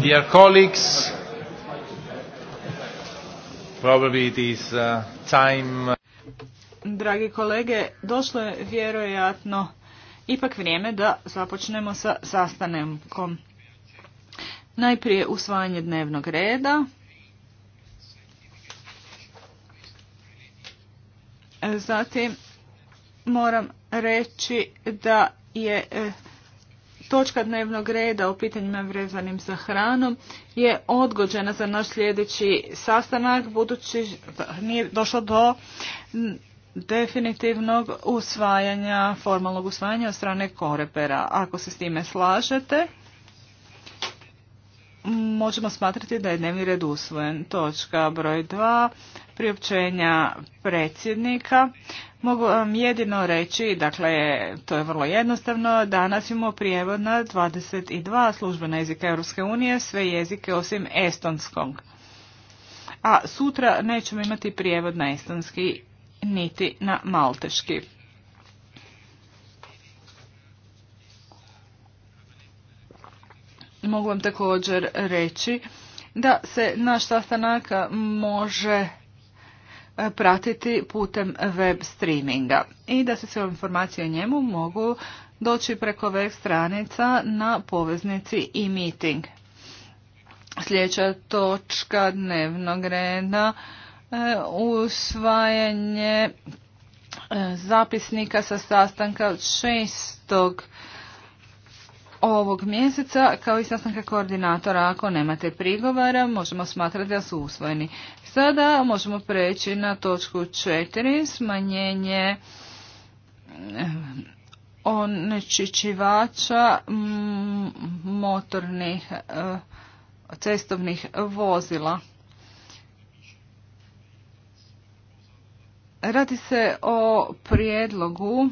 Dear colleagues, probably it uh, time. Uh, Dragi kolege, došlo je vjerojatno ipak vrijeme da započnemo sa sastankom. Najprije usvajanje dnevnog reda. Zatim moram reći da je eh, točka dnevnog reda o pitanjima vezanim za hranom je odgođena za naš sljedeći sastanak budući nije došlo do definitivnog usvajanja, formalnog usvajanja od strane korepera. Ako se s time slažete, možemo smatrati da je dnevni red usvojen. Točka broj 2. Priopćenja predsjednika. Mogu vam jedino reći, dakle, to je vrlo jednostavno, danas imamo prijevod na 22 službena jezika Europske unije, sve jezike osim estonskog. A sutra nećemo imati prijevod na estonski niti na malteški. mogu vam također reći da se naš sastanak može e, pratiti putem web streaminga i da se sve informacije o njemu mogu doći preko web stranica na poveznici i e meeting. Sljedeća točka dnevnog reda e, usvajanje e, zapisnika sa sastanka 6 ovog mjeseca kao i sastanka koordinatora. Ako nemate prigovara možemo smatrati da su usvojeni. Sada možemo preći na točku 4. Smanjenje eh, onečičivača mm, motornih eh, cestovnih vozila. Radi se o prijedlogu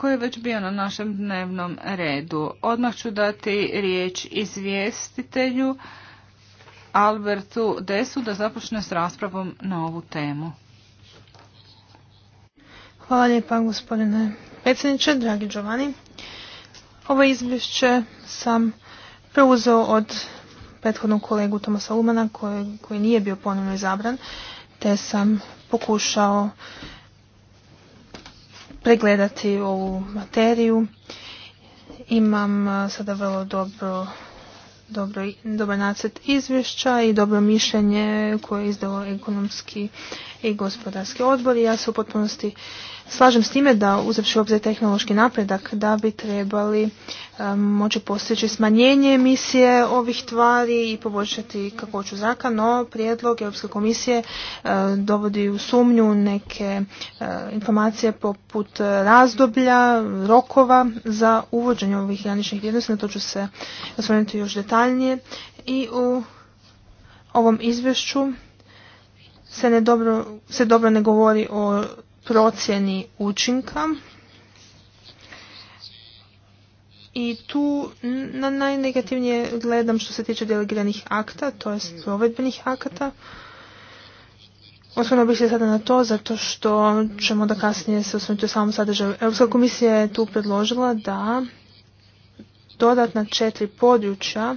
koji je već bio na našem dnevnom redu. Odmah ću dati riječ izvjestitelju Albertu Desu da započne s raspravom na ovu temu. Hvala lijepa gospodine predsjedniče, dragi Giovanni. Ovo izvješće sam preuzeo od prethodnog kolegu Tomasa Umana koji nije bio ponovno izabran, te sam pokušao pregledati ovu materiju. Imam e, sada vrlo dobro, dobro, dobar nacet izvješća i dobro mišljenje koje je izdao ekonomski i gospodarski odbor ja se u potpunosti slažem s time da uzevši obzir tehnološki napredak da bi trebali e, moći postići smanjenje emisije ovih tvari i poboljšati kakvoću zraka, no prijedlog Europske komisije e, dovodi u sumnju neke e, informacije poput razdoblja, rokova za uvođenje ovih graničnih vrijednosti, na to ću se osvrnuti još detaljnije i u ovom izvješću se, ne dobro, se dobro ne govori o procjeni učinka i tu na najnegativnije gledam što se tiče delegiranih akta, to je provedbenih akata. Osvrnuo bih se sada na to zato što ćemo da kasnije se osvrnuti u samom sadržaju. Europska komisija je tu predložila da dodatna četiri područja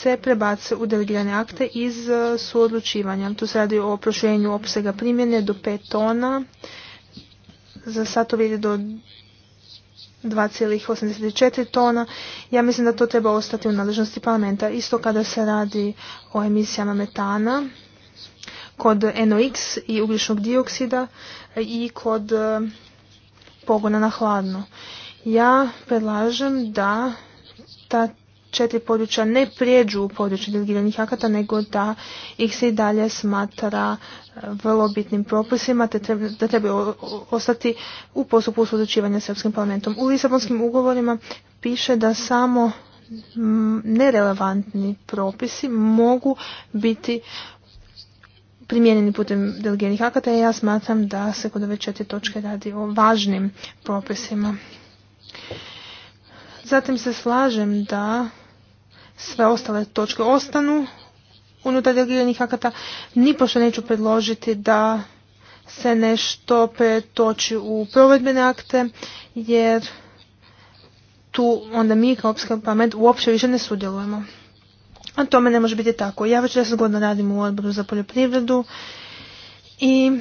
se prebace u delegirane akte iz e, suodlučivanja. Tu se radi o proširenju opsega primjene do 5 tona, za to vidi do 2,84 tona. Ja mislim da to treba ostati u nadležnosti parlamenta. Isto kada se radi o emisijama metana, kod NOx i ugljičnog dioksida i kod e, pogona na hladno. Ja predlažem da ta četiri područja ne prijeđu u područje delegiranih akata, nego da ih se i dalje smatra e, vrlo bitnim propisima, te treba, da ostati u postupku sudučivanja s Europskim parlamentom. U Lisabonskim ugovorima piše da samo nerelevantni propisi mogu biti primijenjeni putem delegiranih akata i ja smatram da se kod ove četiri točke radi o važnim propisima. Zatim se slažem da sve ostale točke ostanu unutar delegiranih akata, nipošto neću predložiti da se nešto pretoči u provedbene akte, jer tu onda mi kao Opski parlament uopće više ne sudjelujemo. A tome ne može biti tako. Ja već 10 godina radim u odboru za poljoprivredu i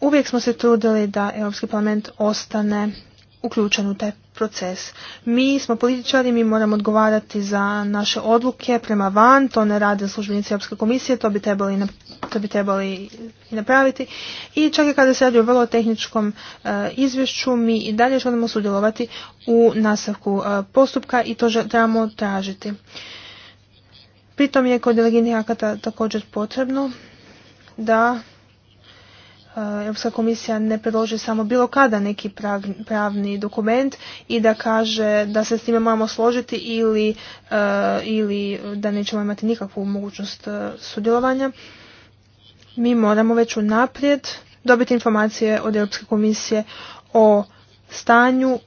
uvijek smo se trudili da Europski parlament ostane uključen u taj proces. Mi smo političari, mi moramo odgovarati za naše odluke prema van, to ne rade službenici Europske komisije, to bi trebali, to bi trebali i napraviti. I čak i kada se radi o vrlo tehničkom eh, izvješću, mi i dalje želimo sudjelovati u nastavku eh, postupka i to trebamo tražiti. Pritom je kod delegiranih akata također potrebno da Eh, Europska komisija ne predloži samo bilo kada neki pravni dokument i da kaže da se s time moramo složiti ili, eh, ili da nećemo imati nikakvu mogućnost eh, sudjelovanja. Mi moramo već unaprijed dobiti informacije od Europske komisije o stanju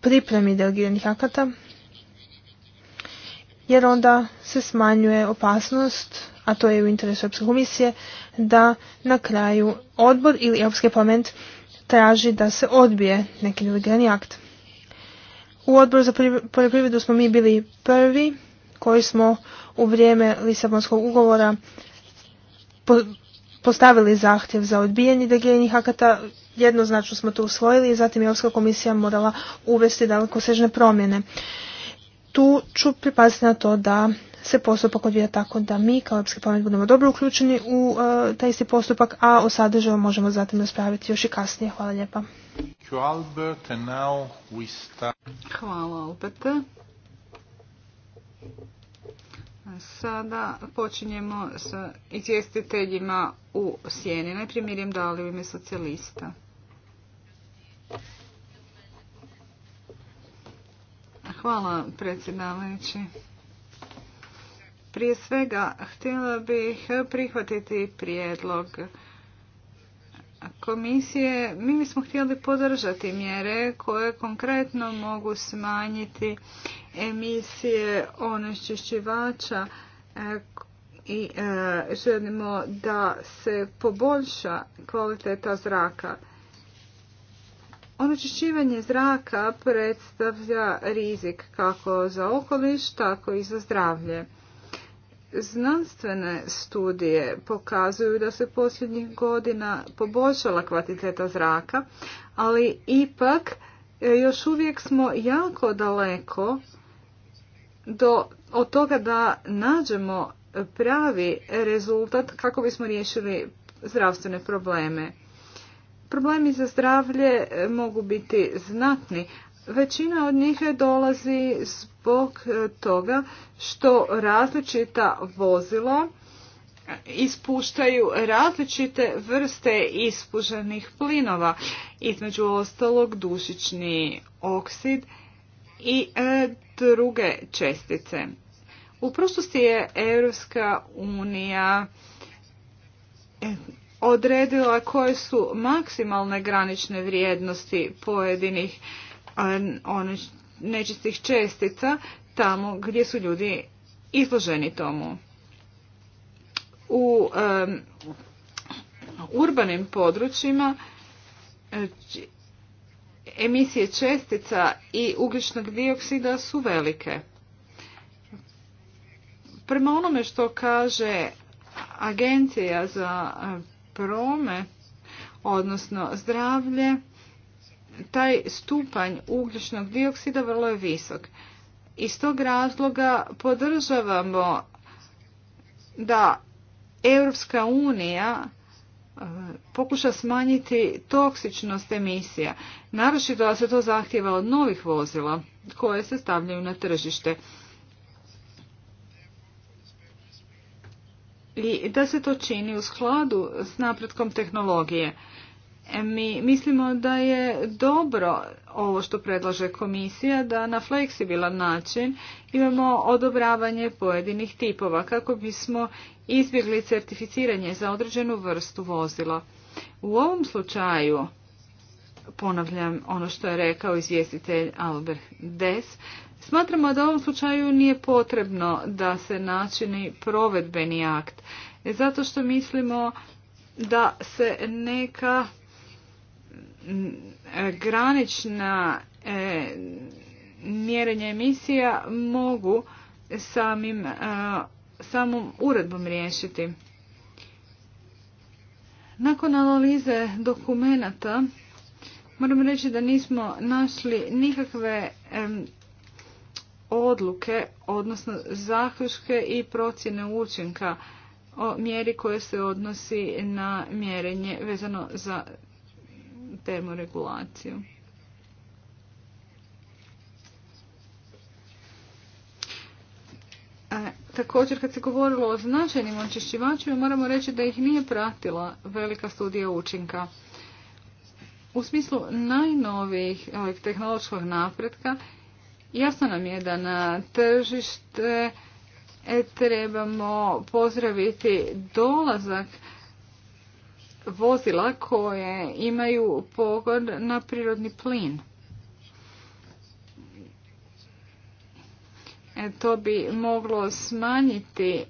pripremi delegiranih akata jer onda se smanjuje opasnost a to je u interesu Europske komisije, da na kraju odbor ili Europski parlament traži da se odbije neki delegirani akt. U odboru za poljoprivredu smo mi bili prvi koji smo u vrijeme Lisabonskog ugovora postavili zahtjev za odbijanje delegiranih akata, jednoznačno smo to usvojili i zatim je Europska komisija morala uvesti dalekosežne promjene. Tu ću pripaziti na to da se postupak odvija tako da mi kao Europski parlament budemo dobro uključeni u uh, taj isti postupak, a o sadržaju možemo zatim raspraviti još i kasnije. Hvala lijepa. Hvala Albert. Sada počinjemo s izvjestiteljima u sjeni. Najprije da Dali u ime socijalista. Hvala predsjedavajući. Prije svega, htjela bih prihvatiti prijedlog komisije. Mi bismo htjeli podržati mjere koje konkretno mogu smanjiti emisije onečišćivača e, i e, želimo da se poboljša kvaliteta zraka. Onečišćivanje zraka predstavlja rizik kako za okoliš, tako i za zdravlje. Znanstvene studije pokazuju da se posljednjih godina poboljšala kvaliteta zraka, ali ipak e, još uvijek smo jako daleko do, od toga da nađemo pravi rezultat kako bismo riješili zdravstvene probleme. Problemi za zdravlje e, mogu biti znatni, Većina od njih dolazi zbog e, toga što različita vozila ispuštaju različite vrste ispuženih plinova, između ostalog dušični oksid i e, druge čestice. U prošlosti je Europska unija e, odredila koje su maksimalne granične vrijednosti pojedinih ono nečistih čestica tamo gdje su ljudi izloženi tomu. U urbanim područjima e, emisije čestica i ugljičnog dioksida su velike. Prema onome što kaže Agencija za e, prome, odnosno zdravlje, taj stupanj ugljičnog dioksida vrlo je visok. Iz tog razloga podržavamo da Europska unija e, pokuša smanjiti toksičnost emisija, naročito da se to zahtjeva od novih vozila koje se stavljaju na tržište. I da se to čini u skladu s napretkom tehnologije. E, mi mislimo da je dobro ovo što predlaže komisija da na fleksibilan način imamo odobravanje pojedinih tipova kako bismo izbjegli certificiranje za određenu vrstu vozila. U ovom slučaju, ponavljam ono što je rekao izvjestitelj Albert Des, smatramo da u ovom slučaju nije potrebno da se načini provedbeni akt, zato što mislimo da se neka granična e, mjerenja emisija mogu samim, e, samom uredbom riješiti. Nakon analize dokumenata moram reći da nismo našli nikakve odluke, odnosno zaključke i procjene učinka o mjeri koje se odnosi na mjerenje vezano za termoregulaciju. E, također kad se govorilo o značajnim očišćivačima, moramo reći da ih nije pratila velika studija učinka. U smislu najnovijih e, tehnološkog napretka jasno nam je da na tržište e, trebamo pozdraviti dolazak vozila koje imaju pogod na prirodni plin. E, to bi moglo smanjiti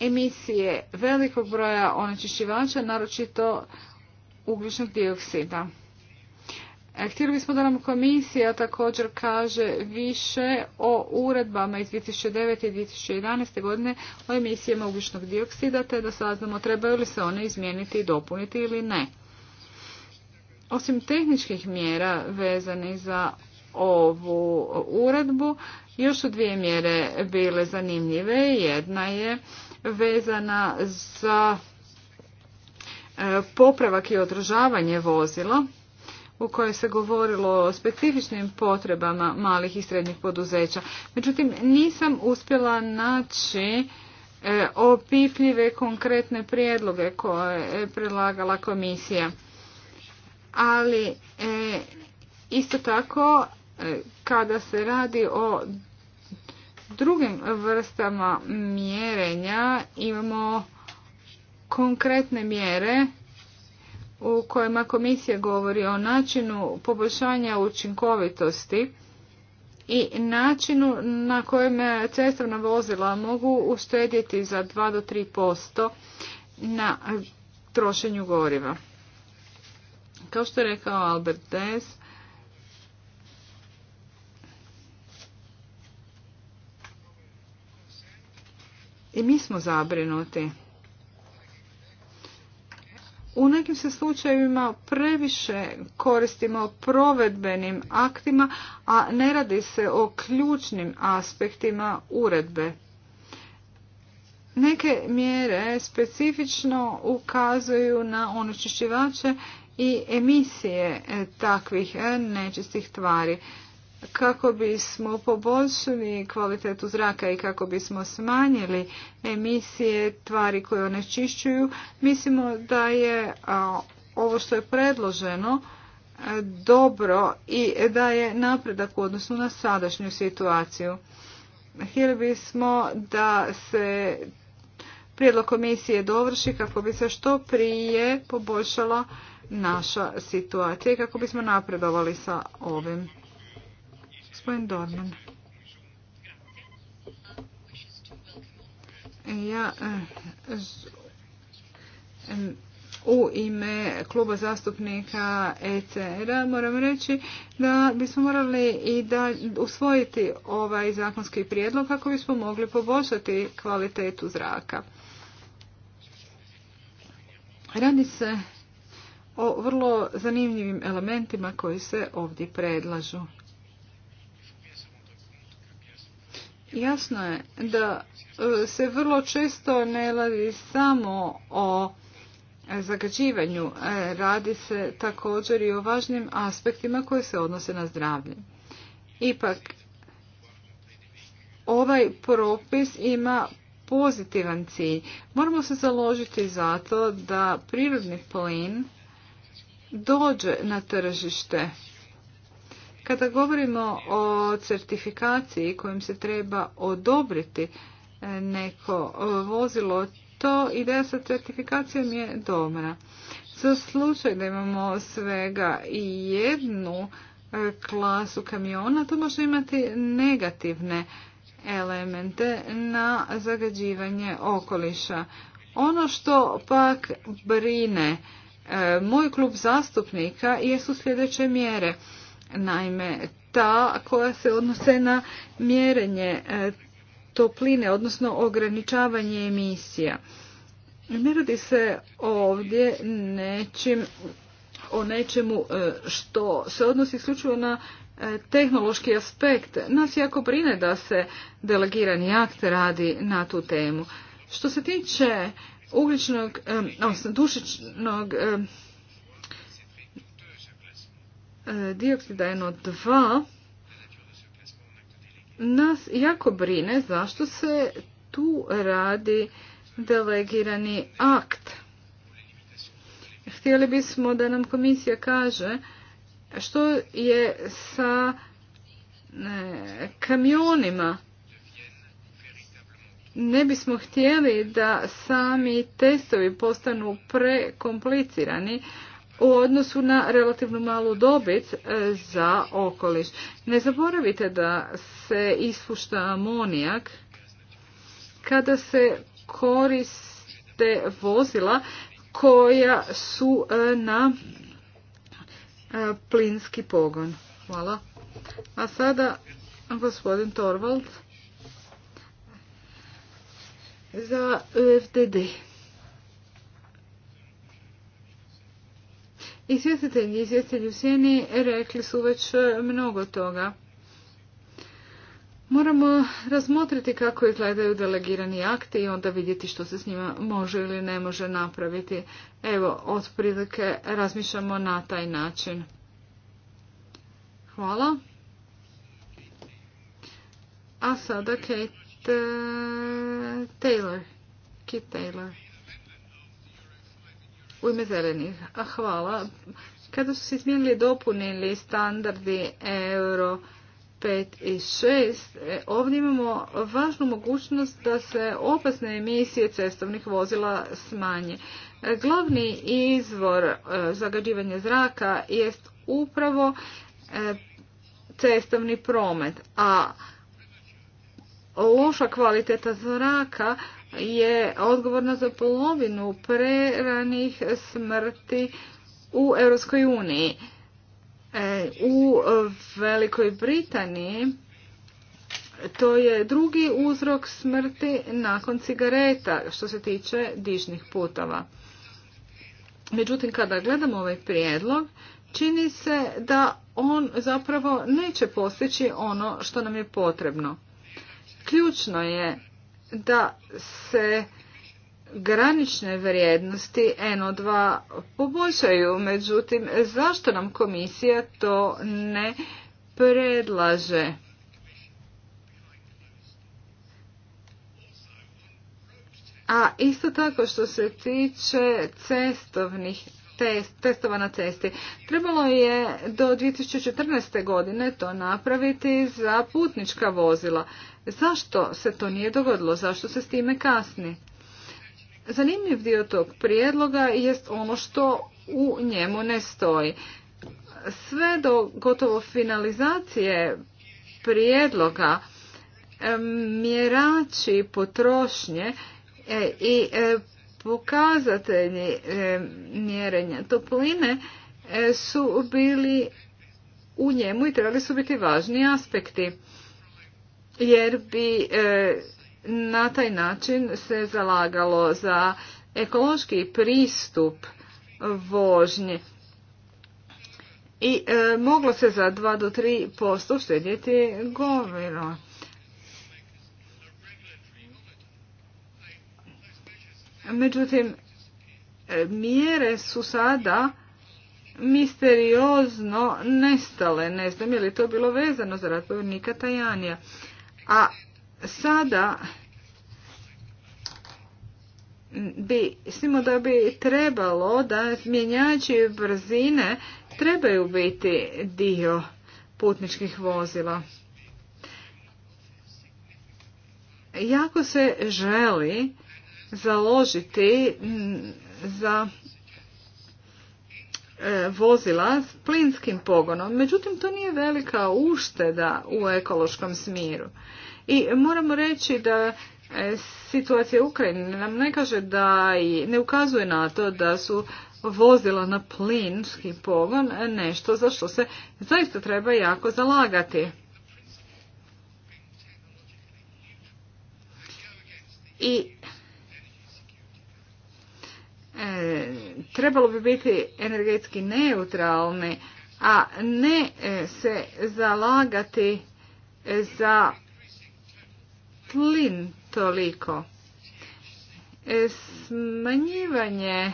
emisije velikog broja onečišćivača, naročito ugljičnog dioksida. E, htjeli bismo da nam komisija također kaže više o uredbama iz 2009. i 2011. godine o emisijama ugljičnog dioksida te da saznamo trebaju li se one izmijeniti i dopuniti ili ne. Osim tehničkih mjera vezanih za ovu uredbu, još su dvije mjere bile zanimljive. Jedna je vezana za e, popravak i održavanje vozila u kojoj se govorilo o specifičnim potrebama malih i srednjih poduzeća. Međutim, nisam uspjela naći e, opipljive konkretne prijedloge koje je predlagala komisija. Ali e, isto tako e, kada se radi o drugim vrstama mjerenja imamo konkretne mjere u kojima komisija govori o načinu poboljšanja učinkovitosti i načinu na kojem cestovna vozila mogu uštedjeti za 2 do 3% na trošenju goriva. Kao što je rekao Albert Dez i mi smo zabrinuti u nekim se slučajevima previše koristimo provedbenim aktima, a ne radi se o ključnim aspektima uredbe. Neke mjere specifično ukazuju na onečišćivače i emisije e, takvih e, nečistih tvari kako bismo poboljšali kvalitetu zraka i kako bismo smanjili emisije tvari koje onečišćuju, mislimo da je ovo što je predloženo dobro i da je napredak u odnosu na sadašnju situaciju. Htjeli bismo da se prijedlog komisije dovrši kako bi se što prije poboljšala naša situacija i kako bismo napredovali sa ovim. Gospodin e, Ja e, u ime kluba zastupnika ECR-a moram reći da bismo morali i da usvojiti ovaj zakonski prijedlog kako bismo mogli poboljšati kvalitetu zraka. Radi se o vrlo zanimljivim elementima koji se ovdje predlažu. Jasno je da e, se vrlo često ne radi samo o zagađivanju, e, radi se također i o važnim aspektima koji se odnose na zdravlje. Ipak, ovaj propis ima pozitivan cilj. Moramo se založiti za to da prirodni plin dođe na tržište kada govorimo o certifikaciji kojim se treba odobriti e, neko e, vozilo, to ideja sa certifikacijom je dobra. Za slučaj da imamo svega i jednu e, klasu kamiona, to može imati negativne elemente na zagađivanje okoliša. Ono što pak brine moj klub zastupnika jesu sljedeće mjere – Naime, ta koja se odnose na mjerenje e, topline, odnosno ograničavanje emisija. Ne radi se ovdje nečim, o nečemu e, što se odnosi isključivo na e, tehnološki aspekt. Nas jako brine da se delegirani akt radi na tu temu. Što se tiče ugljičnog, odnosno dušičnog dioksida NO2 nas jako brine zašto se tu radi delegirani akt. Htjeli bismo da nam komisija kaže što je sa kamionima. Ne bismo htjeli da sami testovi postanu prekomplicirani u odnosu na relativno malu dobit e, za okoliš. Ne zaboravite da se ispušta amonijak kada se koriste vozila koja su e, na e, plinski pogon. Hvala. A sada gospodin Torvald za UFDD. Izvjestitelji i izvjestitelji u sjeni rekli su već e, mnogo toga. Moramo razmotriti kako izgledaju delegirani akti i onda vidjeti što se s njima može ili ne može napraviti. Evo, otprilike razmišljamo na taj način. Hvala. A sada Kate e, Taylor. Kate Taylor u ime zelenih. hvala. Kada su se izmijenili dopunili standardi euro 5 i 6, e, ovdje imamo važnu mogućnost da se opasne emisije cestovnih vozila smanje. E, glavni izvor e, zagađivanja zraka jest upravo cestovni promet, a loša kvaliteta zraka je odgovorna za polovinu preranih smrti u Europskoj uniji. E, u Velikoj Britaniji to je drugi uzrok smrti nakon cigareta što se tiče dižnih putova. Međutim, kada gledamo ovaj prijedlog, čini se da on zapravo neće postići ono što nam je potrebno. Ključno je da se granične vrijednosti NO2 poboljšaju. Međutim, zašto nam komisija to ne predlaže? A isto tako što se tiče cestovnih testova na cesti. Trebalo je do 2014. godine to napraviti za putnička vozila. Zašto se to nije dogodilo? Zašto se s time kasni? Zanimljiv dio tog prijedloga jest ono što u njemu ne stoji. Sve do gotovo finalizacije prijedloga mjerači potrošnje e, i e, pokazatelji e, mjerenja topline su bili u njemu i trebali su biti važni aspekti jer bi e, na taj način se zalagalo za ekološki pristup vožnje i e, moglo se za 2 do 3 posto štedjeti govino. Međutim, e, mjere su sada misteriozno nestale. Ne znam je li to bilo vezano za rad povjernika Tajanija. A sada bi, mislimo da bi trebalo da mjenjači brzine trebaju biti dio putničkih vozila. Jako se želi založiti za E, vozila s plinskim pogonom. Međutim, to nije velika ušteda u ekološkom smiru. I moramo reći da e, situacija u nam ne kaže da i ne ukazuje na to da su vozila na plinski pogon nešto za što se zaista treba jako zalagati. I E, trebalo bi biti energetski neutralni, a ne e, se zalagati za plin toliko. E, smanjivanje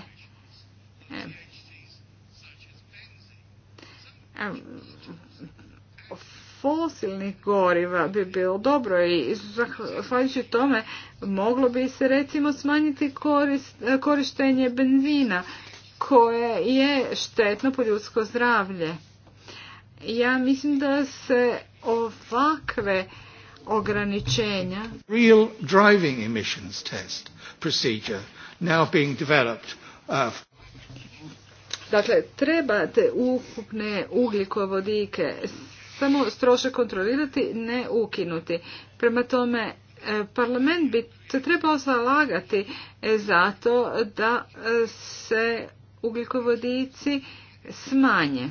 fosilnih goriva bi bilo dobro i zahvaljujući tome moglo bi se recimo smanjiti korištenje benzina koje je štetno po ljudsko zdravlje. Ja mislim da se ovakve ograničenja real driving emissions test procedure now being developed uh, Dakle, trebate ukupne ugljikovodike samo strože kontrolirati, ne ukinuti. Prema tome, e, parlament bi se trebao zalagati e, zato da e, se ugljikovodici smanje.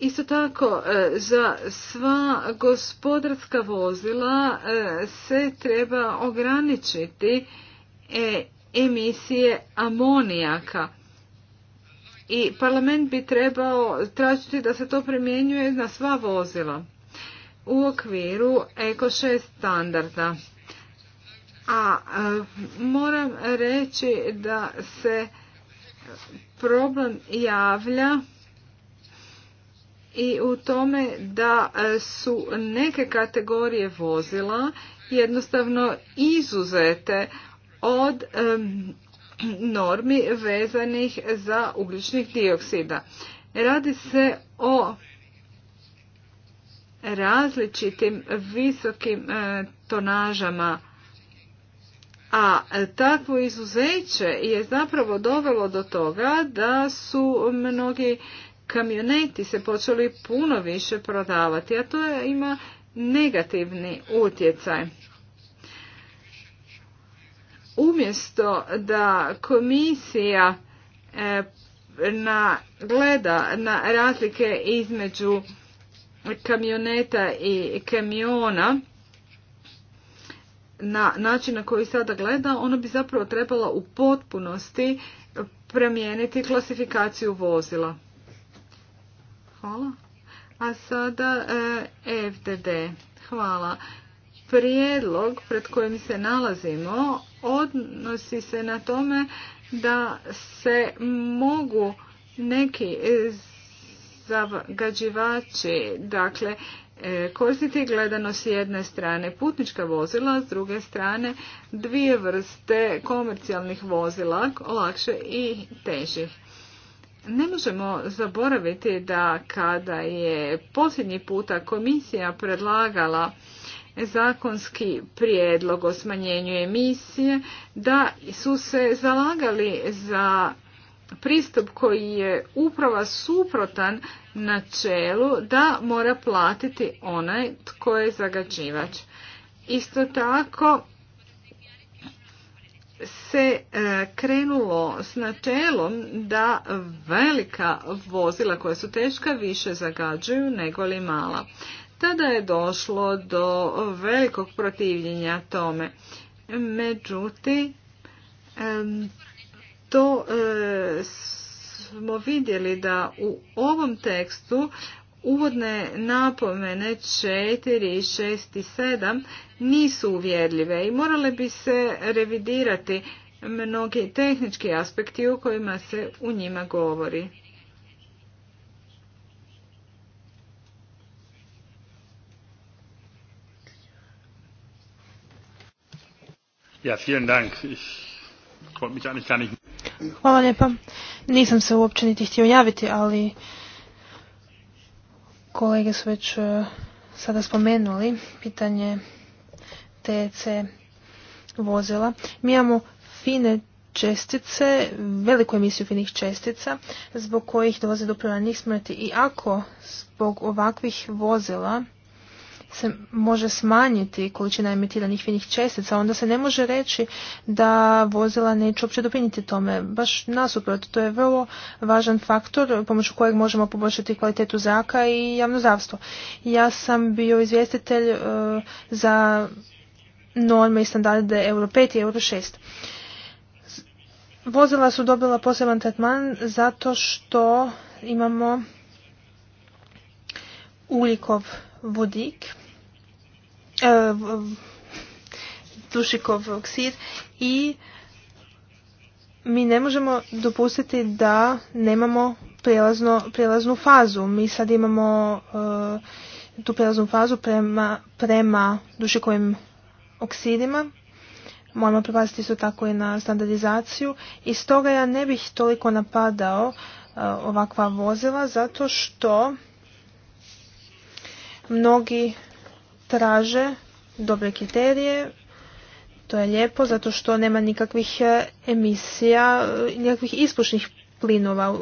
Isto tako, za sva gospodarska vozila se treba ograničiti emisije amonijaka i parlament bi trebao tražiti da se to primjenjuje na sva vozila u okviru Eko 6 standarda. A e, moram reći da se problem javlja i u tome da e, su neke kategorije vozila jednostavno izuzete od e, normi vezanih za ugljičnih dioksida. Radi se o različitim visokim e, tonažama, a takvo izuzeće je zapravo dovelo do toga da su mnogi kamioneti se počeli puno više prodavati, a to ima negativni utjecaj umjesto da komisija e, na, gleda na razlike između kamioneta i kamiona na način na koji sada gleda, ona bi zapravo trebala u potpunosti promijeniti klasifikaciju vozila. Hvala. A sada e, FDD. Hvala prijedlog pred kojim se nalazimo odnosi se na tome da se mogu neki zagađivači dakle e, koristiti gledano s jedne strane putnička vozila, s druge strane dvije vrste komercijalnih vozila, lakše i težih. Ne možemo zaboraviti da kada je posljednji puta komisija predlagala zakonski prijedlog o smanjenju emisije, da su se zalagali za pristup koji je upravo suprotan načelu da mora platiti onaj tko je zagađivač. Isto tako se e, krenulo s načelom da velika vozila koja su teška više zagađuju nego li mala. Tada je došlo do velikog protivljenja tome. Međutim, to e, smo vidjeli da u ovom tekstu uvodne napomene 4, 6 i 7 nisu uvjerljive i morale bi se revidirati mnogi tehnički aspekti o kojima se u njima govori. Hvala lijepa. Nisam se uopće niti htio javiti, ali kolege su već e, sada spomenuli pitanje TC vozila. Mi imamo fine čestice, veliku emisiju finih čestica, zbog kojih dolaze do preranih smrti. I ako zbog ovakvih vozila se može smanjiti količina emitiranih finih čestica, onda se ne može reći da vozila neće uopće doprinijeti tome. Baš nasuprot, to je vrlo važan faktor pomoću kojeg možemo poboljšati kvalitetu zraka i javno zdravstvo. Ja sam bio izvjestitelj e, za norme i standarde Euro 5 i Euro 6. Vozila su dobila poseban tretman zato što imamo ugljikov vodik, e, dušikov oksid i mi ne možemo dopustiti da nemamo prijelaznu fazu. Mi sad imamo e, tu prijelaznu fazu prema, prema dušikovim oksidima. Moramo prepaziti isto tako i na standardizaciju i stoga ja ne bih toliko napadao e, ovakva vozila zato što Mnogi traže dobre kriterije, to je lijepo zato što nema nikakvih e, emisija, e, nikakvih ispušnih plinova,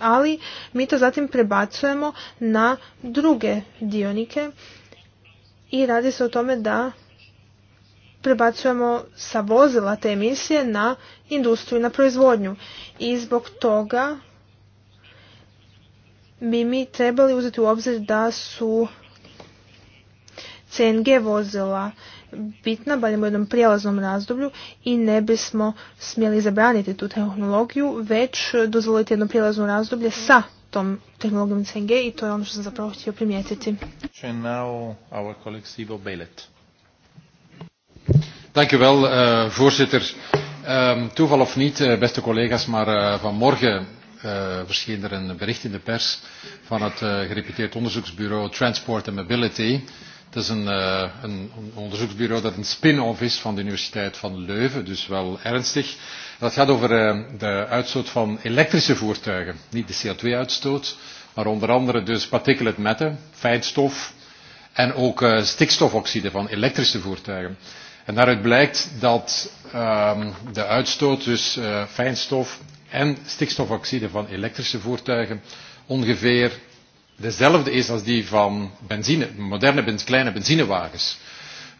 ali mi to zatim prebacujemo na druge dionike i radi se o tome da prebacujemo sa vozila te emisije na industriju, na proizvodnju. I zbog toga bi mi trebali uzeti u obzir da su CNG vozila bitna, barem u jednom prijelaznom razdoblju i ne bismo smjeli zabraniti tu tehnologiju, već dozvoliti jedno prijelazno razdoblje sa tom tehnologijom CNG i to je ono što sam zapravo htio primijetiti. Dank u wel, uh, voorzitter. Um, toeval of niet, uh, beste collega's, maar uh, vanmorgen uh, verscheen er een bericht in de pers van het uh, gereputeerd onderzoeksbureau Transport and Mobility. Het is eh, een, een onderzoeksbureau dat een spin-off is van de Universiteit van Leuven, dus wel ernstig. Dat gaat over eh, de uitstoot van elektrische voertuigen. Niet de CO2-uitstoot, maar onder andere dus particulate matter, fijnstof en ook eh, stikstofoxide van elektrische voertuigen. En daaruit blijkt dat uh, de uitstoot dus uh, fijnstof en stikstofoxide van elektrische voertuigen ongeveer dezelfde is als die van benzine, moderne kleine benzinewagens.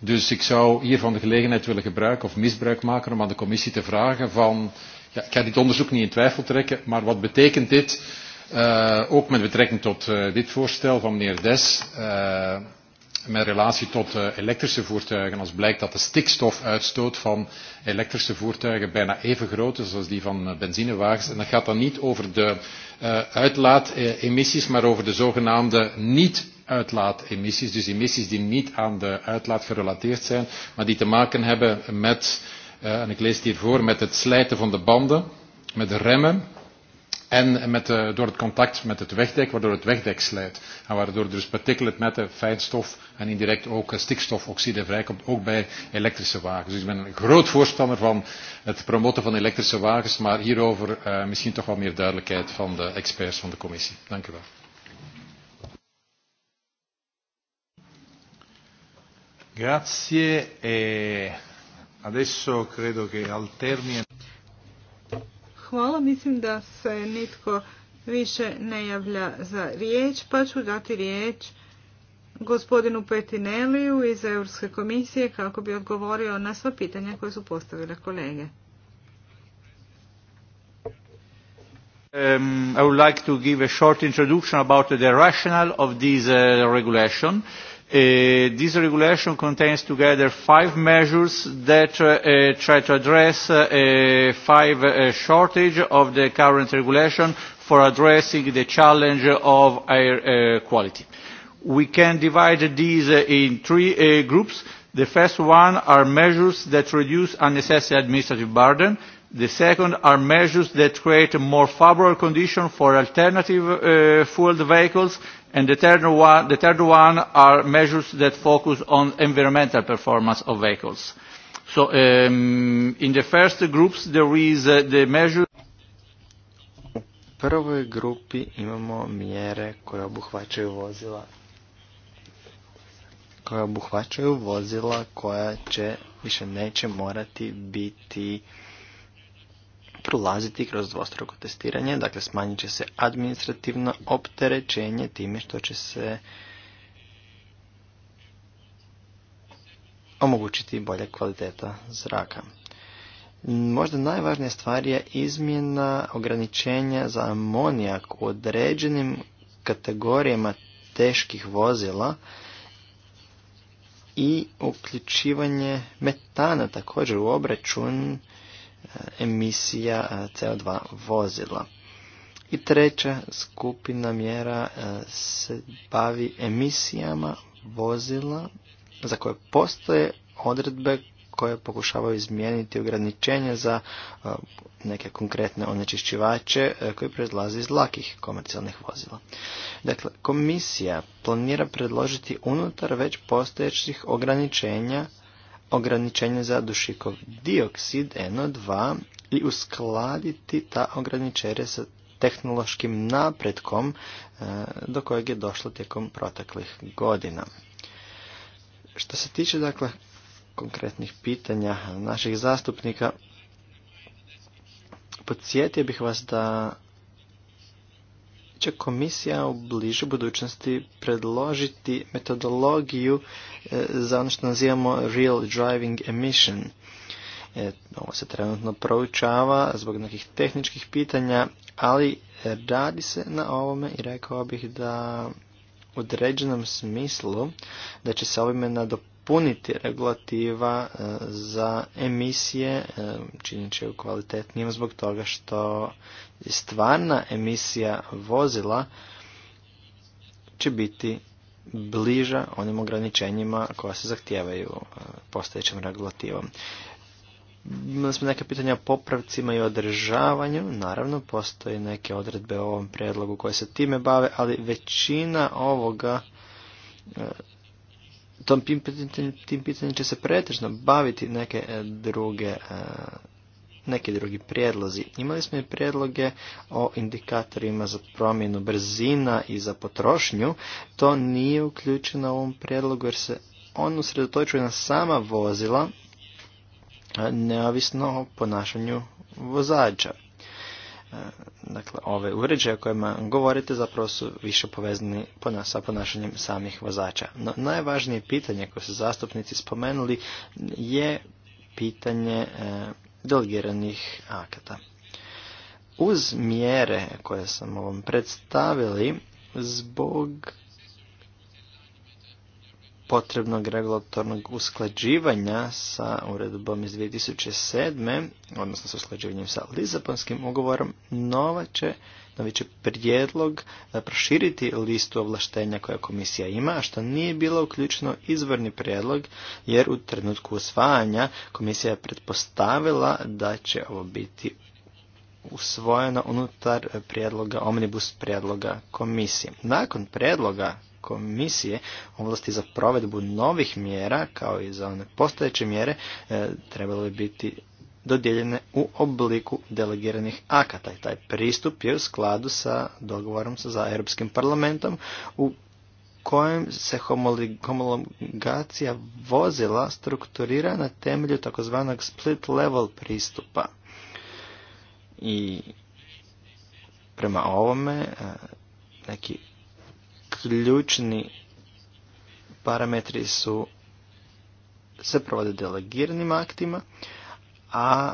Dus ik zou hiervan de gelegenheid willen gebruiken of misbruik maken om aan de commissie te vragen van... Ja, ik ga dit onderzoek niet in twijfel trekken, maar wat betekent dit, eh, ook met betrekking tot eh, dit voorstel van meneer Des, eh, met relatie tot eh, elektrische voertuigen. Als blijkt dat de stikstofuitstoot van elektrische voertuigen bijna even groot is als die van eh, benzinewagens. En dat gaat dan niet over de eh, uitlaatemissies, maar over de zogenaamde niet uitlaatemissies. Dus emissies die niet aan de uitlaat gerelateerd zijn, maar die te maken hebben met, en ik lees het hier voor, met het slijten van de banden, met remmen, en met de, door het contact met het wegdek, waardoor het wegdek slijt. En waardoor dus particulate de fijnstof en indirect ook eh, stikstofoxide vrijkomt, ook bij elektrische wagens. Dus ik ben een groot voorstander van het promoten van elektrische wagens, maar hierover eh, misschien toch wat meer duidelijkheid van de experts van de commissie. Dank u wel. Grazie. E adesso credo che al termine... Hvala, mislim da se nitko više ne javlja za riječ, pa ću dati riječ gospodinu Petineliju iz Europske komisije kako bi odgovorio na sva pitanja koje su postavile kolege. Um, I would like to give a short introduction about the rationale of this uh, regulation this regulation contains together five measures that uh, uh try to address uh, five uh, shortage of the current regulation for addressing the challenge of air quality. We can divide these in three groups. The first one are measures that reduce unnecessary administrative burden The second are measures that create a more favorable condition for alternative uh, fueled vehicles and the third, one, the third one are measures that focus on environmental performance of vehicles. So um, in the first groups there is uh, the measure prvoj grupi imamo mjere koje obuhvaćaju vozila koje obuhvaćaju vozila koja će više neće morati biti prolaziti kroz dvostruko testiranje, dakle smanjit će se administrativno opterećenje time što će se omogućiti bolja kvaliteta zraka. Možda najvažnija stvar je izmjena ograničenja za amonijak u određenim kategorijama teških vozila i uključivanje metana također u obračun emisija e, CO2 vozila. I treća skupina mjera e, se bavi emisijama vozila za koje postoje odredbe koje pokušavaju izmijeniti ograničenje za e, neke konkretne onečišćivače koji proizlaze iz lakih komercijalnih vozila. Dakle, komisija planira predložiti unutar već postojećih ograničenja ograničenje za dušikov dioksid NO2 i uskladiti ta ograničenja sa tehnološkim napretkom e, do kojeg je došlo tijekom proteklih godina. Što se tiče dakle konkretnih pitanja naših zastupnika, podsjetio bih vas da će komisija u bližoj budućnosti predložiti metodologiju e, za ono što nazivamo Real Driving Emission. E, ovo se trenutno proučava zbog nekih tehničkih pitanja, ali radi se na ovome i rekao bih da u određenom smislu da će se ovime nadopuniti puniti regulativa e, za emisije, e, činit će ju kvalitetnijim zbog toga što stvarna emisija vozila će biti bliža onim ograničenjima koja se zahtijevaju e, postojećim regulativom. Imali smo neke pitanja o popravcima i održavanju. Naravno, postoje neke odredbe u ovom prijedlogu koje se time bave, ali većina ovoga tom tim pitanjem će se pretežno baviti neke e, druge e, neki drugi prijedlozi. Imali smo i prijedloge o indikatorima za promjenu brzina i za potrošnju. To nije uključeno u ovom prijedlogu jer se on usredotočuje na sama vozila e, neovisno o ponašanju vozača. E, dakle, ove uređaje o kojima govorite zapravo su više povezani sa ponašanjem samih vozača. No, najvažnije pitanje koje su zastupnici spomenuli je pitanje e, delegiranih akata. Uz mjere koje sam vam predstavili, zbog potrebnog regulatornog usklađivanja sa uredbom iz 2007. odnosno sa usklađivanjem sa Lizabonskim ugovorom, nova će, novi će prijedlog e, proširiti listu ovlaštenja koja komisija ima, a što nije bilo uključeno izvorni prijedlog, jer u trenutku usvajanja komisija je pretpostavila da će ovo biti usvojeno unutar prijedloga, omnibus prijedloga komisije. Nakon prijedloga komisije ovlasti za provedbu novih mjera kao i za one postojeće mjere e, trebalo bi biti dodijeljene u obliku delegiranih akata. I taj pristup je u skladu sa dogovorom sa Europskim parlamentom u kojem se homologacija vozila strukturira na temelju takozvanog split level pristupa. I prema ovome e, neki ključni parametri su se provode delegiranim aktima, a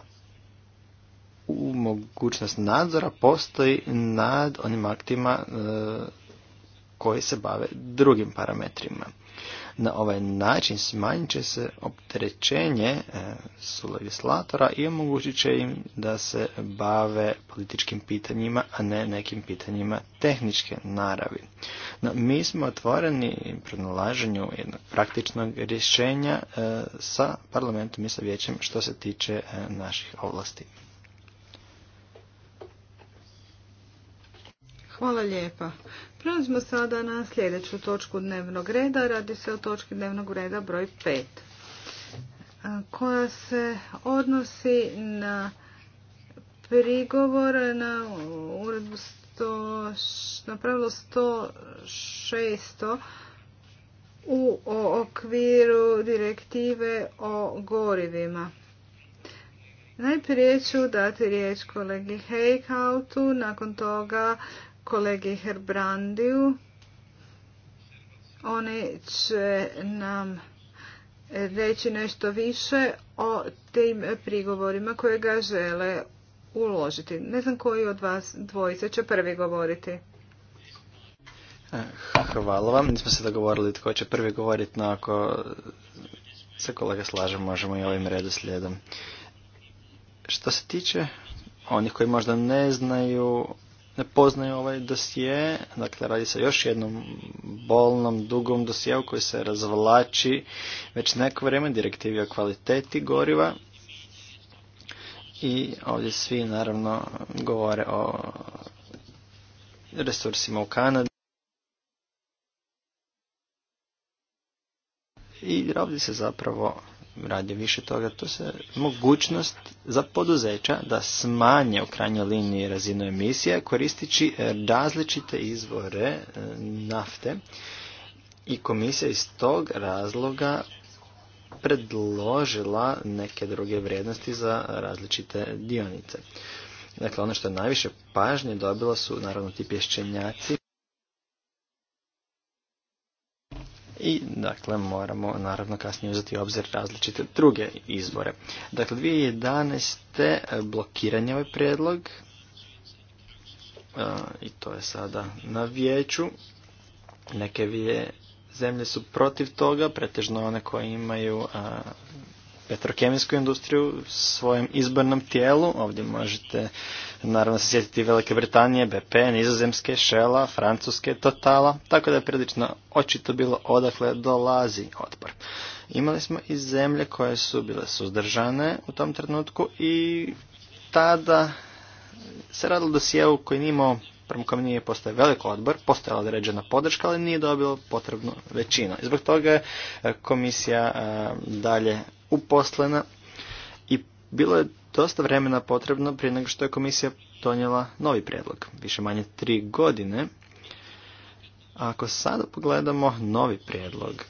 u mogućnost nadzora postoji nad onim aktima e, koji se bave drugim parametrima. Na ovaj način smanjit će se opterećenje sulegislatora e, i omogućit će im da se bave političkim pitanjima, a ne nekim pitanjima tehničke naravi. No, mi smo otvoreni pronalaženju jednog praktičnog rješenja e, sa parlamentom i sa vijećem što se tiče e, naših ovlasti. Hvala lijepa. Prelazimo sada na sljedeću točku dnevnog reda. Radi se o točki dnevnog reda broj 5 koja se odnosi na prigovor na uredbu sto na pravilo 106 u okviru direktive o gorivima. Najprije ću dati riječ kolegi Heikautu, nakon toga kolegi Herbrandiju. Oni će nam reći nešto više o tim prigovorima koje ga žele uložiti. Ne znam koji od vas dvojice će prvi govoriti. E, hvala vam. Nismo se dogovorili tko će prvi govoriti, no ako se kolega slaže možemo i ovim slijedom. Što se tiče onih koji možda ne znaju ne poznaju ovaj dosije. Dakle, radi se još jednom bolnom, dugom dosijevu koji se razvlači već neko vrijeme direktivi o kvaliteti goriva. I ovdje svi naravno govore o resursima u Kanadi. I ovdje se zapravo radi više toga, to se mogućnost za poduzeća da smanje u krajnjoj liniji razinu emisija koristići e, različite izvore e, nafte i komisija iz tog razloga predložila neke druge vrijednosti za različite dionice. Dakle, ono što je najviše pažnje dobilo su naravno ti pješčenjaci i dakle moramo naravno kasnije uzeti u obzir različite druge izvore. Dakle 2011. E, blokiran je ovaj prijedlog e, i to je sada na vijeću. Neke vije zemlje su protiv toga, pretežno one koje imaju e, petrokemijsku industriju svojem izbornom tijelu. Ovdje možete naravno se sjetiti Velike Britanije, BP, Nizozemske, Shella, Francuske, Totala, tako da je prilično očito bilo odakle dolazi odbor. Imali smo i zemlje koje su bile suzdržane u tom trenutku i tada se radilo dosijevu koji nije imao prema kojem nije postoje velik odbor, postojala određena podrška, ali nije dobilo potrebnu većinu. I zbog toga je e, komisija e, dalje uposlena i bilo je dosta vremena potrebno prije nego što je komisija donijela novi prijedlog. Više manje tri godine. ako sada pogledamo novi prijedlog,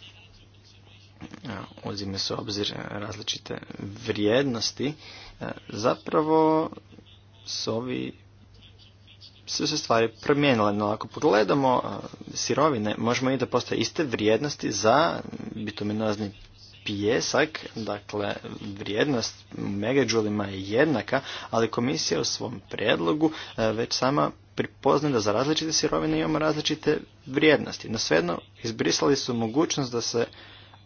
uzime se obzir različite vrijednosti, zapravo su ovi su se stvari promijenile. No ako pogledamo sirovine, možemo i da postoje iste vrijednosti za bituminozni pijesak, dakle vrijednost megađulima je jednaka, ali komisija u svom predlogu e, već sama pripozna da za različite sirovine imamo različite vrijednosti. No svejedno izbrisali su mogućnost da se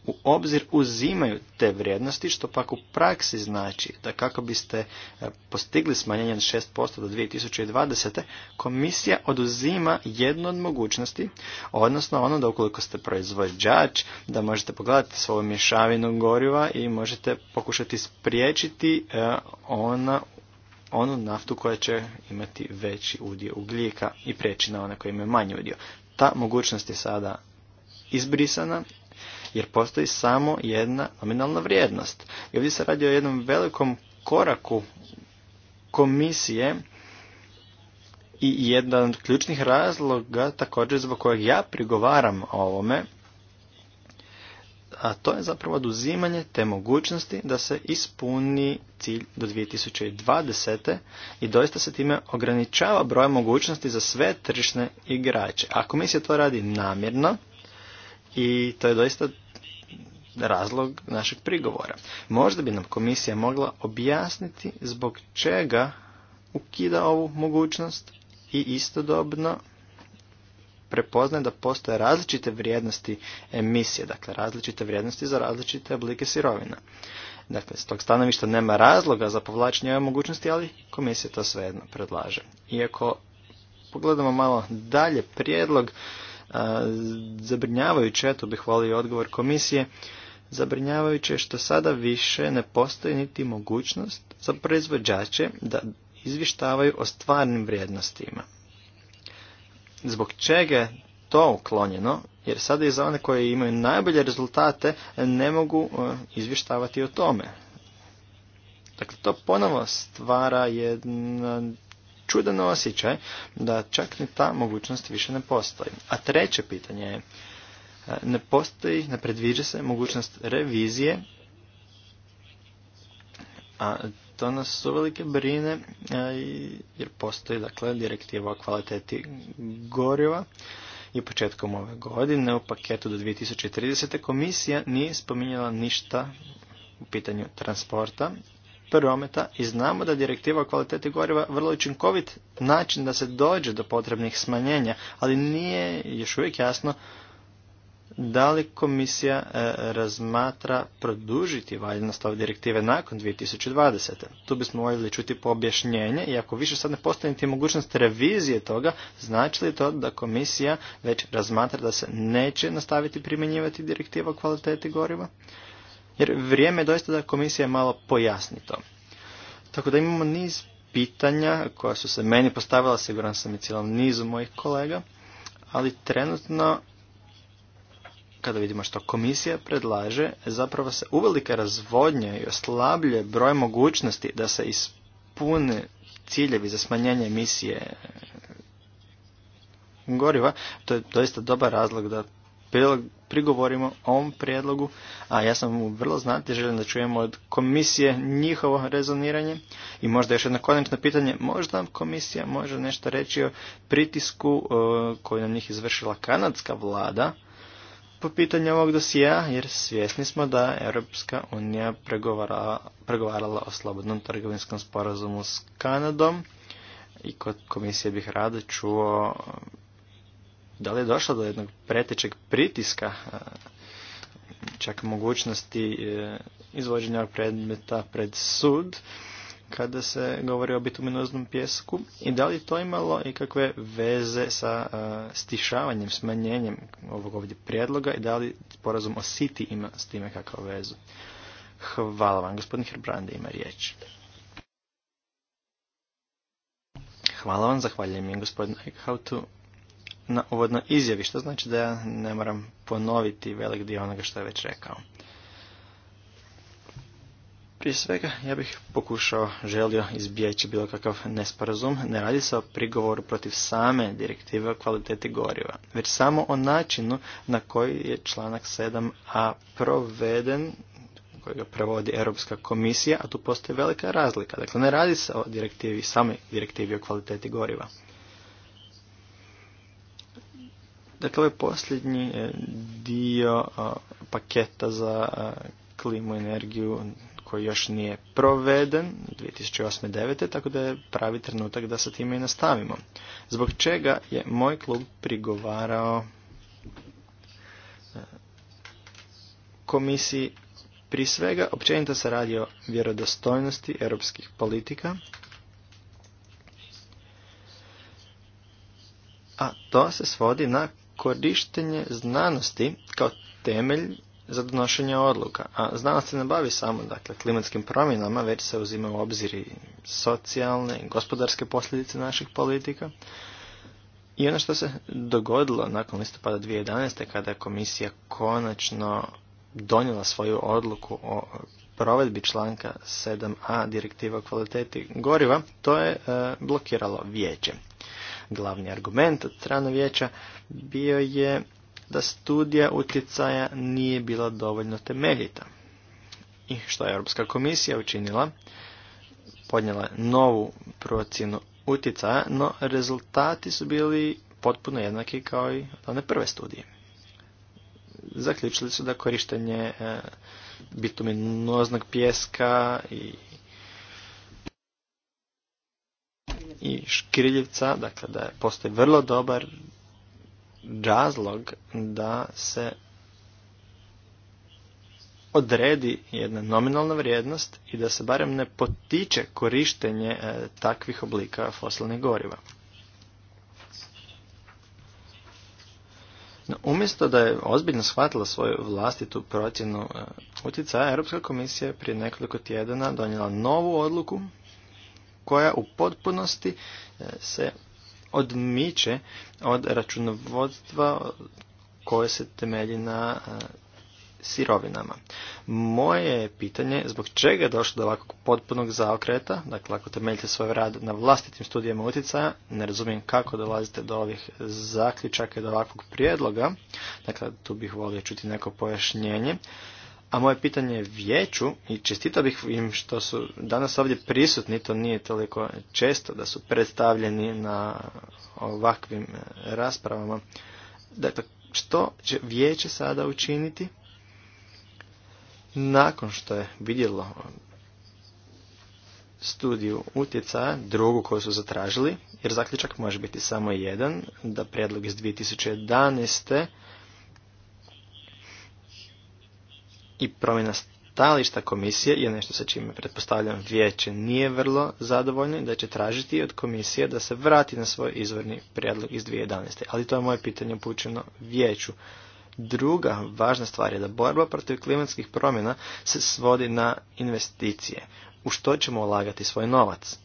u obzir uzimaju te vrijednosti, što pak u praksi znači da kako biste e, postigli smanjenje od 6% do 2020. komisija oduzima jednu od mogućnosti, odnosno ono da ukoliko ste proizvođač, da možete pogledati svoju mješavinu goriva i možete pokušati spriječiti e, ona onu naftu koja će imati veći udio ugljika i preći na one koji imaju manji udio. Ta mogućnost je sada izbrisana jer postoji samo jedna nominalna vrijednost. I ovdje se radi o jednom velikom koraku komisije i jedan od ključnih razloga također zbog kojeg ja prigovaram o ovome, a to je zapravo oduzimanje te mogućnosti da se ispuni cilj do 2020. i doista se time ograničava broj mogućnosti za sve tržišne igrače. A komisija to radi namjerno i to je doista razlog našeg prigovora. Možda bi nam komisija mogla objasniti zbog čega ukida ovu mogućnost i istodobno prepoznaje da postoje različite vrijednosti emisije, dakle različite vrijednosti za različite oblike sirovina. Dakle, s tog stanovišta nema razloga za povlačenje ove mogućnosti, ali komisija to svejedno predlaže. Iako pogledamo malo dalje prijedlog, zabrinjavajuće, to bih volio odgovor komisije, zabrinjavajuće što sada više ne postoji niti mogućnost za proizvođače da izvještavaju o stvarnim vrijednostima. Zbog čega je to uklonjeno, jer sada i za one koje imaju najbolje rezultate ne mogu e, izvještavati o tome. Dakle, to ponovo stvara jedan čudan osjećaj da čak ni ta mogućnost više ne postoji. A treće pitanje je, e, ne postoji, ne predviđa se mogućnost revizije, a to nas velike brine jer postoji dakle direktiva o kvaliteti goriva i početkom ove godine u paketu do 2030. komisija nije spominjala ništa u pitanju transporta prometa i znamo da direktiva o kvaliteti goriva vrlo učinkovit način da se dođe do potrebnih smanjenja, ali nije još uvijek jasno da li komisija e, razmatra produžiti valjanost ove direktive nakon 2020. Tu bismo voljeli čuti po objašnjenje i ako više sad ne postane ti mogućnost revizije toga, znači li to da komisija već razmatra da se neće nastaviti primjenjivati direktiva o kvaliteti goriva? Jer vrijeme je doista da komisija malo pojasni to. Tako da imamo niz pitanja koja su se meni postavila, siguran sam i cijelom nizu mojih kolega, ali trenutno kada vidimo što komisija predlaže, zapravo se uvelika razvodnja i oslabljuje broj mogućnosti da se ispune ciljevi za smanjenje emisije goriva, to je doista dobar razlog da prigovorimo ovom prijedlogu, a ja sam vrlo znati, želim da čujemo od komisije njihovo rezoniranje i možda još jedno konačno pitanje, možda komisija može nešto reći o pritisku e, koji nam njih izvršila kanadska vlada po pitanju ovog dosija, jer svjesni smo da Europska unija pregovarala o slobodnom trgovinskom sporazumu s Kanadom i kod komisije bih rado čuo da li je došlo do jednog pretečeg pritiska, e, čak mogućnosti e, izvođenja predmeta pred sud, kada se govori o bituminoznom pjesku i da li to imalo i kakve veze sa e, stišavanjem, smanjenjem ovog ovdje prijedloga i da li porazum o Siti ima s time kakav vezu. Hvala vam, gospodin Herbrande ima riječ. Hvala vam, zahvaljujem i Eichhautu na uvodnoj izjavi, što znači da ja ne moram ponoviti velik dio onoga što je već rekao. Prije svega, ja bih pokušao, želio izbjeći bilo kakav nesporazum. Ne radi se o prigovoru protiv same direktive o kvaliteti goriva, već samo o načinu na koji je članak 7a proveden, koji ga prevodi Europska komisija, a tu postoji velika razlika. Dakle, ne radi se o direktivi, samoj direktivi o kvaliteti goriva. Dakle, ovaj posljednji e, dio e, paketa za e, klimu i energiju koji još nije proveden 2008. devet tako da je pravi trenutak da sa time i nastavimo. Zbog čega je moj klub prigovarao komisiji pri svega općenito se radi o vjerodostojnosti europskih politika, a to se svodi na korištenje znanosti kao temelj za donošenje odluka. A znanost se ne bavi samo dakle, klimatskim promjenama, već se uzima u obzir i socijalne i gospodarske posljedice naših politika. I ono što se dogodilo nakon listopada 2011. kada je komisija konačno donijela svoju odluku o provedbi članka 7a direktiva o kvaliteti goriva, to je e, blokiralo vijeće. Glavni argument od strane vijeća bio je da studija utjecaja nije bila dovoljno temeljita. I što je Europska komisija učinila? Podnijela novu procjenu utjecaja, no rezultati su bili potpuno jednaki kao i one prve studije. Zaključili su da korištenje e, bituminoznog pjeska i i Škriljevca, dakle da postoji vrlo dobar razlog da se odredi jedna nominalna vrijednost i da se barem ne potiče korištenje e, takvih oblika fosilnih goriva. No, umjesto da je ozbiljno shvatila svoju vlastitu procjenu e, utjecaja, Europska komisija je prije nekoliko tjedana donijela novu odluku koja u potpunosti e, se odmiče od računovodstva koje se temelji na e, sirovinama. Moje pitanje zbog čega je došlo do ovakvog potpunog zaokreta, dakle ako temeljite svoj rad na vlastitim studijama utjecaja, ne razumijem kako dolazite do ovih zaključaka i do ovakvog prijedloga, dakle tu bih volio čuti neko pojašnjenje. A moje pitanje je vijeću i čestito bih im što su danas ovdje prisutni, to nije toliko često da su predstavljeni na ovakvim e, raspravama. Dakle, što će vijeće sada učiniti nakon što je vidjelo studiju utjecaja, drugu koju su zatražili, jer zaključak može biti samo jedan, da prijedlog iz 2011 i promjena stališta komisije je nešto sa čime pretpostavljam vijeće nije vrlo zadovoljno i da će tražiti od komisije da se vrati na svoj izvorni prijedlog iz 2011. Ali to je moje pitanje upućeno vijeću. Druga važna stvar je da borba protiv klimatskih promjena se svodi na investicije. U što ćemo ulagati svoj novac?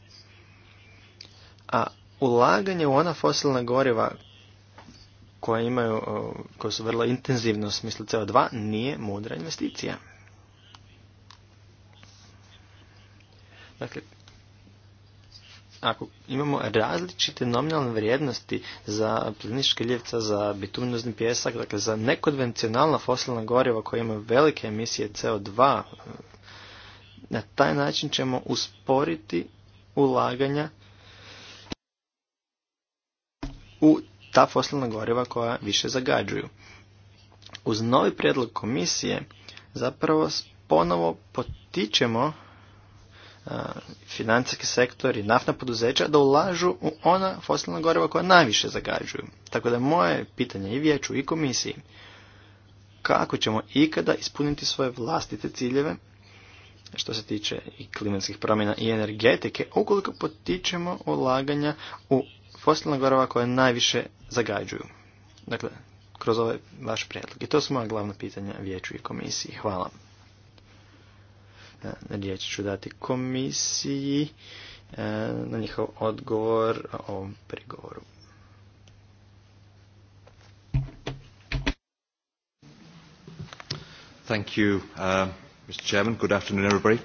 A ulaganje u ona fosilna goriva koje, imaju, koje su vrlo intenzivne u smislu CO2 nije mudra investicija. Dakle, ako imamo različite nominalne vrijednosti za pliničke ljevca, za bitumnozni pjesak, dakle za nekonvencionalna fosilna goriva koja imaju velike emisije CO2, na taj način ćemo usporiti ulaganja u ta fosilna goriva koja više zagađuju. Uz novi prijedlog komisije zapravo ponovo potičemo financijski sektor i naftna poduzeća da ulažu u ona fosilna goriva koja najviše zagađuju. Tako da moje pitanje i vijeću i komisiji kako ćemo ikada ispuniti svoje vlastite ciljeve što se tiče i klimatskih promjena i energetike ukoliko potičemo ulaganja u fosilna gorova koje najviše zagađuju. Dakle, kroz ovaj vaš prijedlog. I to su moja glavna pitanja vijeću i komisiji. Hvala. Riječ ću dati komisiji e, na njihov odgovor o ovom prigovoru. Thank you, uh, Mr. Good afternoon, everybody.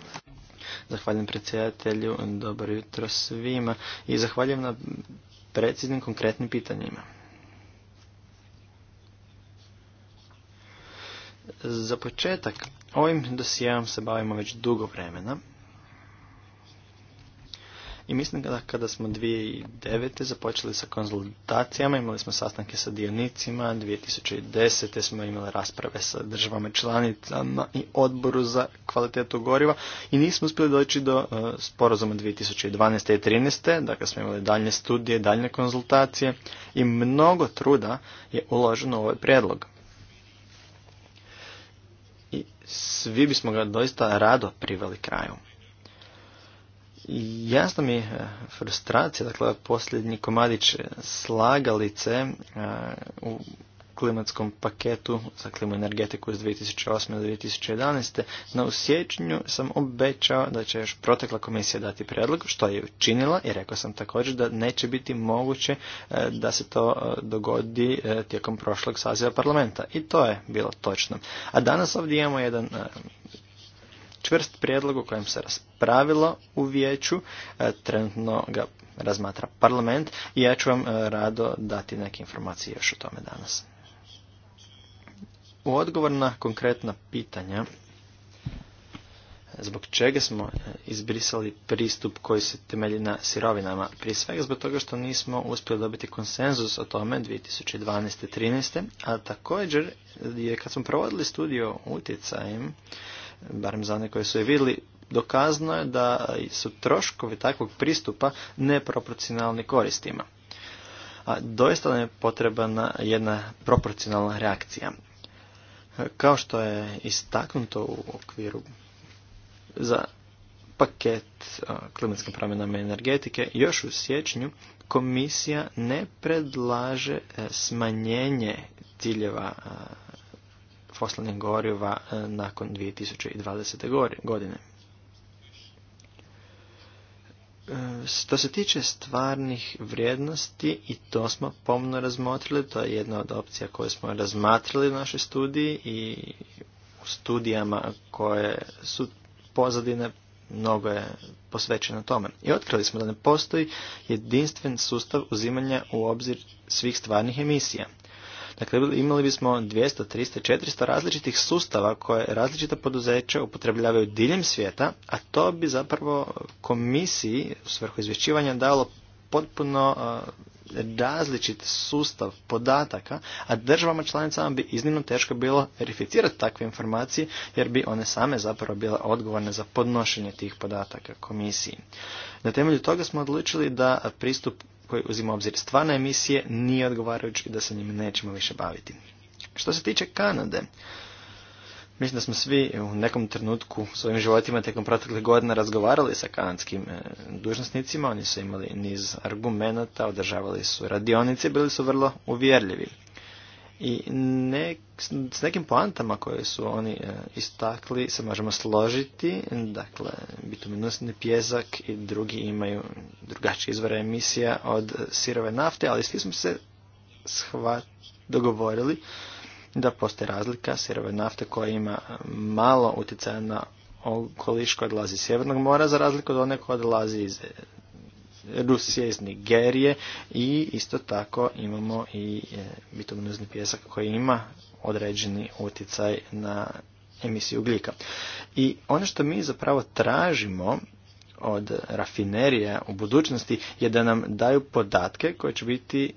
Zahvaljujem predsjedatelju, dobro jutro svima i zahvaljujem na preciznim konkretnim pitanjima. Za početak, ovim dosijevom se bavimo već dugo vremena. I mislim da kada smo 2009. započeli sa konzultacijama, imali smo sastanke sa dionicima, 2010. smo imali rasprave sa državama članicama i odboru za kvalitetu goriva i nismo uspjeli doći do uh, sporazuma 2012. i 2013. Dakle, smo imali daljne studije, daljne konzultacije i mnogo truda je uloženo u ovaj prijedlog i svi bismo ga doista rado priveli kraju. Jasno mi e, frustracija, dakle posljednji komadić slagalice e, u klimatskom paketu za klimu energetiku iz 2008. do 2011. Na u sam obećao da će još protekla komisija dati prijedlog, što je učinila i rekao sam također da neće biti moguće e, da se to dogodi tijekom prošlog saziva parlamenta. I to je bilo točno. A danas ovdje imamo jedan čvrst prijedlog o kojem se raspravilo u vijeću, e, trenutno ga razmatra parlament i ja ću vam e, rado dati neke informacije još o tome danas. U odgovor na konkretna pitanja, zbog čega smo e, izbrisali pristup koji se temelji na sirovinama. Prije svega zbog toga što nismo uspjeli dobiti konsenzus o tome 2012. 13. A također je kad smo provodili studiju o utjecajem, barem za one koji su je vidjeli, dokazano je da su troškovi takvog pristupa neproporcionalni koristima. A doista nam je potrebna jedna proporcionalna reakcija. Kao što je istaknuto u okviru za paket klimatskim promjenama energetike, još u siječnju komisija ne predlaže e, smanjenje ciljeva fosilnih goriva e, nakon 2020. godine. E, što se tiče stvarnih vrijednosti, i to smo pomno razmotrili, to je jedna od opcija koje smo razmatrali u našoj studiji i u studijama koje su pozadine mnogo je posvećeno tome. I otkrili smo da ne postoji jedinstven sustav uzimanja u obzir svih stvarnih emisija. Dakle, imali bismo 200, 300, 400 različitih sustava koje različita poduzeća upotrebljavaju diljem svijeta, a to bi zapravo komisiji u svrhu izvješćivanja dalo potpuno različit sustav podataka, a državama članicama bi iznimno teško bilo verificirati takve informacije, jer bi one same zapravo bile odgovorne za podnošenje tih podataka komisiji. Na temelju toga smo odlučili da pristup koji uzima obzir stvarne emisije nije odgovarajući da se njim nećemo više baviti. Što se tiče Kanade, mislim da smo svi u nekom trenutku u svojim životima tijekom proteklih godina razgovarali sa kanadskim e, dužnosnicima, oni su imali niz argumenata, održavali su radionice, bili su vrlo uvjerljivi. I s nekim poantama koje su oni e, istakli se možemo složiti, dakle, bitumenosni pjezak i drugi imaju drugačije izvore emisija od sirove nafte, ali svi smo se shvat, dogovorili da postoji razlika sirove nafte koja ima malo utjecaja na okoliš koja odlazi iz Sjevernog mora za razliku od one koja odlazi iz Rusije, iz Nigerije i isto tako imamo i e, bitumnozni pjesak koji ima određeni utjecaj na emisiju ugljika. I ono što mi zapravo tražimo od rafinerija u budućnosti je da nam daju podatke koje će biti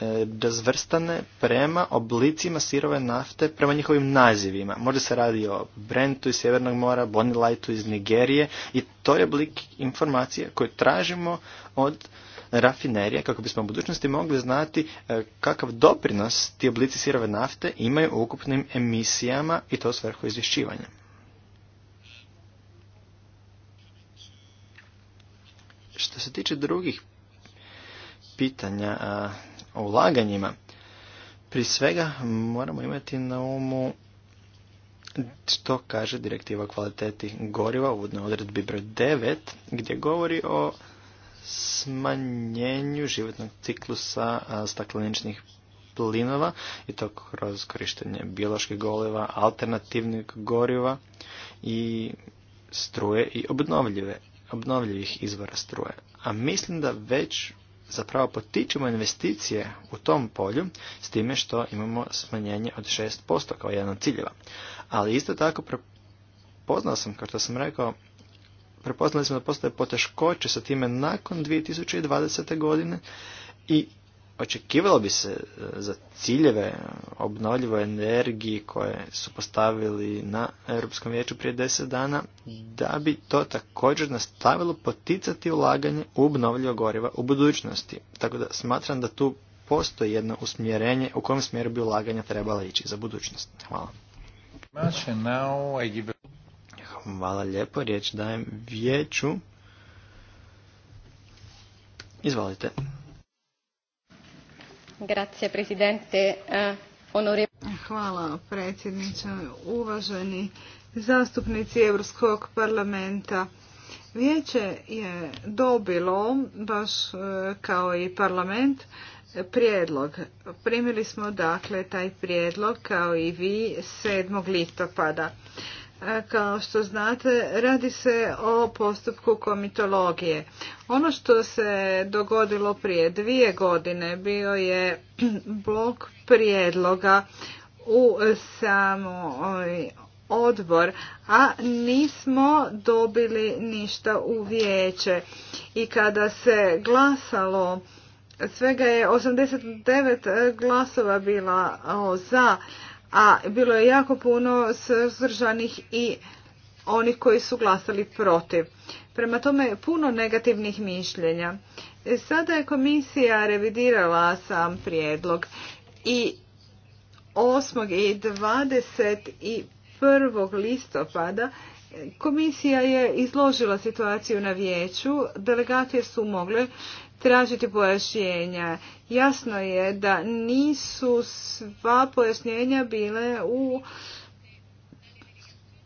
da e, razvrstane prema oblicima sirove nafte, prema njihovim nazivima. Možda se radi o Brentu iz Sjevernog mora, Bonilajtu iz Nigerije i to je oblik informacije koje tražimo od rafinerije kako bismo u budućnosti mogli znati e, kakav doprinos ti oblici sirove nafte imaju u ukupnim emisijama i to svrhu izvješćivanja. Što se tiče drugih pitanja ulaganjima, pri svega moramo imati na umu što kaže direktiva o kvaliteti goriva u uvodnoj odredbi broj 9 gdje govori o smanjenju životnog ciklusa stakleničnih plinova i to kroz korištenje bioloških goriva, alternativnih goriva i struje i obnovljive, obnovljivih izvora struje. A mislim da već zapravo potičemo investicije u tom polju s time što imamo smanjenje od 6% kao jedan od ciljeva. Ali isto tako prepoznao sam, kao što sam rekao, prepoznali smo da postoje poteškoće sa time nakon 2020. godine i očekivalo bi se e, za ciljeve e, obnovljivoj energiji koje su postavili na Europskom vijeću prije deset dana, da bi to također nastavilo poticati ulaganje u obnovljivo goriva u budućnosti. Tako da smatram da tu postoji jedno usmjerenje u kojem smjeru bi ulaganja trebala ići za budućnost. Hvala. Hvala lijepo, riječ dajem vijeću. Izvolite. Grazie, presidente. Eh, Hvala, predsjedniče. Uvaženi zastupnici Europskog parlamenta. Vijeće je dobilo, baš eh, kao i parlament, prijedlog. Primili smo dakle taj prijedlog kao i vi 7. listopada. Kao što znate, radi se o postupku komitologije. Ono što se dogodilo prije dvije godine bio je blok prijedloga u samo ovaj, odbor, a nismo dobili ništa u vijeće. I kada se glasalo, svega je 89 glasova bila za, a bilo je jako puno suzdržanih i onih koji su glasali protiv. Prema tome puno negativnih mišljenja. Sada je komisija revidirala sam prijedlog i 8. i 21. listopada Komisija je izložila situaciju na vijeću, delegacije su mogle tražiti pojašnjenja. Jasno je da nisu sva pojašnjenja bile u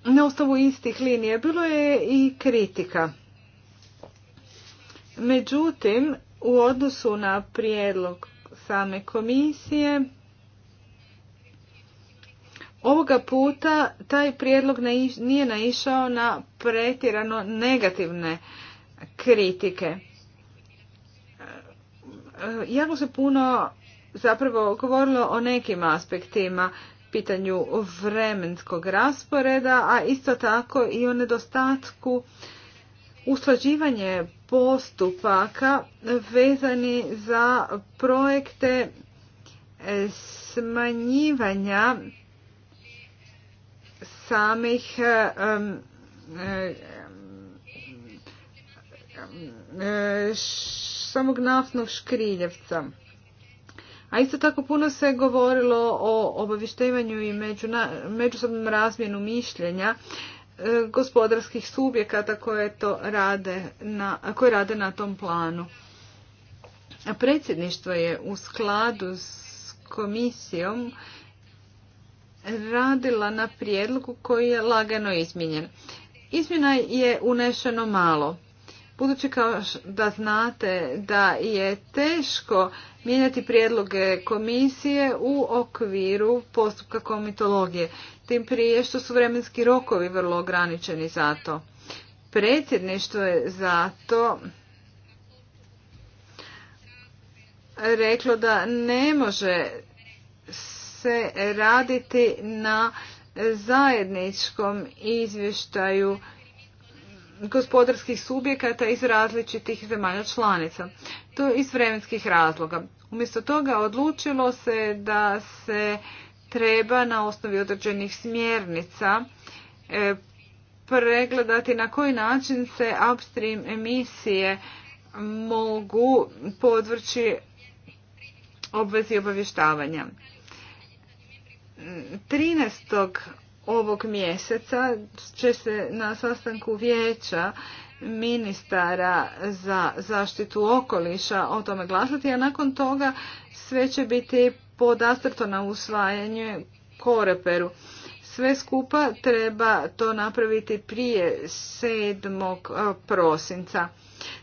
na osnovu istih linije. Bilo je i kritika. Međutim, u odnosu na prijedlog same komisije, ovoga puta taj prijedlog nije naišao na pretjerano negativne kritike. E, jako se puno zapravo govorilo o nekim aspektima pitanju vremenskog rasporeda, a isto tako i o nedostatku usklađivanja postupaka vezani za projekte e, smanjivanja samih e, samog naftnog škriljevca. A isto tako puno se govorilo o obavještavanju i međusobnom razmjenu mišljenja e, gospodarskih subjekata koje to rade na, rade na tom planu. A predsjedništvo je u skladu s komisijom radila na prijedlogu koji je lagano izmijenjen. Izmjena je unešeno malo. Budući kao da znate da je teško mijenjati prijedloge komisije u okviru postupka komitologije, tim prije što su vremenski rokovi vrlo ograničeni za to. Predsjedništvo je zato reklo da ne može se raditi na zajedničkom izvještaju gospodarskih subjekata iz različitih zemalja članica. To iz vremenskih razloga. Umjesto toga odlučilo se da se treba na osnovi određenih smjernica e, pregledati na koji način se upstream emisije mogu podvrći obvezi obavještavanja. 13 ovog mjeseca će se na sastanku vijeća ministara za zaštitu okoliša o tome glasati, a nakon toga sve će biti podastrto na usvajanje koreperu. Sve skupa treba to napraviti prije 7. Eh, prosinca.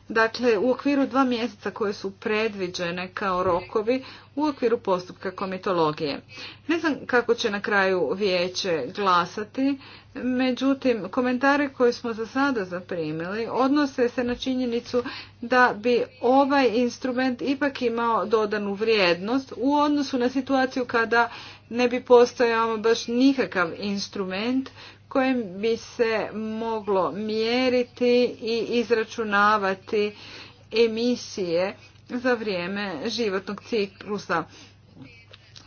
Dakle, u okviru dva mjeseca koje su predviđene kao rokovi u okviru postupka komitologije. Ne znam kako će na kraju vijeće glasati, međutim, komentare koje smo za sada zaprimili odnose se na činjenicu da bi ovaj instrument ipak imao dodanu vrijednost u odnosu na situaciju kada ne bi postojao baš nikakav instrument kojim bi se moglo mjeriti i izračunavati emisije za vrijeme životnog ciklusa.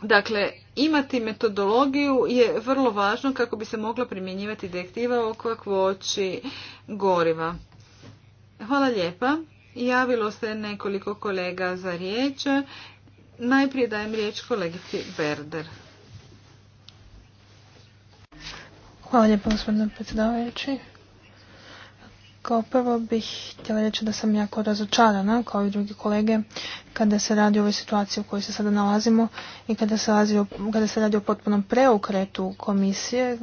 Dakle, imati metodologiju je vrlo važno kako bi se mogla primjenjivati direktiva o voći goriva. Hvala lijepa. Javilo se nekoliko kolega za riječ. Najprije dajem riječ kolegici Berder. Hvala lijepo gospodine predsjedavajući. Kao prvo bih htjela reći da sam jako razočarana, kao i drugi kolege, kada se radi o ovoj situaciji u kojoj se sada nalazimo i kada se, kada se radi o potpunom preukretu komisije, e,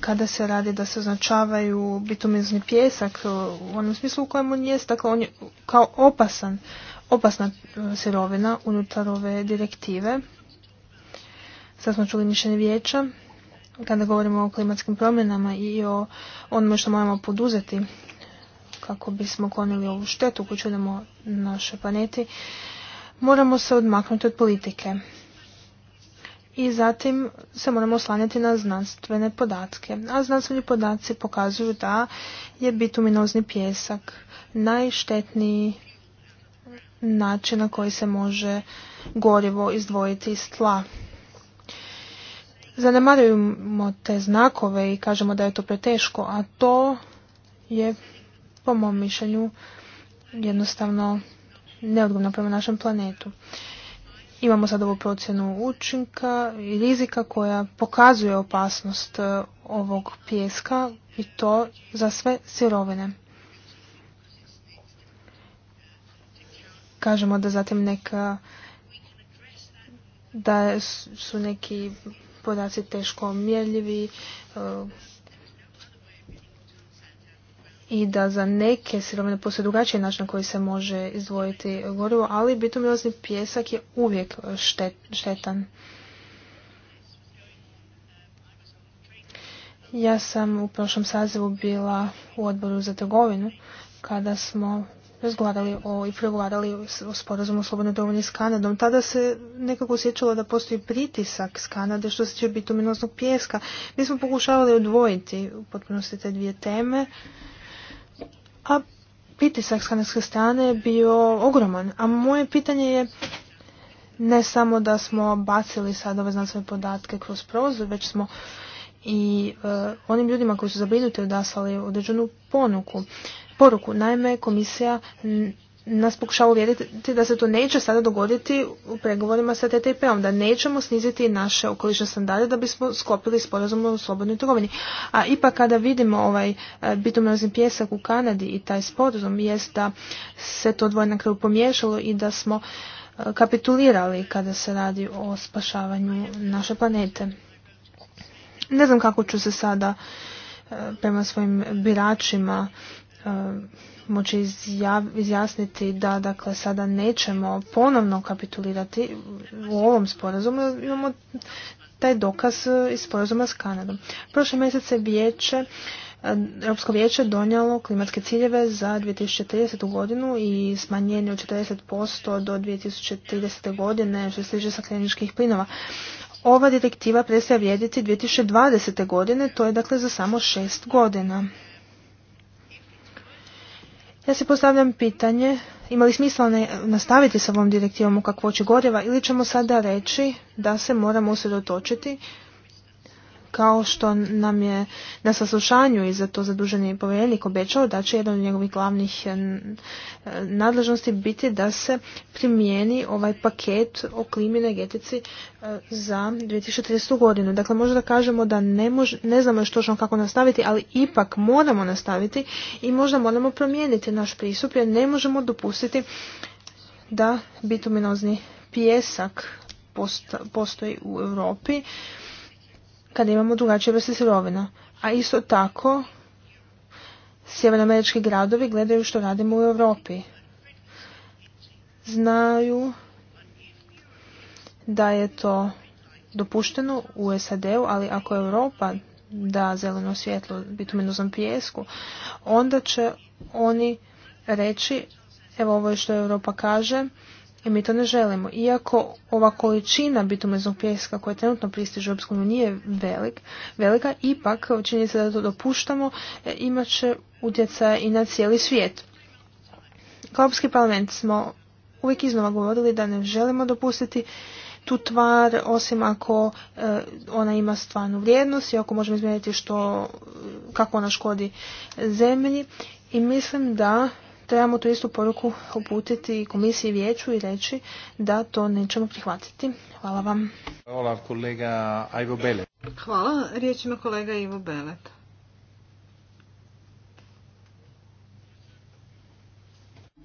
kada se radi da se označavaju bitumizni pjesak e, u onom smislu u kojem on dakle, on je kao opasan, opasna e, sirovina unutar ove direktive. Sad smo čuli mišljenje vijeća kada govorimo o klimatskim promjenama i o onome što moramo poduzeti kako bismo konili ovu štetu koju čudemo našoj planeti, moramo se odmaknuti od politike. I zatim se moramo oslanjati na znanstvene podatke. A znanstveni podaci pokazuju da je bituminozni pjesak najštetniji način na koji se može gorivo izdvojiti iz tla zanemarujemo te znakove i kažemo da je to preteško, a to je po mom mišljenju jednostavno neodgovorno prema našem planetu. Imamo sad ovu procjenu učinka i rizika koja pokazuje opasnost e, ovog pjeska i to za sve sirovine. Kažemo da zatim neka da su neki podaci teško mjerljivi e, i da za neke sirovine postoje drugačiji način na koji se može izdvojiti gorivo, ali bitumilozni pjesak je uvijek štetan. Ja sam u prošlom sazivu bila u odboru za trgovinu kada smo razgovarali o i pregovarali o sporazumu o slobodnoj trgovini s Kanadom. Tada se nekako osjećalo da postoji pritisak s Kanade što se tiče bituminoznog pjeska. Mi smo pokušavali odvojiti u potpunosti te dvije teme, a pritisak s kanadske strane je bio ogroman. A moje pitanje je ne samo da smo bacili sad ove znanstvene podatke kroz prozor, već smo i e, onim ljudima koji su zabrinuti odaslali određenu ponuku poruku. Naime, komisija nas pokušava uvjeriti da se to neće sada dogoditi u pregovorima sa TTIP-om, da nećemo sniziti naše okolične standarde da bismo sklopili sporazum o slobodnoj trgovini. A ipak kada vidimo ovaj e, bitumnozni pjesak u Kanadi i taj sporazum jest da se to dvoje na kraju pomiješalo i da smo e, kapitulirali kada se radi o spašavanju naše planete. Ne znam kako ću se sada e, prema svojim biračima E, moći izjasniti da dakle sada nećemo ponovno kapitulirati u ovom sporazumu imamo taj dokaz e, iz sporazuma s Kanadom. Prošle mjesece vijeće e, Europsko vijeće donijelo klimatske ciljeve za 2030. godinu i smanjenje od 40% do 2030. godine što se tiče stakleničkih plinova. Ova direktiva prestaje vrijediti 2020. godine, to je dakle za samo šest godina. Ja se postavljam pitanje, ima li smisla nastaviti sa ovom direktivom u kakvoći goriva ili ćemo sada reći da se moramo usredotočiti kao što nam je na saslušanju i za to zaduženi povjerenik obećao da će jedan od njegovih glavnih eh, nadležnosti biti da se primijeni ovaj paket o klimi energetici eh, za 2030. godinu. Dakle, možda da kažemo da ne, mož, ne znamo još ćemo kako nastaviti, ali ipak moramo nastaviti i možda moramo promijeniti naš pristup jer ne možemo dopustiti da bituminozni pijesak postoji u Europi kada imamo drugačije vrste sirovina. A isto tako, sjevernoamerički gradovi gledaju što radimo u Europi. Znaju da je to dopušteno u SAD-u, ali ako Europa da zeleno svjetlo bituminoznom pijesku, onda će oni reći, evo ovo je što Europa kaže, i e, mi to ne želimo. Iako ova količina bitumeznog pjeska koja trenutno pristiže u Europsku nije velik, velika, ipak se da to dopuštamo e, imat će utjecaj i na cijeli svijet. Kao parlament smo uvijek iznova govorili da ne želimo dopustiti tu tvar, osim ako e, ona ima stvarnu vrijednost i ako možemo izmijeniti što, kako ona škodi zemlji. I mislim da trebamo tu istu poruku uputiti komisiji vijeću i reći da to nećemo prihvatiti. Hvala vam. Hvala kolega Ivo Belet. Hvala, riječ ima kolega Ivo Belet.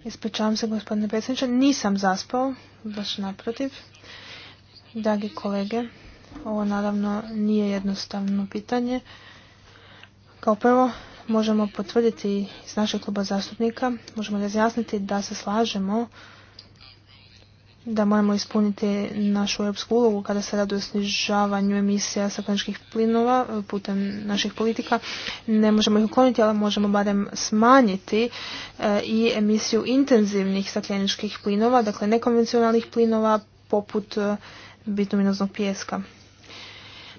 Ispričavam se gospodine predsjedniče, nisam zaspao, baš naprotiv. Dragi kolege, ovo naravno nije jednostavno pitanje. Kao prvo, možemo potvrditi iz našeg kluba zastupnika, možemo razjasniti da se slažemo da moramo ispuniti našu europsku ulogu kada se radi o snižavanju emisija stakleničkih plinova e, putem naših politika. Ne možemo ih ukloniti, ali možemo barem smanjiti e, i emisiju intenzivnih stakleničkih plinova, dakle nekonvencionalnih plinova poput e, bituminoznog pijeska.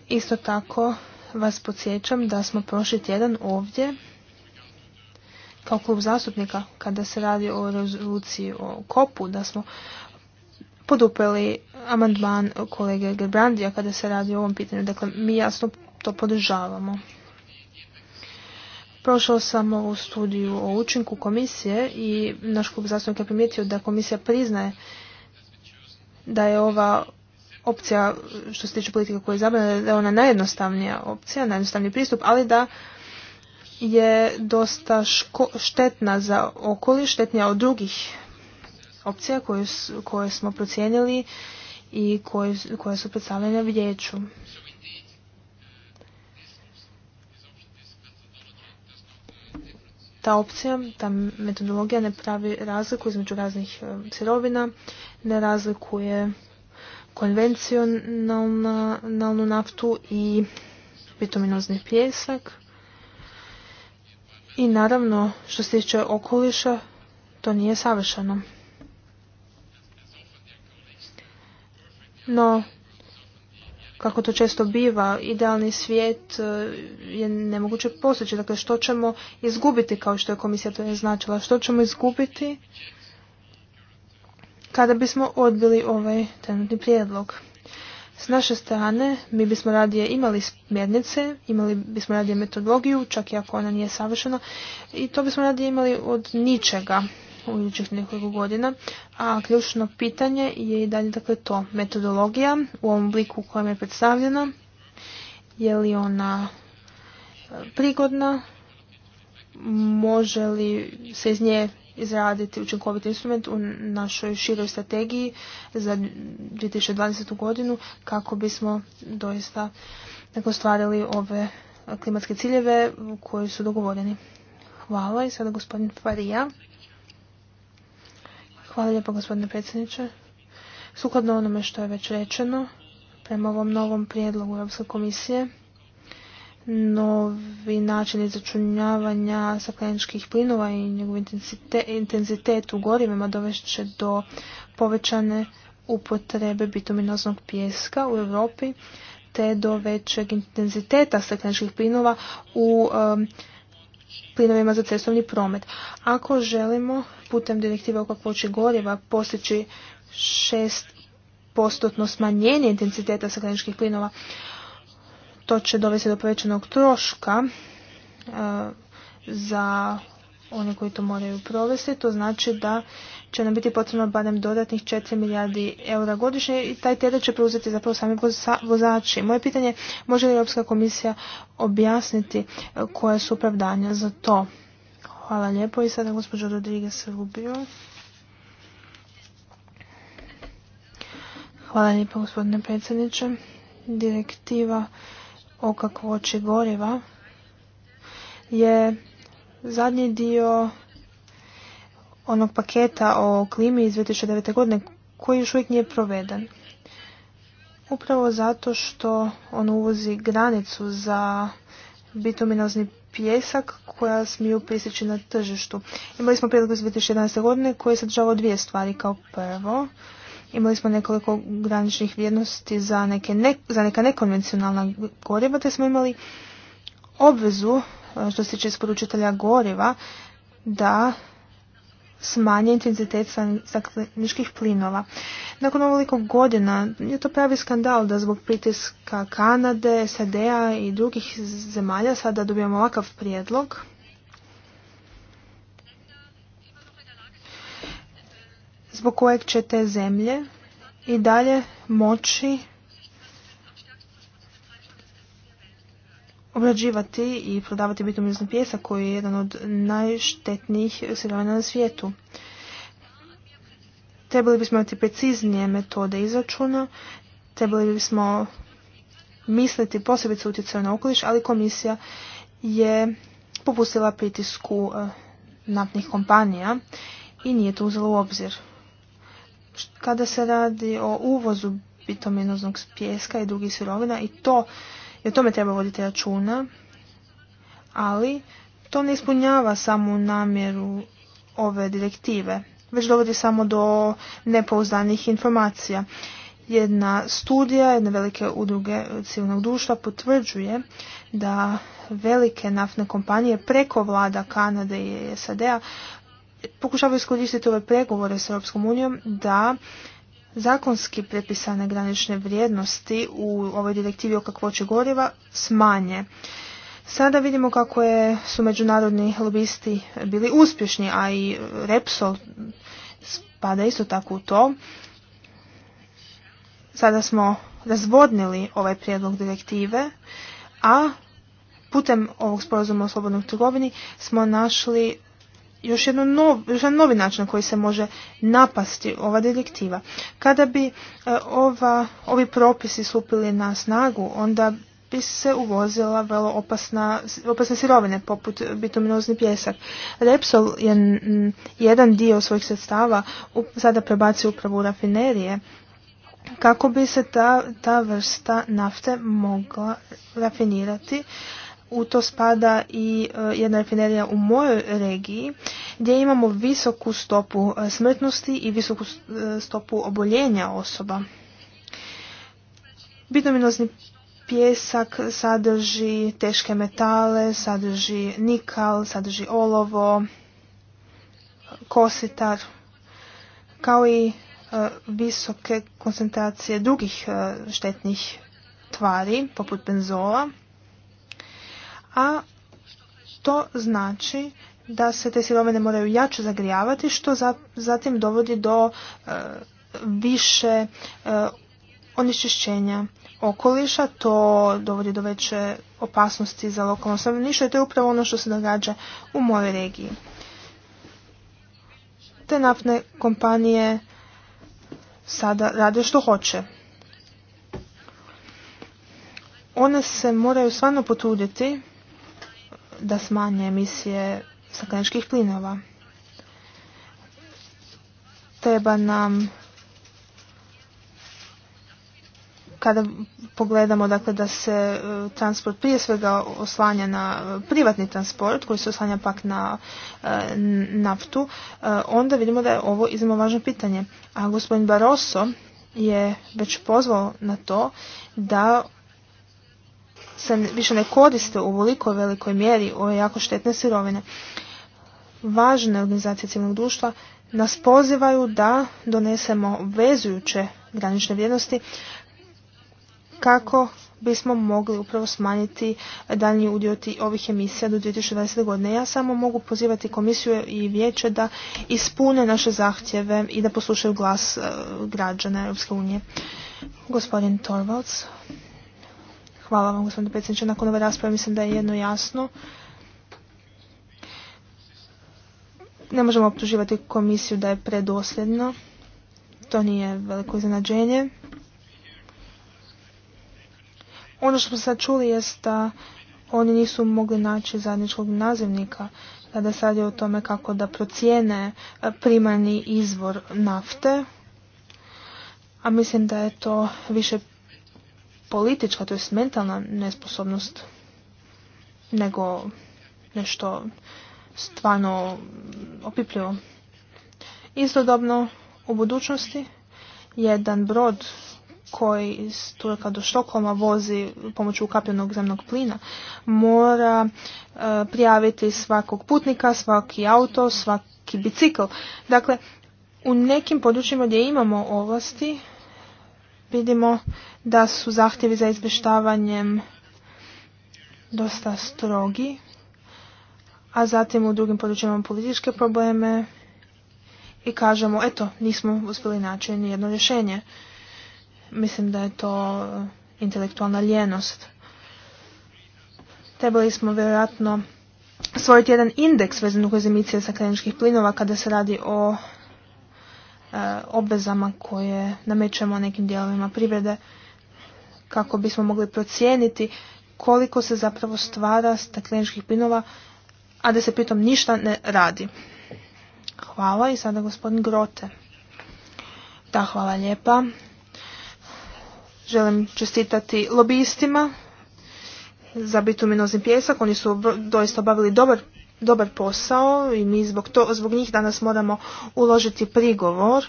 Isto tako vas podsjećam da smo prošli tjedan ovdje kao klub zastupnika kada se radi o rezoluciji o kopu da smo podupeli amandman kolege Gerbrandija kada se radi o ovom pitanju. Dakle, mi jasno to podržavamo. Prošao sam ovu studiju o učinku komisije i naš klub zastupnika primijetio da komisija priznaje da je ova opcija što se tiče politike koja je izabrana, da je ona najjednostavnija opcija, najjednostavniji pristup, ali da je dosta štetna za okoliš, štetnija od drugih opcija koje smo procijenili i koje, koje su predstavljene vijeću. Ta opcija, ta metodologija ne pravi razliku između raznih e, sirovina, ne razlikuje konvencionalnu naftu i bituminozni pjesak. I naravno, što se tiče okoliša, to nije savršeno. No, kako to često biva, idealni svijet e, je nemoguće postići. Dakle, što ćemo izgubiti, kao što je komisija to je značila, što ćemo izgubiti kada bismo odbili ovaj trenutni prijedlog. S naše strane mi bismo radije imali smjernice, imali bismo radije metodologiju, čak i ako ona nije savršena, i to bismo radije imali od ničega u nekoliko godina, a ključno pitanje je i dalje dakle to, metodologija u ovom obliku u kojem je predstavljena, je li ona e, prigodna, može li se iz nje izraditi učinkoviti instrument u našoj široj strategiji za 2020. godinu kako bismo doista dakle, ostvarili ove klimatske ciljeve koji su dogovoreni. Hvala i sada gospodin Farija. Hvala lijepo gospodine predsjedniče. Sukladno onome što je već rečeno, prema ovom novom prijedlogu Europske komisije, novi način izračunjavanja stakleničkih plinova i njegov intenzitet u gorivima će do povećane upotrebe bituminoznog pjeska u Europi te do većeg intenziteta stakleničkih plinova u plinovima za cestovni promet. Ako želimo putem direktive o kakvoći goriva postići 6% postotno smanjenje intenziteta stakleničkih plinova to će dovesti do povećanog troška e, za one koji to moraju provesti. To znači da će nam biti potrebno barem dodatnih 4 milijardi eura godišnje i taj teret će preuzeti zapravo sami vozači. Moje pitanje je može li Europska komisija objasniti e, koja su opravdanja za to? Hvala lijepo i sada gospođo Rodriguez Rubio. Hvala lijepo gospodine predsjedniče. Direktiva o kakvoći goriva je zadnji dio onog paketa o klimi iz 2009. godine koji još uvijek nije proveden. Upravo zato što on uvozi granicu za bituminozni pjesak koja smiju pristići na tržištu. Imali smo prijedlog iz 2011. godine koji je sadržavao dvije stvari. Kao prvo, Imali smo nekoliko graničnih vrijednosti za, neke za neka nekonvencionalna goriva, te smo imali obvezu e, što se tiče isporučitelja goriva da smanje intenzitet stakleničkih plinova. Nakon ovoliko godina je to pravi skandal da zbog pritiska Kanade, SAD-a i drugih zemalja sada dobijamo ovakav prijedlog zbog kojeg će te zemlje i dalje moći obrađivati i prodavati bitumizni pjesa, koji je jedan od najštetnijih sirovina na svijetu. Trebali bismo imati preciznije metode izračuna, trebali bismo misliti posebice utjecaju na okoliš, ali komisija je popustila pritisku eh, naftnih kompanija i nije to uzela u obzir kada se radi o uvozu bitominoznog pijeska i drugih sirovina i to i o tome treba voditi računa, ali to ne ispunjava samu namjeru ove direktive, već dovodi samo do nepouzdanih informacija. Jedna studija jedne velike udruge civilnog društva potvrđuje da velike naftne kompanije preko vlada Kanade i SAD-a pokušavaju iskoristiti ove pregovore s Europskom unijom da zakonski prepisane granične vrijednosti u ovoj direktivi o kakvoći goriva smanje. Sada vidimo kako je, su međunarodni lobisti bili uspješni, a i Repsol spada isto tako u to. Sada smo razvodnili ovaj prijedlog direktive, a putem ovog sporazuma o slobodnoj trgovini smo našli još jedan nov, novi način na koji se može napasti ova direktiva. Kada bi e, ova, ovi propisi stupili na snagu, onda bi se uvozila vrlo opasna, opasne sirovine poput bituminozni pjesak. Repsol je jedan dio svojih sredstava u, sada prebacio upravo u rafinerije kako bi se ta, ta vrsta nafte mogla rafinirati u to spada i e, jedna rafinerija u mojoj regiji gdje imamo visoku stopu e, smrtnosti i visoku e, stopu oboljenja osoba. Bitominozni pjesak sadrži teške metale, sadrži nikal, sadrži olovo, kositar, kao i visoke koncentracije drugih štetnih tvari, poput benzola a to znači da se te sirovine moraju jače zagrijavati što zatim dovodi do e, više e, onečišćenja okoliša, to dovodi do veće opasnosti za lokalno stanovništvo i to je upravo ono što se događa u mojoj regiji. Te naftne kompanije sada rade što hoće. One se moraju stvarno potruditi da smanje emisije stakleničkih plinova. Treba nam kada pogledamo dakle, da se e, transport prije svega oslanja na e, privatni transport koji se oslanja pak na e, naftu, onda vidimo da je ovo iznimno važno pitanje. A gospodin Barroso je već pozvao na to da se više ne koriste u ovoliko velikoj mjeri ove jako štetne sirovine. Važne organizacije civilnog društva nas pozivaju da donesemo vezujuće granične vrijednosti kako bismo mogli upravo smanjiti daljnji udio ovih emisija do 2020. godine. Ja samo mogu pozivati komisiju i vijeće da ispune naše zahtjeve i da poslušaju glas e, građana Europske unije. Gospodin Torvalds. Hvala vam, gospodine predsjedniče. Nakon ove rasprave mislim da je jedno jasno. Ne možemo optuživati komisiju da je predosljedno. To nije veliko iznenađenje. Ono što smo sad čuli je da oni nisu mogli naći zajedničkog nazivnika kada sad je o tome kako da procijene primarni izvor nafte. A mislim da je to više politička, to je mentalna nesposobnost, nego nešto stvarno opipljivo. Istodobno u budućnosti jedan brod koji iz Turaka do Štokoma vozi pomoću ukapljenog zemnog plina mora e, prijaviti svakog putnika, svaki auto, svaki bicikl. Dakle, u nekim područjima gdje imamo ovlasti vidimo da su zahtjevi za izvještavanjem dosta strogi, a zatim u drugim područjima političke probleme i kažemo, eto, nismo uspjeli naći ni jedno rješenje. Mislim da je to intelektualna lijenost. Trebali smo vjerojatno stvoriti jedan indeks vezan uz emisije stakleničkih plinova kada se radi o E, obvezama koje namećemo nekim dijelovima privrede kako bismo mogli procijeniti koliko se zapravo stvara stakleničkih plinova, a da se pritom ništa ne radi. Hvala i sada gospodin Grote. Da, hvala lijepa. Želim čestitati lobistima za bituminozni pjesak. Oni su doista obavili dobar dobar posao i mi zbog, to, zbog njih danas moramo uložiti prigovor.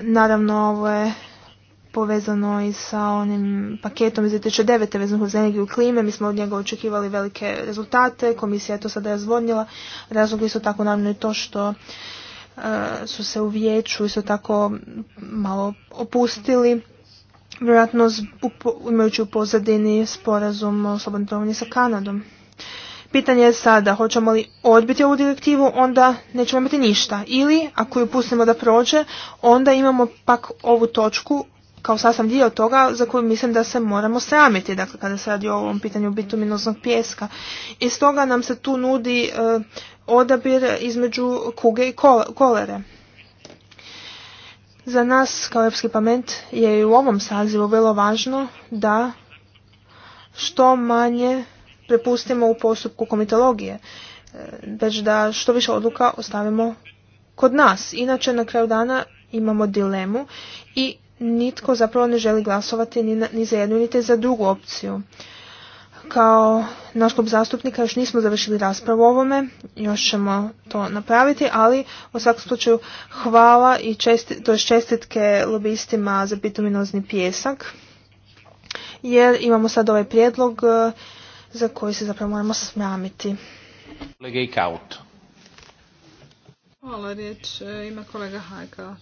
Naravno, ovo je povezano i sa onim paketom iz 2009. vezanog uz energiju klime. Mi smo od njega očekivali velike rezultate. Komisija je to sada razvodnjila. Razlog isto tako naravno i to što e, su se u vijeću isto tako malo opustili. Vjerojatno imajući u pozadini sporazum o slobodnom sa Kanadom. Pitanje je sada, hoćemo li odbiti ovu direktivu, onda nećemo imati ništa. Ili, ako ju pustimo da prođe, onda imamo pak ovu točku kao sasvim dio toga za koju mislim da se moramo sramiti, dakle kada se radi o ovom pitanju bituminoznog pjeska. I stoga nam se tu nudi e, odabir između kuge i kolere. Za nas kao Europski parlament je i u ovom sazivu vrlo važno da što manje prepustimo u postupku komitologije, e, već da što više odluka ostavimo kod nas. Inače, na kraju dana imamo dilemu i nitko zapravo ne želi glasovati ni, ni za jednu, niti za drugu opciju. Kao naš klub zastupnika još nismo završili raspravu o ovome, još ćemo to napraviti, ali u svakom slučaju hvala i česti, to je čestitke lobistima za bituminozni pjesak, jer imamo sad ovaj prijedlog e, za koji se zapravo moramo sramiti. Kolega Hvala, riječ e, ima kolega Hajkaut.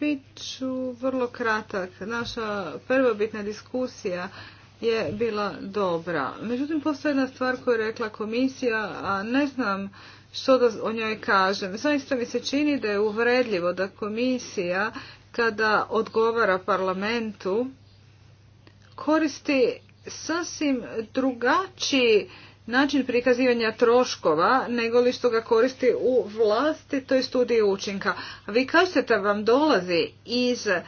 Biću vrlo kratak. Naša prvobitna diskusija je bila dobra. Međutim, postoji jedna stvar koju je rekla komisija, a ne znam što da o njoj kažem. Zaista mi se čini da je uvredljivo da komisija kada odgovara parlamentu koristi sasvim drugačiji način prikazivanja troškova nego li što ga koristi u vlasti, toj studiji studije učinka. Vi kažete da vam dolazi iz e,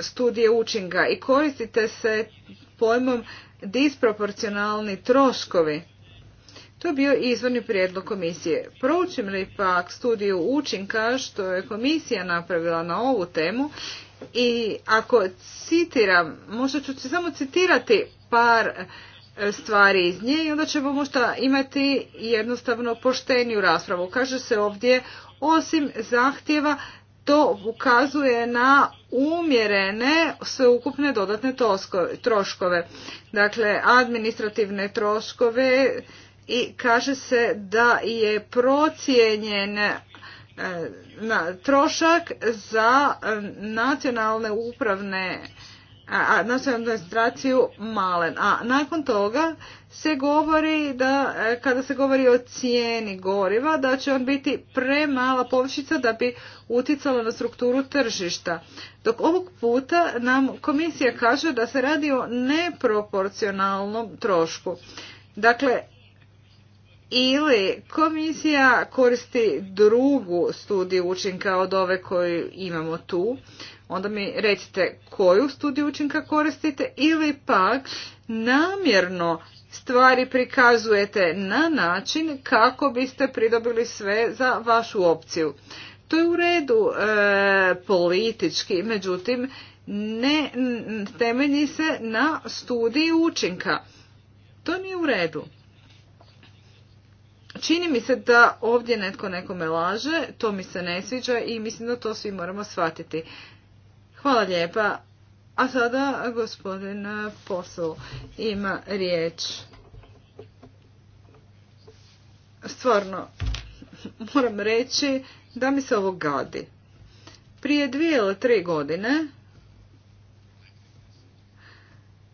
studije učinka i koristite se pojmom disproporcionalni troškovi. To je bio izvorni prijedlog komisije. Proučim li pak studiju učinka što je komisija napravila na ovu temu i ako citiram, možda ću samo citirati par e, stvari iz nje i onda ćemo možda imati jednostavno pošteniju raspravu. Kaže se ovdje, osim zahtjeva, to ukazuje na umjerene sveukupne dodatne troškove. Dakle, administrativne troškove i kaže se da je procijenjen na trošak za e, nacionalne upravne nacionalnu administraciju malen. A nakon toga se govori da e, kada se govori o cijeni goriva da će on biti premala povšica da bi uticala na strukturu tržišta. Dok ovog puta nam komisija kaže da se radi o neproporcionalnom trošku. Dakle, ili komisija koristi drugu studiju učinka od ove koju imamo tu, onda mi recite koju studiju učinka koristite ili pak namjerno stvari prikazujete na način kako biste pridobili sve za vašu opciju. To je u redu e, politički, međutim ne temelji se na studiji učinka. To nije u redu. Čini mi se da ovdje netko nekome laže, to mi se ne sviđa i mislim da to svi moramo shvatiti. Hvala lijepa. A sada gospodin posao ima riječ. Stvarno, moram reći da mi se ovo gadi. Prije dvije ili tri godine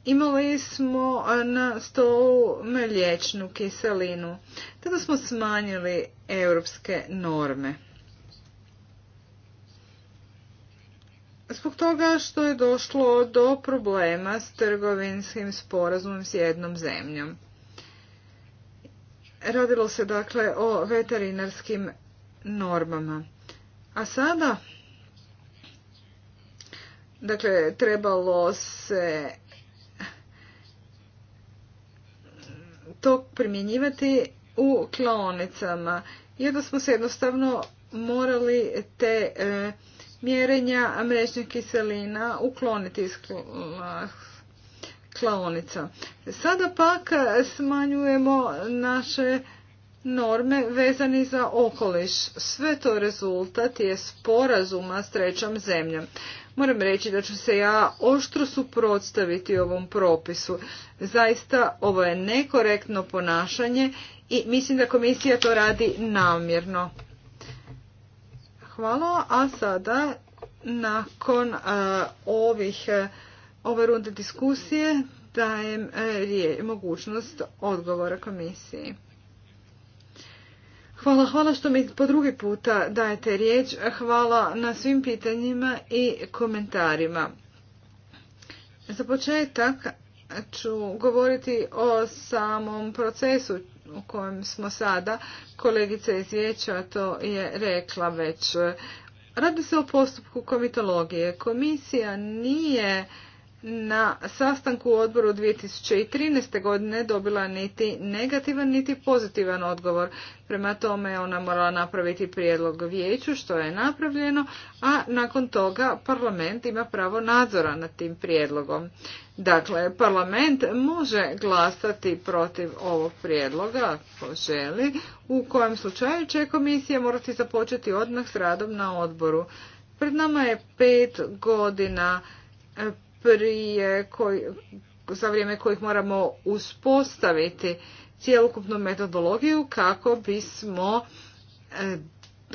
imali smo na stolu mlječnu kiselinu. Tada smo smanjili europske norme. Zbog toga što je došlo do problema s trgovinskim sporazumom s jednom zemljom. Radilo se dakle o veterinarskim normama. A sada, dakle, trebalo se to primjenjivati u klaonicama. Jer smo se jednostavno morali te e, mjerenja mrežnih kiselina ukloniti iz klaonica. Sada pak smanjujemo naše norme vezani za okoliš. Sve to rezultat je sporazuma s trećom zemljom. Moram reći da ću se ja oštro suprotstaviti ovom propisu. Zaista ovo je nekorektno ponašanje i mislim da komisija to radi namjerno. Hvala, a sada nakon e, ovih e, ove runde diskusije dajem e, mogućnost odgovora komisiji. Hvala, hvala što mi po drugi puta dajete riječ. Hvala na svim pitanjima i komentarima. Za početak ću govoriti o samom procesu u kojem smo sada. Kolegica iz vijeća to je rekla već. Radi se o postupku komitologije. Komisija nije na sastanku u odboru 2013. godine dobila niti negativan niti pozitivan odgovor. Prema tome ona morala napraviti prijedlog vijeću što je napravljeno, a nakon toga parlament ima pravo nadzora nad tim prijedlogom. Dakle, parlament može glasati protiv ovog prijedloga ako želi, u kojem slučaju će komisija morati započeti odmah s radom na odboru. Pred nama je pet godina koji, za vrijeme kojih moramo uspostaviti cjelokupnu metodologiju kako bismo e,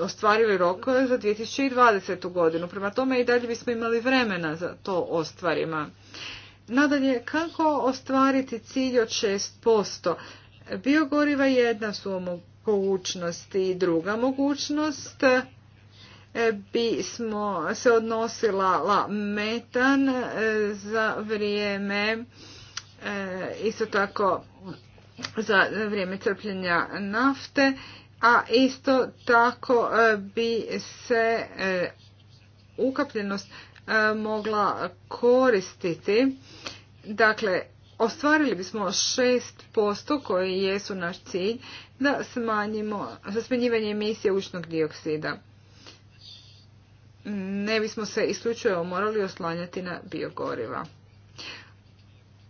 ostvarili rokove za 2020. godinu. Prema tome i dalje bismo imali vremena za to ostvarima. Nadalje, kako ostvariti cilj od 6%? Biogoriva je jedna su mogućnost i druga mogućnost bismo se odnosila la metan e, za vrijeme e, isto tako za vrijeme crpljenja nafte, a isto tako e, bi se ukapljenost mogla koristiti. Dakle, ostvarili bismo 6% koji jesu naš cilj da smanjimo, za smanjivanje emisije učnog dioksida ne bismo se isključivo morali oslanjati na biogoriva.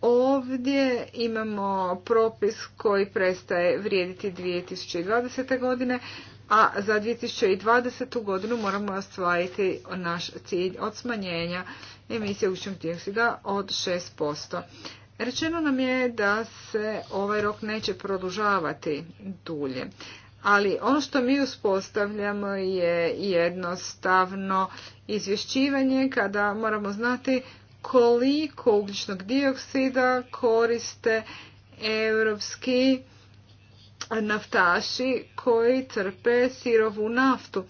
Ovdje imamo propis koji prestaje vrijediti 2020. godine, a za 2020. godinu moramo ostvariti naš cilj od smanjenja emisije ugljičnog dioksida od 6%. Rečeno nam je da se ovaj rok neće produžavati dulje ali ono što mi uspostavljamo je jednostavno izvješćivanje kada moramo znati koliko ugljičnog dioksida koriste europski naftaši koji crpe sirovu naftu.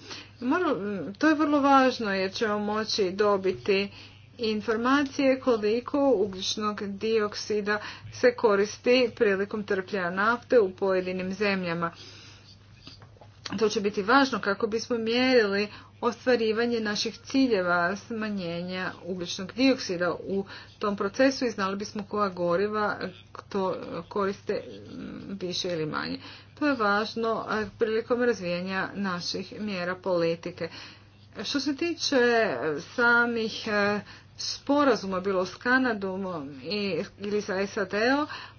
To je vrlo važno jer ćemo moći dobiti informacije koliko ugljičnog dioksida se koristi prilikom trpljenja nafte u pojedinim zemljama. To će biti važno kako bismo mjerili ostvarivanje naših ciljeva smanjenja ugljičnog dioksida u tom procesu i znali bismo koja goriva to koriste mm, više ili manje. To je važno prilikom razvijanja naših mjera politike. Što se tiče e, samih e, sporazuma bilo s Kanadom ili sa sad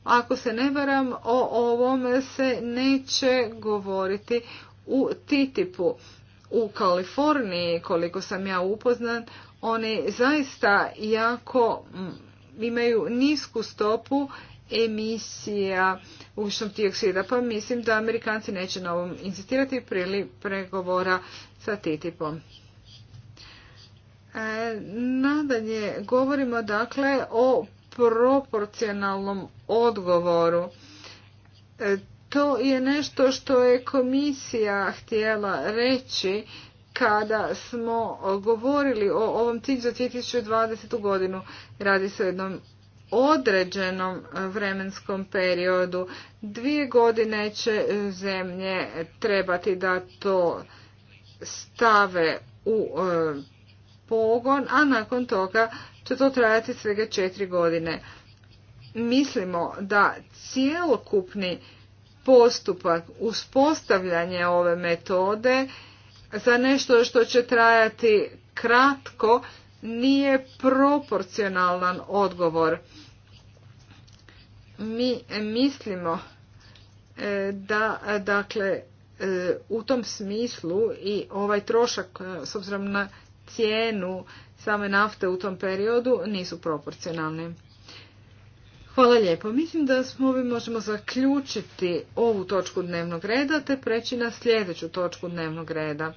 ako se ne varam, o ovom se neće govoriti u TTIP-u. Kaliforniji, koliko sam ja upoznan, oni zaista jako mm, imaju nisku stopu emisija ugljičnog dioksida, pa mislim da Amerikanci neće na ovom insistirati prili pregovora sa TTIP-om. E, nadalje, govorimo dakle o proporcionalnom odgovoru. E, to je nešto što je komisija htjela reći kada smo govorili o ovom cilju za 2020. godinu. Radi se o jednom određenom vremenskom periodu. Dvije godine će zemlje trebati da to stave u e, pogon, a nakon toga će to trajati svega četiri godine. Mislimo da cijelokupni postupak uspostavljanja ove metode za nešto što će trajati kratko nije proporcionalan odgovor. Mi mislimo e, da dakle e, u tom smislu i ovaj trošak e, s obzirom na cijenu same nafte u tom periodu nisu proporcionalni. Hvala lijepo. Mislim da smo možemo zaključiti ovu točku dnevnog reda te preći na sljedeću točku dnevnog reda.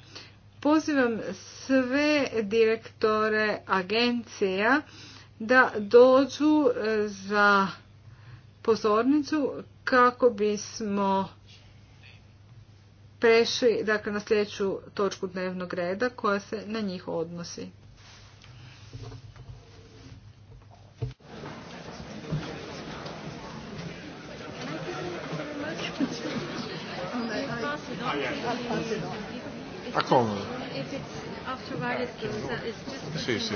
Pozivam sve direktore agencija da dođu e, za pozornicu kako bismo prešli dakle, na sljedeću točku dnevnog reda koja se na njih odnosi. Ah, yeah. If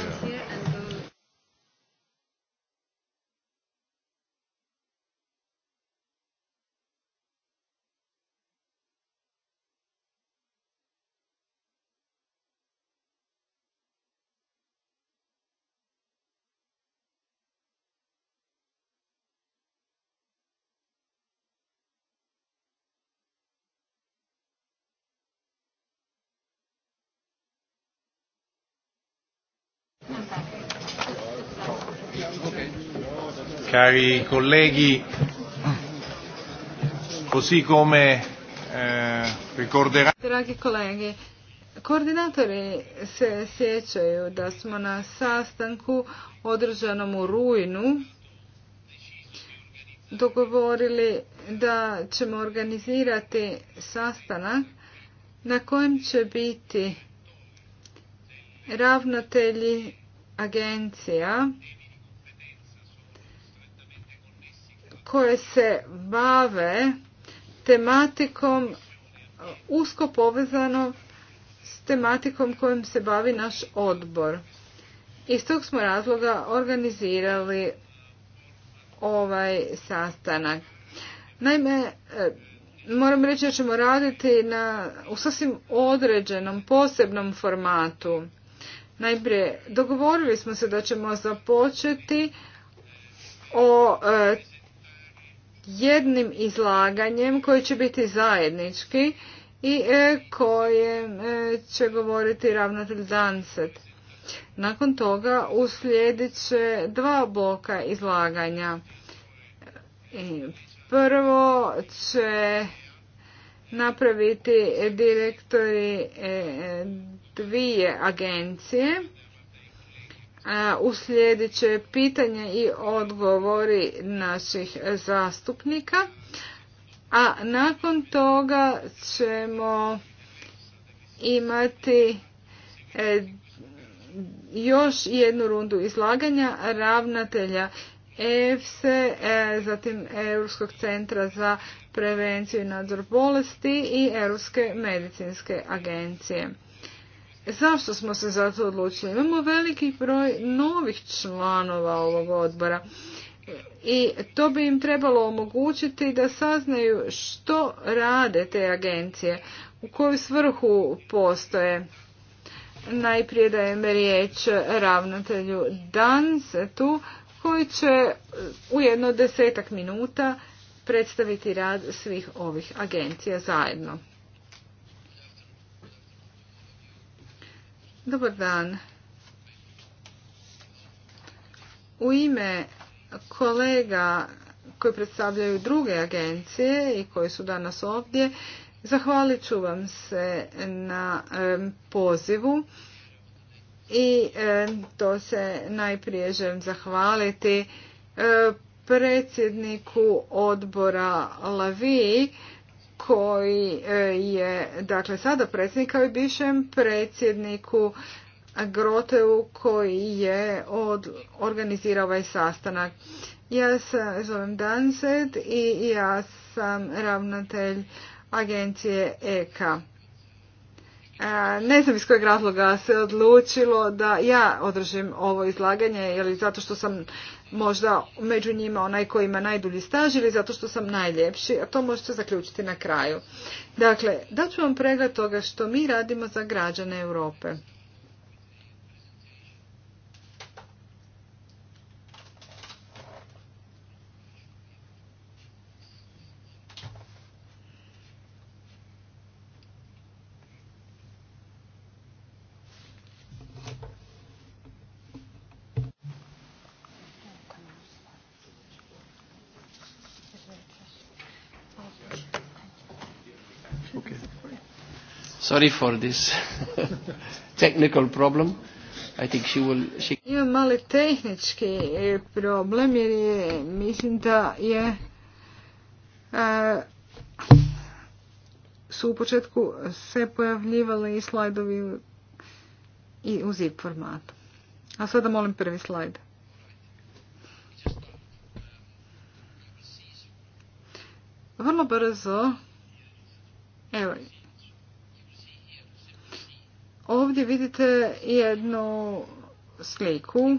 Cari colleghi, così come eh, ricorderà... Dragi kolege, koordinatori se sjećaju da smo na sastanku održanom u rujnu dogovorili da ćemo organizirati sastanak na kojem će biti ravnatelji agencija koje se bave tematikom e, usko povezano s tematikom kojom se bavi naš odbor. Iz tog smo razloga organizirali ovaj sastanak. Naime, e, moram reći da ćemo raditi na, u sasvim određenom, posebnom formatu. Najprije, dogovorili smo se da ćemo započeti o e, jednim izlaganjem koji će biti zajednički i e, koje e, će govoriti ravnatelj Danset. Nakon toga uslijedit će dva bloka izlaganja. E, prvo će napraviti direktori dvije agencije uslijedit će pitanje i odgovori naših zastupnika, a nakon toga ćemo imati e, još jednu rundu izlaganja ravnatelja EFSE, e, e, zatim Europskog centra za prevenciju i nadzor bolesti i Europske medicinske agencije. Zašto smo se za to odlučili? Imamo veliki broj novih članova ovog odbora i to bi im trebalo omogućiti da saznaju što rade te agencije, u koju svrhu postoje. Najprije dajem riječ ravnatelju Dansetu koji će u jedno desetak minuta predstaviti rad svih ovih agencija zajedno. Dobar dan. U ime kolega koji predstavljaju druge agencije i koji su danas ovdje, zahvalit ću vam se na pozivu i to se najprije želim zahvaliti e, predsjedniku odbora Lavi koji e, je dakle sada predsjednik kao i bivšem predsjedniku Groteu koji je od, organizirao ovaj sastanak. Ja se zovem Danset i ja sam ravnatelj agencije EKA. E, ne znam iz kojeg razloga se odlučilo da ja održim ovo izlaganje, jer zato što sam možda među njima onaj koji ima najdulji staž ili zato što sam najljepši, a to možete zaključiti na kraju. Dakle, daću vam pregled toga što mi radimo za građane Europe. Sorry for this technical problem. I think she will... She... Imam mali tehnički e, problem jer je, mislim da je e, su u početku se pojavljivali i slajdovi i u zip formatu. A sada molim prvi slajd. Vrlo brzo, evo, Ovdje vidite jednu sliku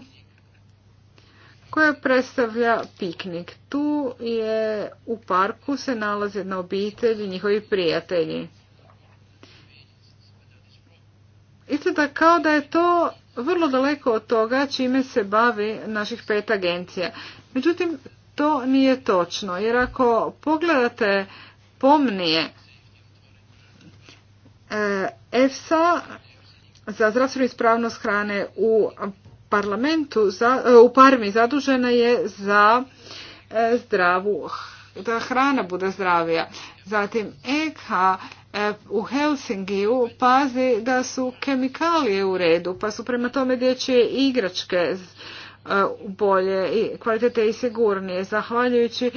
koja predstavlja piknik. Tu je u parku se nalazi jedna obitelj i njihovi prijatelji. da kao da je to vrlo daleko od toga čime se bavi naših pet agencija. Međutim, to nije točno, jer ako pogledate pomnije, e, EFSA za zdravstvenu ispravnost hrane u parlamentu, za, e, u parmi zadužena je za e, zdravu, da hrana bude zdravija. Zatim EKH e, u Helsingiju pazi da su kemikalije u redu, pa su prema tome dječje igračke bolje i kvalitete i sigurnije. Zahvaljujući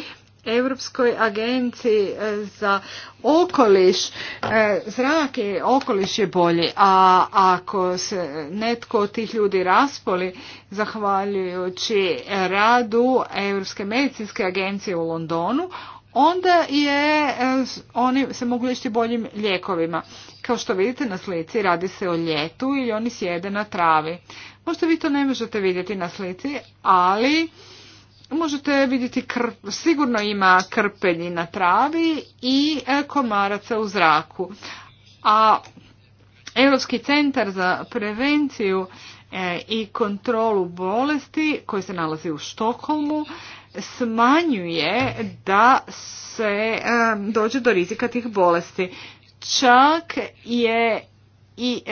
Europskoj agenciji e, za okoliš, e, zrak i okoliš je bolji, a ako se netko od tih ljudi raspoli, zahvaljujući radu Europske medicinske agencije u Londonu, onda je, e, oni se mogu lišiti boljim lijekovima. Kao što vidite na slici, radi se o ljetu ili oni sjede na travi. Možda vi to ne možete vidjeti na slici, ali možete vidjeti sigurno ima krpelji na travi i e, komaraca u zraku. A Europski centar za prevenciju e, i kontrolu bolesti koji se nalazi u Štokholmu smanjuje da se e, dođe do rizika tih bolesti. Čak je i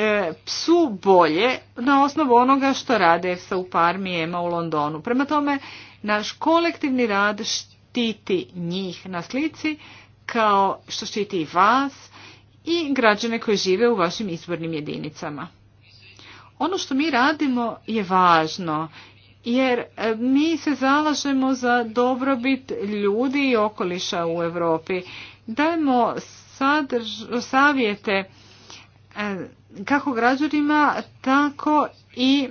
psu bolje na osnovu onoga što rade sa u Parmi u Londonu. Prema tome, naš kolektivni rad štiti njih na slici kao što štiti i vas i građane koji žive u vašim izbornim jedinicama. Ono što mi radimo je važno jer e, mi se zalažemo za dobrobit ljudi i okoliša u Europi. Dajemo savjete e, kako građanima, tako i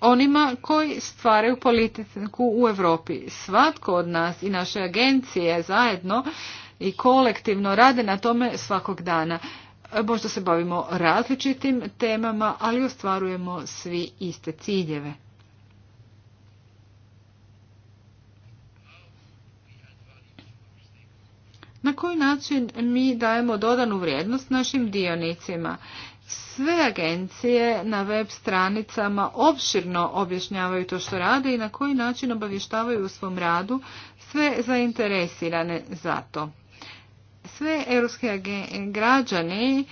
onima koji stvaraju politiku u Europi. Svatko od nas i naše agencije zajedno i kolektivno rade na tome svakog dana. Možda se bavimo različitim temama, ali ostvarujemo svi iste ciljeve. Na koji način mi dajemo dodanu vrijednost našim dionicima sve agencije na web stranicama opširno objašnjavaju to što rade i na koji način obavještavaju u svom radu sve zainteresirane za to. Sve europske građane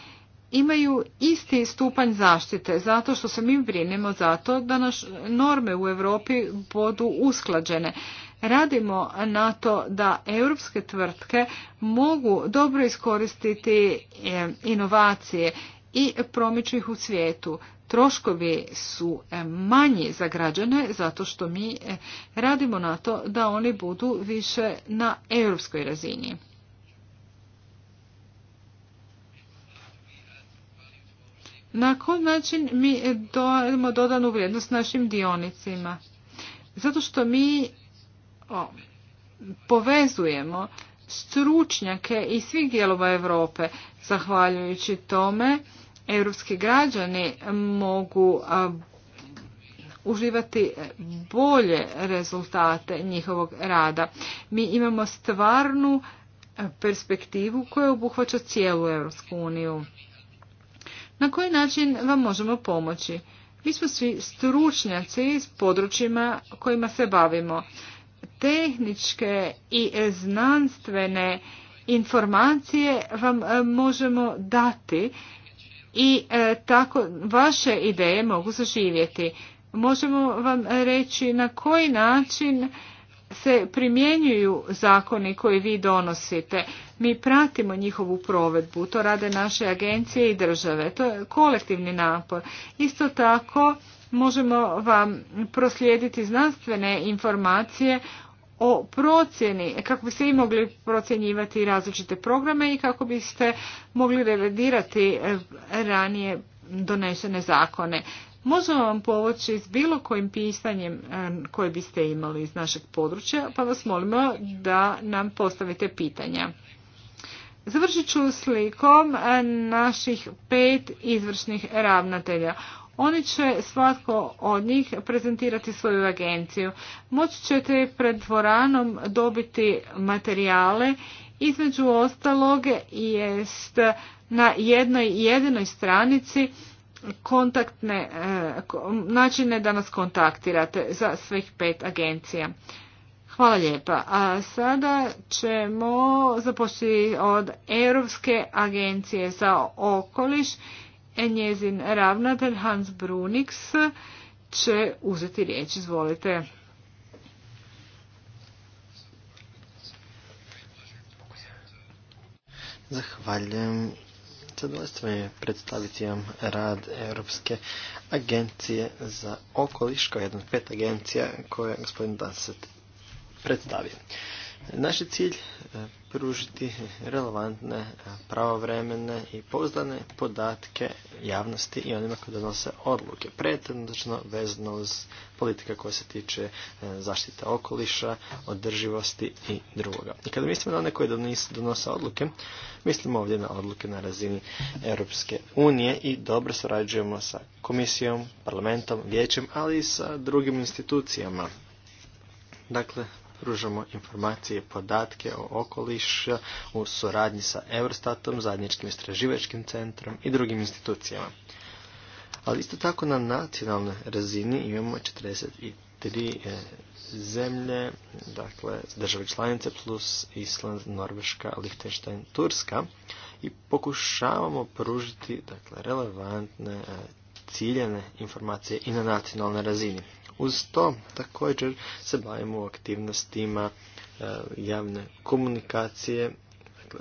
imaju isti stupanj zaštite zato što se mi brinemo za to da naš norme u Europi budu usklađene. Radimo na to da europske tvrtke mogu dobro iskoristiti e, inovacije i promiču ih u svijetu. Troškovi su e, manji za građane zato što mi e, radimo na to da oni budu više na europskoj razini. Na koji način mi dajemo dodanu vrijednost našim dionicima? Zato što mi povezujemo stručnjake iz svih dijelova Europe, zahvaljujući tome europski građani mogu uživati bolje rezultate njihovog rada. Mi imamo stvarnu perspektivu koja obuhvaća cijelu Europsku uniju. Na koji način vam možemo pomoći? Mi smo svi stručnjaci s područjima kojima se bavimo. Tehničke i znanstvene informacije vam možemo dati i e, tako vaše ideje mogu zaživjeti. Možemo vam reći na koji način se primjenjuju zakoni koje vi donosite. Mi pratimo njihovu provedbu, to rade naše agencije i države. To je kolektivni napor. Isto tako možemo vam proslijediti znanstvene informacije o procjeni, kako biste i mogli procjenjivati različite programe i kako biste mogli revidirati e, ranije donesene zakone. Možemo vam povoći s bilo kojim pisanjem e, koje biste imali iz našeg područja, pa vas molimo da nam postavite pitanja. Završit ću slikom e, naših pet izvršnih ravnatelja. Oni će svatko od njih prezentirati svoju agenciju. Moći ćete pred dvoranom dobiti materijale, između ostalog jest na jednoj jedinoj stranici kontaktne, e, načine da nas kontaktirate za svih pet agencija. Hvala lijepa. A sada ćemo započeti od Europske agencije za okoliš E, njezin ravnatelj Hans Brunix će uzeti riječ. Izvolite. Zahvaljujem. Zadovoljstvo je predstaviti vam rad Europske agencije za okoliš, kao jedna od pet agencija koje je gospodin Danset predstavio. Naš je cilj e, pružiti relevantne, e, pravovremene i pouzdane podatke javnosti i onima koji donose odluke, pretendočno vezano uz politika koja se tiče e, zaštite okoliša, održivosti i drugoga. I kada mislimo na one koji donose odluke, mislimo ovdje na odluke na razini Europske unije i dobro surađujemo sa komisijom, parlamentom, vijećem, ali i sa drugim institucijama. Dakle, pružamo informacije i podatke o okolišu u suradnji sa Eurostatom, zajedničkim istraživačkim centrom i drugim institucijama. Ali isto tako na nacionalnoj razini imamo 43 e, zemlje, dakle države članice plus Island, Norveška, Liechtenstein, Turska i pokušavamo pružiti dakle, relevantne e, ciljene informacije i na nacionalnoj razini. Uz to također se bavimo aktivnostima e, javne komunikacije, dakle,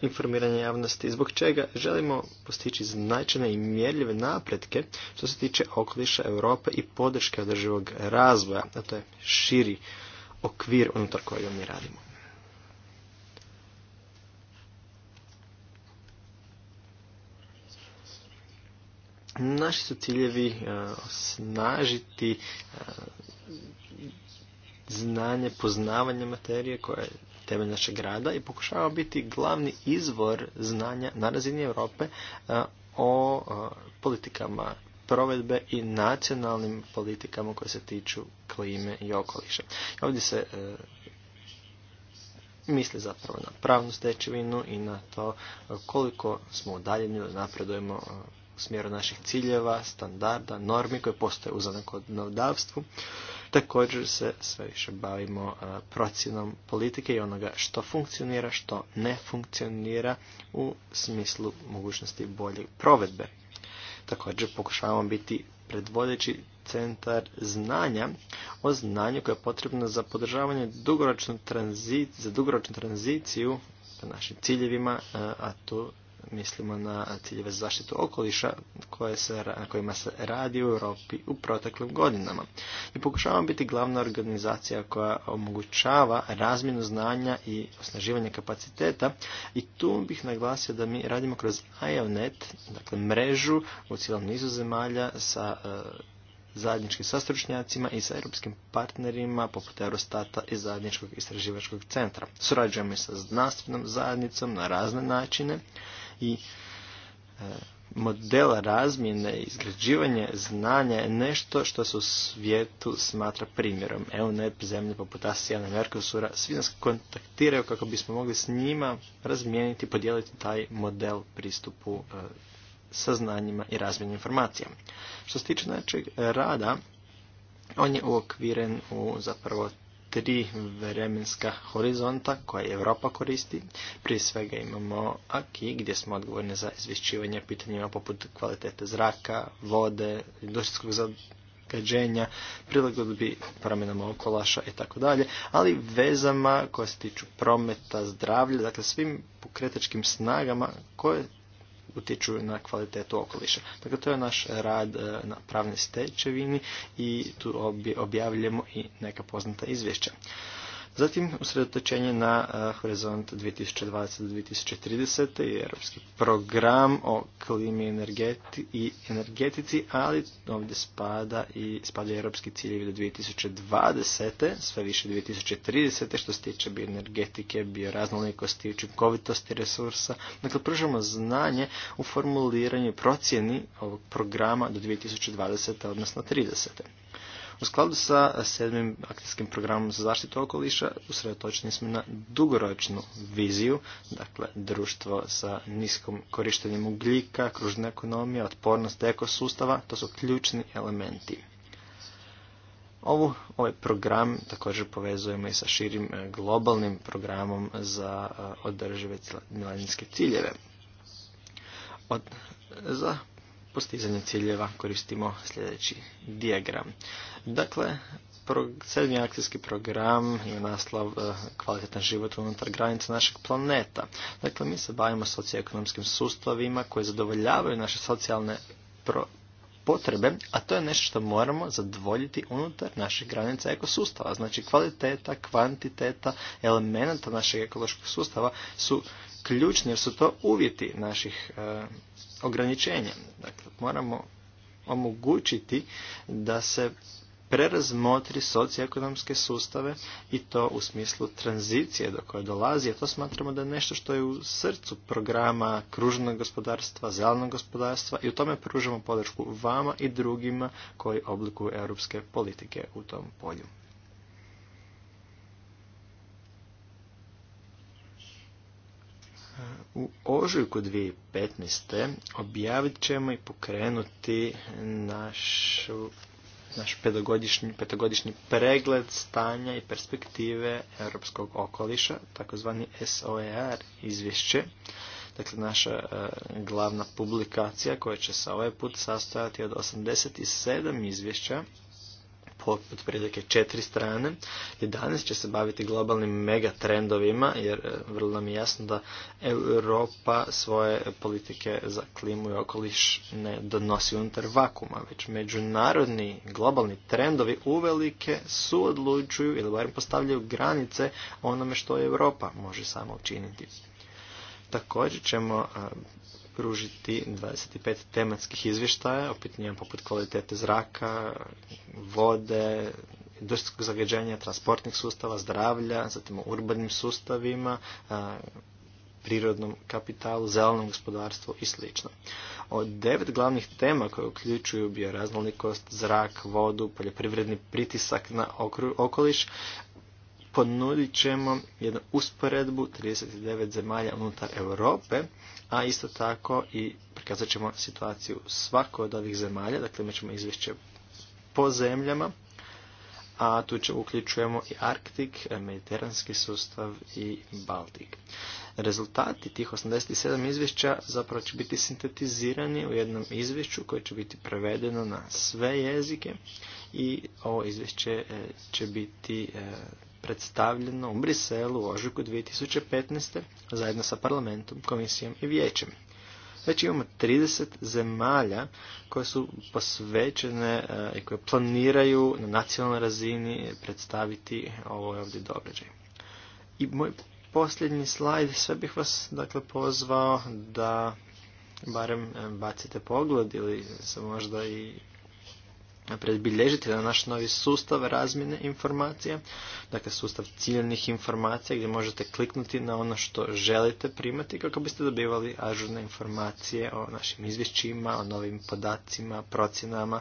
informiranje javnosti, zbog čega želimo postići značajne i mjerljive napretke što se tiče okoliša Europe i podrške održivog razvoja, a to je širi okvir unutar kojeg mi radimo. Naši su ciljevi e, snažiti e, znanje, poznavanje materije koja je temelj našeg rada i pokušava biti glavni izvor znanja na razini Europe e, o politikama provedbe i nacionalnim politikama koje se tiču klime i okoliša. Ovdje se misli zapravo na pravnu stečevinu i na to koliko smo udaljeni da napredujemo u smjeru naših ciljeva, standarda, normi koje postoje u zakonodavstvu. Također se sve više bavimo procjenom politike i onoga što funkcionira, što ne funkcionira u smislu mogućnosti bolje provedbe. Također pokušavamo biti predvodeći centar znanja o znanju koje je potrebno za podržavanje za dugoročnu tranziciju našim ciljevima, a to mislimo na ciljeve za zaštitu okoliša koje se, na kojima se radi u Europi u proteklim godinama. I pokušavamo biti glavna organizacija koja omogućava razmjenu znanja i osnaživanje kapaciteta i tu bih naglasio da mi radimo kroz IONET, dakle mrežu u cijelom nizu zemalja sa e, zajedničkim zajednički sa i sa europskim partnerima poput Eurostata i zajedničkog istraživačkog centra. Surađujemo i sa znanstvenom zajednicom na razne načine i e, model razmjene i izgrađivanje znanja je nešto što se u svijetu smatra primjerom. net zemlje poput Asijana, Merkosura, svi nas kontaktiraju kako bismo mogli s njima razmijeniti i podijeliti taj model pristupu e, sa znanjima i razmjenu informacija. Što se tiče našeg rada, on je uokviren u zapravo tri vremenska horizonta koje Europa koristi. Prije svega imamo AKI gdje smo odgovorni za izvješćivanje pitanjima poput kvalitete zraka, vode, industrijskog zagađenja, prilagodbi promjenama okolaša i tako dalje, ali vezama koje se tiču prometa, zdravlja, dakle svim pokretačkim snagama koje utječu na kvalitetu okoliša. Dakle, to je naš rad e, na pravne stečevini i tu objavljujemo i neka poznata izvješća. Zatim usredotočenje na e, horizont 2020-2030 i europski program o klimi i energetici, ali ovdje spada i spada europski ciljevi do 2020, sve više 2030 što se tiče bioenergetike, bioraznolikosti, učinkovitosti resursa. Dakle, pružamo znanje u formuliranju procjeni ovog programa do 2020, odnosno 30. U skladu sa sedmim akcijskim programom za zaštitu okoliša usredotočeni smo na dugoročnu viziju, dakle društvo sa niskom korištenjem ugljika, kružna ekonomija, otpornost ekosustava, to su ključni elementi. Ovu, ovaj program također povezujemo i sa širim e, globalnim programom za e, održive milenijske ciljeve. Od, za postizanje ciljeva koristimo sljedeći dijagram. Dakle, sedmi akcijski program je naslov e, kvalitetan život unutar granica našeg planeta. Dakle, mi se bavimo socioekonomskim sustavima koje zadovoljavaju naše socijalne potrebe, a to je nešto što moramo zadovoljiti unutar naših granica ekosustava. Znači kvaliteta, kvantiteta, elementa našeg ekološkog sustava su ključni jer su to uvjeti naših e, ograničenjem. Dakle, moramo omogućiti da se prerazmotri socioekonomske sustave i to u smislu tranzicije do koje dolazi, a to smatramo da je nešto što je u srcu programa kružnog gospodarstva, zelenog gospodarstva i u tome pružamo podršku vama i drugima koji oblikuju europske politike u tom polju. U ožujku 2015. objavit ćemo i pokrenuti naš petogodišnji, pregled stanja i perspektive europskog okoliša, takozvani SOER izvješće, dakle naša e, glavna publikacija koja će se ovaj put sastojati od 87 izvješća otprilike četiri strane. i danas će se baviti globalnim megatrendovima jer e, vrlo nam je jasno da Europa svoje politike za klimu i okoliš ne donosi unutar vakuma, već međunarodni globalni trendovi uvelike su odlučuju ili barem postavljaju granice onome što Europa može sama učiniti. Također ćemo e, pružiti 25 tematskih izvještaja o pitanjima poput kvalitete zraka, vode, industrijskog zagađenja, transportnih sustava, zdravlja, zatim urbanim sustavima, prirodnom kapitalu, zelenom gospodarstvu i sl. Od devet glavnih tema koje uključuju bioraznolikost, zrak, vodu, poljoprivredni pritisak na okoliš, ponudit ćemo jednu usporedbu 39 zemalja unutar Europe a isto tako i prikazat ćemo situaciju svako od ovih zemalja, dakle imat ćemo izvješće po zemljama, a tu će uključujemo i Arktik, Mediteranski sustav i Baltik. Rezultati tih 87 izvješća zapravo će biti sintetizirani u jednom izvješću koje će biti prevedeno na sve jezike i ovo izvješće e, će biti e, predstavljeno u Briselu u ožujku 2015. zajedno sa parlamentom, komisijom i vijećem. Već imamo 30 zemalja koje su posvećene e, i koje planiraju na nacionalnoj razini predstaviti ovo ovdje događaj. I moj posljednji slajd, sve bih vas dakle pozvao da barem e, bacite pogled ili se možda i predbilježiti na naš novi sustav razmjene informacija, dakle sustav ciljnih informacija gdje možete kliknuti na ono što želite primati kako biste dobivali ažurne informacije o našim izvješćima, o novim podacima, procjenama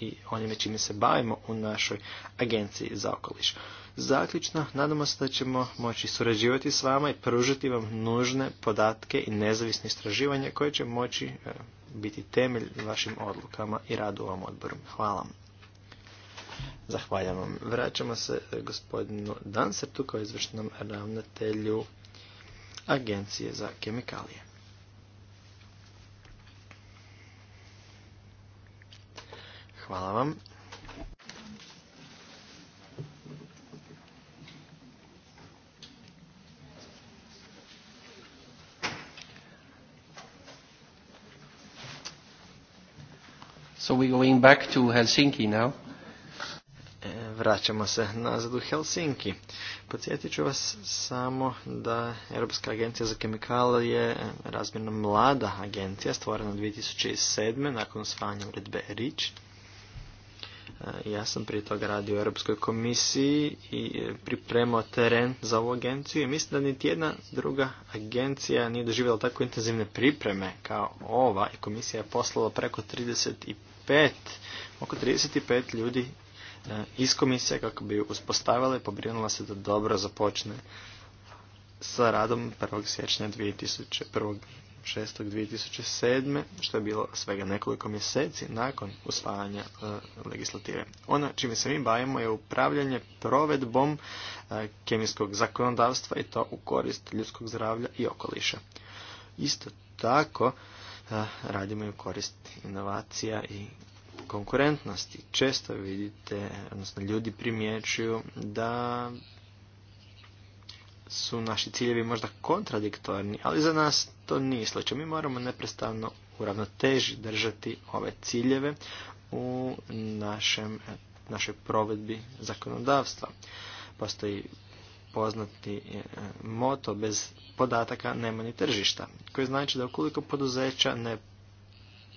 i onime čime se bavimo u našoj agenciji za okoliš. Zaključno, nadamo se da ćemo moći surađivati s vama i pružiti vam nužne podatke i nezavisne istraživanja koje će moći biti temelj vašim odlukama i radu ovom odboru. Hvala. Zahvaljam vam. Vraćamo se e, gospodinu Dansertu kao izvršnom ravnatelju Agencije za kemikalije. Hvala vam. So we're going back to Helsinki now. E, vraćamo se nazad u Helsinki. Podsjetit ću vas samo da Europska agencija za kemikale je razmjerno mlada agencija stvorena 2007. nakon svanja uredbe rich E, ja sam prije toga radio u Europskoj komisiji i e, pripremao teren za ovu agenciju i mislim da niti jedna druga agencija nije doživjela tako intenzivne pripreme kao ova i komisija je poslala preko 35, oko 35 ljudi e, iz komisije kako bi ju uspostavila i pobrinula se da dobro započne sa radom 1. siječnja 2001. 6.6.2007. što je bilo svega nekoliko mjeseci nakon usvajanja e, legislative. Ono čime se mi bavimo je upravljanje provedbom e, kemijskog zakonodavstva i to u korist ljudskog zdravlja i okoliša. Isto tako e, radimo i u korist inovacija i konkurentnosti. Često vidite, odnosno ljudi primjećuju da su naši ciljevi možda kontradiktorni, ali za nas to nije slučaj. Mi moramo neprestavno u ravnoteži držati ove ciljeve u našem, našoj provedbi zakonodavstva. Postoji poznati e, moto bez podataka nema ni tržišta, koji znači da ukoliko poduzeća ne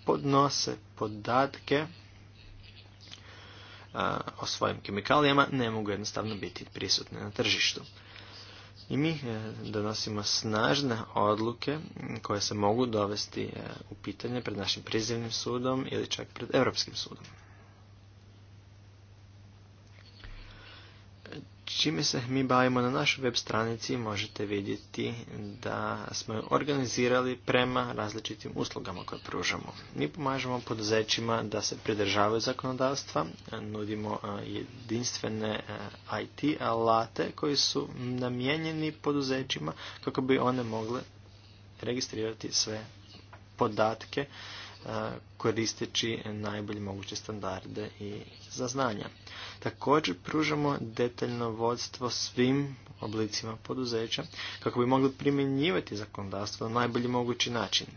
podnose podatke e, o svojim kemikalijama, ne mogu jednostavno biti prisutne na tržištu. I mi e, donosimo snažne odluke koje se mogu dovesti e, u pitanje pred našim prizivnim sudom ili čak pred Europskim sudom. čime se mi bavimo na našoj web stranici možete vidjeti da smo ju organizirali prema različitim uslugama koje pružamo. Mi pomažemo poduzećima da se pridržavaju zakonodavstva, nudimo e, jedinstvene e, IT alate koji su namijenjeni poduzećima kako bi one mogle registrirati sve podatke koristeći najbolje moguće standarde i zaznanja. Također pružamo detaljno vodstvo svim oblicima poduzeća kako bi mogli primjenjivati zakonodavstvo na najbolji mogući način.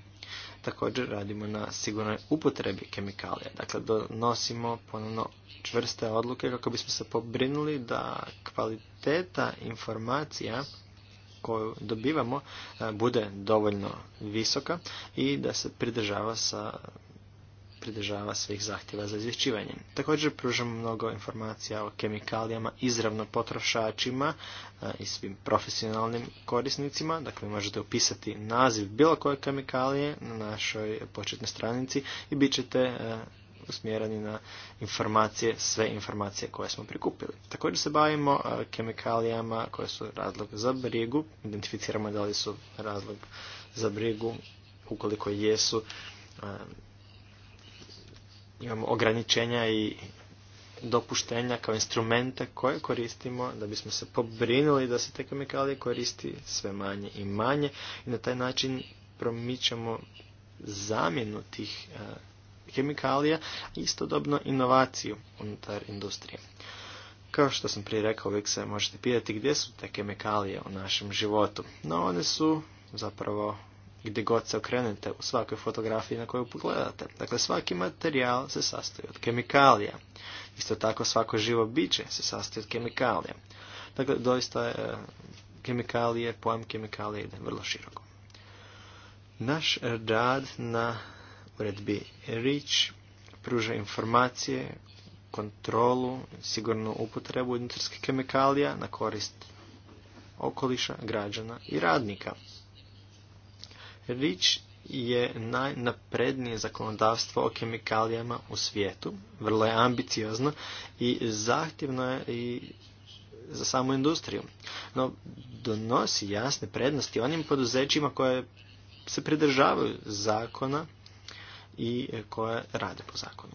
Također radimo na sigurnoj upotrebi kemikalija, dakle donosimo ponovno čvrste odluke kako bismo se pobrinuli da kvaliteta informacija koju dobivamo e, bude dovoljno visoka i da se pridržava sa pridržava svih zahtjeva za izvješćivanje. Također pružamo mnogo informacija o kemikalijama izravno potrošačima e, i svim profesionalnim korisnicima. Dakle, možete upisati naziv bilo koje kemikalije na našoj početnoj stranici i bit ćete e, usmjereni na informacije, sve informacije koje smo prikupili. Također se bavimo e, kemikalijama koje su razlog za brigu, identificiramo da li su razlog za brigu, ukoliko jesu, e, imamo ograničenja i dopuštenja kao instrumente koje koristimo da bismo se pobrinuli da se te kemikalije koristi sve manje i manje i na taj način promičemo zamjenu tih e, kemikalija i istodobno inovaciju unutar industrije. Kao što sam prije rekao, uvijek se možete pitati gdje su te kemikalije u našem životu. No one su zapravo gdje god se okrenete u svakoj fotografiji na koju pogledate. Dakle, svaki materijal se sastoji od kemikalija. Isto tako svako živo biće se sastoji od kemikalija. Dakle, doista je kemikalije, pojam kemikalije ide vrlo široko. Naš rad na uredbi REACH pruža informacije, kontrolu, sigurnu upotrebu industrijskih kemikalija na korist okoliša, građana i radnika. REACH je najnaprednije zakonodavstvo o kemikalijama u svijetu, vrlo je ambiciozno i zahtjevno je i za samu industriju. No, donosi jasne prednosti onim poduzećima koje se pridržavaju zakona i e, koje rade po zakonu.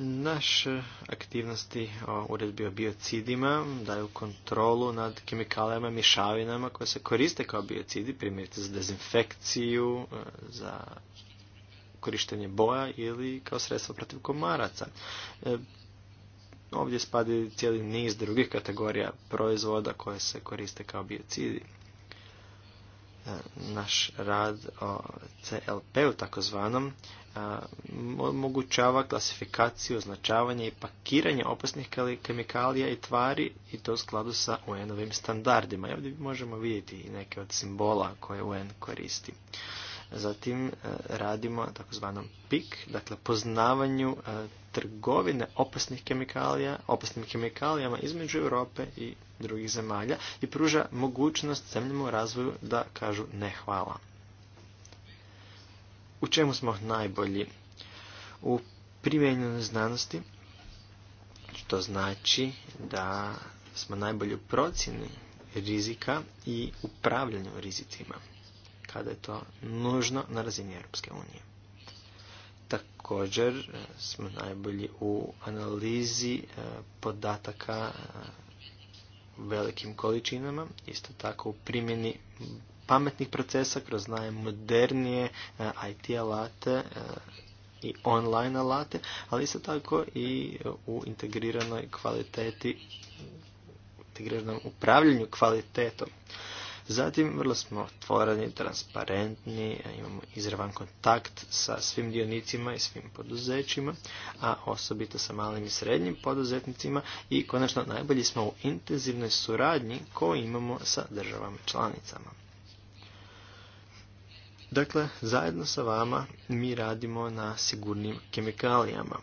Naš aktivnosti o uredbi o biocidima daju kontrolu nad kemikalijama, mišavinama koje se koriste kao biocidi, primjerice za dezinfekciju, e, za korištenje boja ili kao sredstvo protiv komaraca. E, Ovdje spadaju cijeli niz drugih kategorija proizvoda koje se koriste kao biocidi. E, naš rad o CLP-u takozvanom e, omogućava klasifikaciju, označavanje i pakiranje opasnih kemikalija i tvari i to u skladu sa UN-ovim standardima. I ovdje možemo vidjeti i neke od simbola koje UN koristi. Zatim e, radimo takozvanom PIK, dakle poznavanju e, trgovine opasnih kemikalija, opasnim kemikalijama između Europe i drugih zemalja i pruža mogućnost zemljama u razvoju da kažu ne hvala. U čemu smo najbolji? U primjenjenoj znanosti, što znači da smo najbolji u procjeni rizika i upravljanju rizicima kada je to nužno na razini Europske unije. Također e, smo najbolji u analizi e, podataka e, velikim količinama, isto tako u primjeni pametnih procesa kroz najmodernije IT alate i online alate, ali isto tako i u integriranoj kvaliteti, integriranom upravljanju kvalitetom. Zatim vrlo smo otvoreni, transparentni, imamo izravan kontakt sa svim dionicima i svim poduzećima, a osobito sa malim i srednjim poduzetnicima i konačno najbolji smo u intenzivnoj suradnji koju imamo sa državama članicama. Dakle, zajedno sa vama mi radimo na sigurnim kemikalijama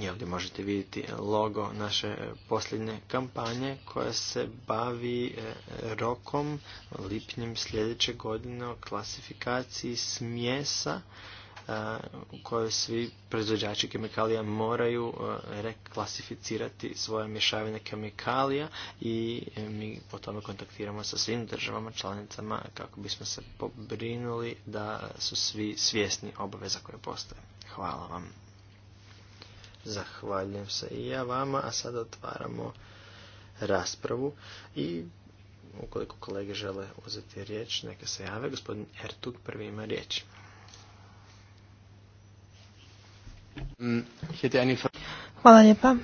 i ovdje možete vidjeti logo naše posljednje kampanje koja se bavi e, rokom lipnjem sljedeće godine o klasifikaciji smjesa e, u kojoj svi proizvođači kemikalija moraju e, reklasificirati svoje mješavine kemikalija i mi po tome kontaktiramo sa svim državama članicama kako bismo se pobrinuli da su svi svjesni obaveza koje postoje. Hvala vam. Zahvaljujem se i ja vama, a sada otvaramo raspravu i ukoliko kolege žele uzeti riječ, neka se jave. Gospodin Ertug prvi ima riječ. Mm, Hvala lijepa.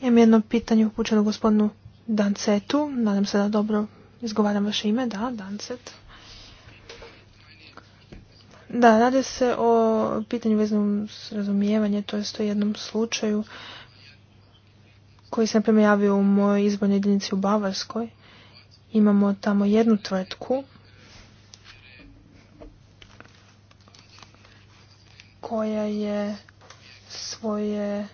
Imam jedno pitanje upućeno gospodinu Dancetu. Nadam se da dobro izgovaram vaše ime. Da, Dancet. Da, radi se o pitanju veznom s razumijevanje, to jest o jednom slučaju koji sam premijavio u mojoj izbornoj jedinici u Bavarskoj. Imamo tamo jednu tvrtku koja je svoje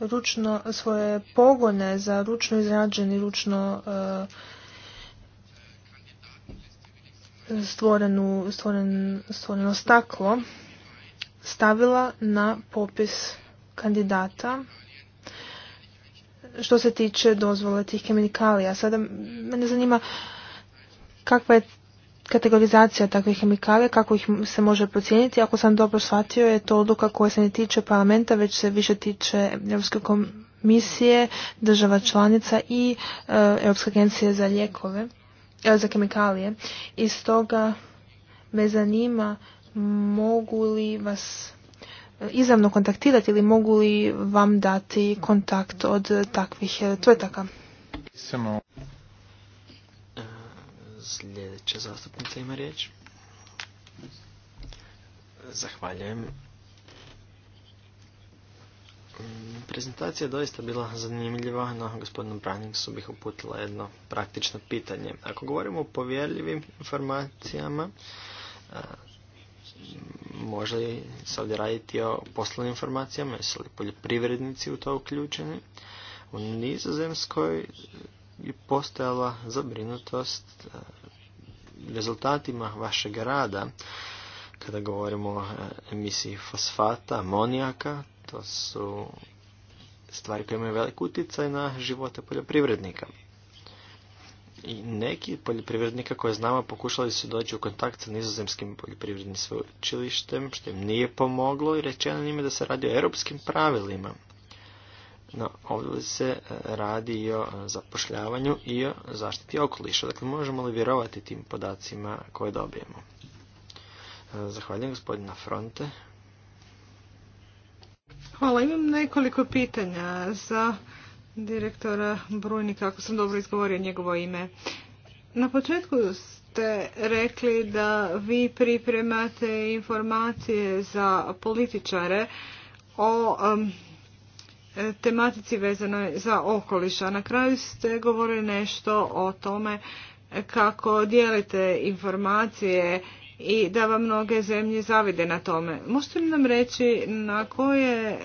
ručno, svoje pogone za ručno izrađeni, ručno e, stvorenu, stvoren, stvoreno staklo stavila na popis kandidata što se tiče dozvole tih kemikalija. Sada mene zanima kakva je kategorizacija takvih kemikalija, kako ih se može procijeniti. Ako sam dobro shvatio je to odluka koja se ne tiče parlamenta, već se više tiče Europske komisije, država članica i e, Europske agencije za lijekove. E, za kemikalije. I stoga me zanima mogu li vas e, izravno kontaktirati ili mogu li vam dati kontakt od takvih e, tvrtaka. Samo sljedeća zastupnica ima riječ. Zahvaljujem. Prezentacija je doista bila zanimljiva, no gospodinu Branningsu bih uputila jedno praktično pitanje. Ako govorimo o povjerljivim informacijama, može li se ovdje raditi o poslovnim informacijama, jesu li poljoprivrednici u to uključeni? U Nizozemskoj je postojala zabrinutost rezultatima vašeg rada kada govorimo o emisiji fosfata, amonijaka, to su stvari koje imaju velik utjecaj na živote poljoprivrednika. I neki poljoprivrednika koje znamo pokušali su doći u kontakt sa nizozemskim poljoprivrednim sveučilištem, što im nije pomoglo i rečeno njime da se radi o europskim pravilima. No, ovdje se radi i o zapošljavanju i o zaštiti okoliša. Dakle, možemo li vjerovati tim podacima koje dobijemo? Zahvaljujem gospodina Fronte. Hvala, imam nekoliko pitanja za direktora Brujnika, ako sam dobro izgovorio njegovo ime. Na početku ste rekli da vi pripremate informacije za političare o um, tematici vezanoj za okoliš, a na kraju ste govorili nešto o tome kako dijelite informacije i da vam mnoge zemlje zavide na tome. Možete li nam reći na koje,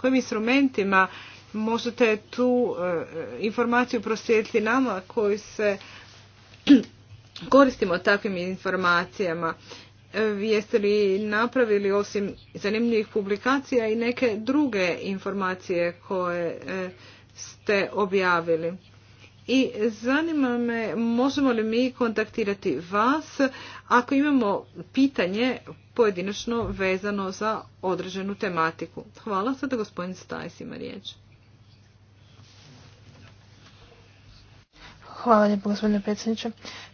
kojim instrumentima možete tu eh, informaciju prosjetiti nama koji se koristimo takvim informacijama? Eh, jeste li napravili osim zanimljivih publikacija i neke druge informacije koje eh, ste objavili? I zanima me, možemo li mi kontaktirati vas ako imamo pitanje pojedinačno vezano za određenu tematiku. Hvala sada gospodin Stajs ima riječ. Hvala lijepo gospodine predsjedniče.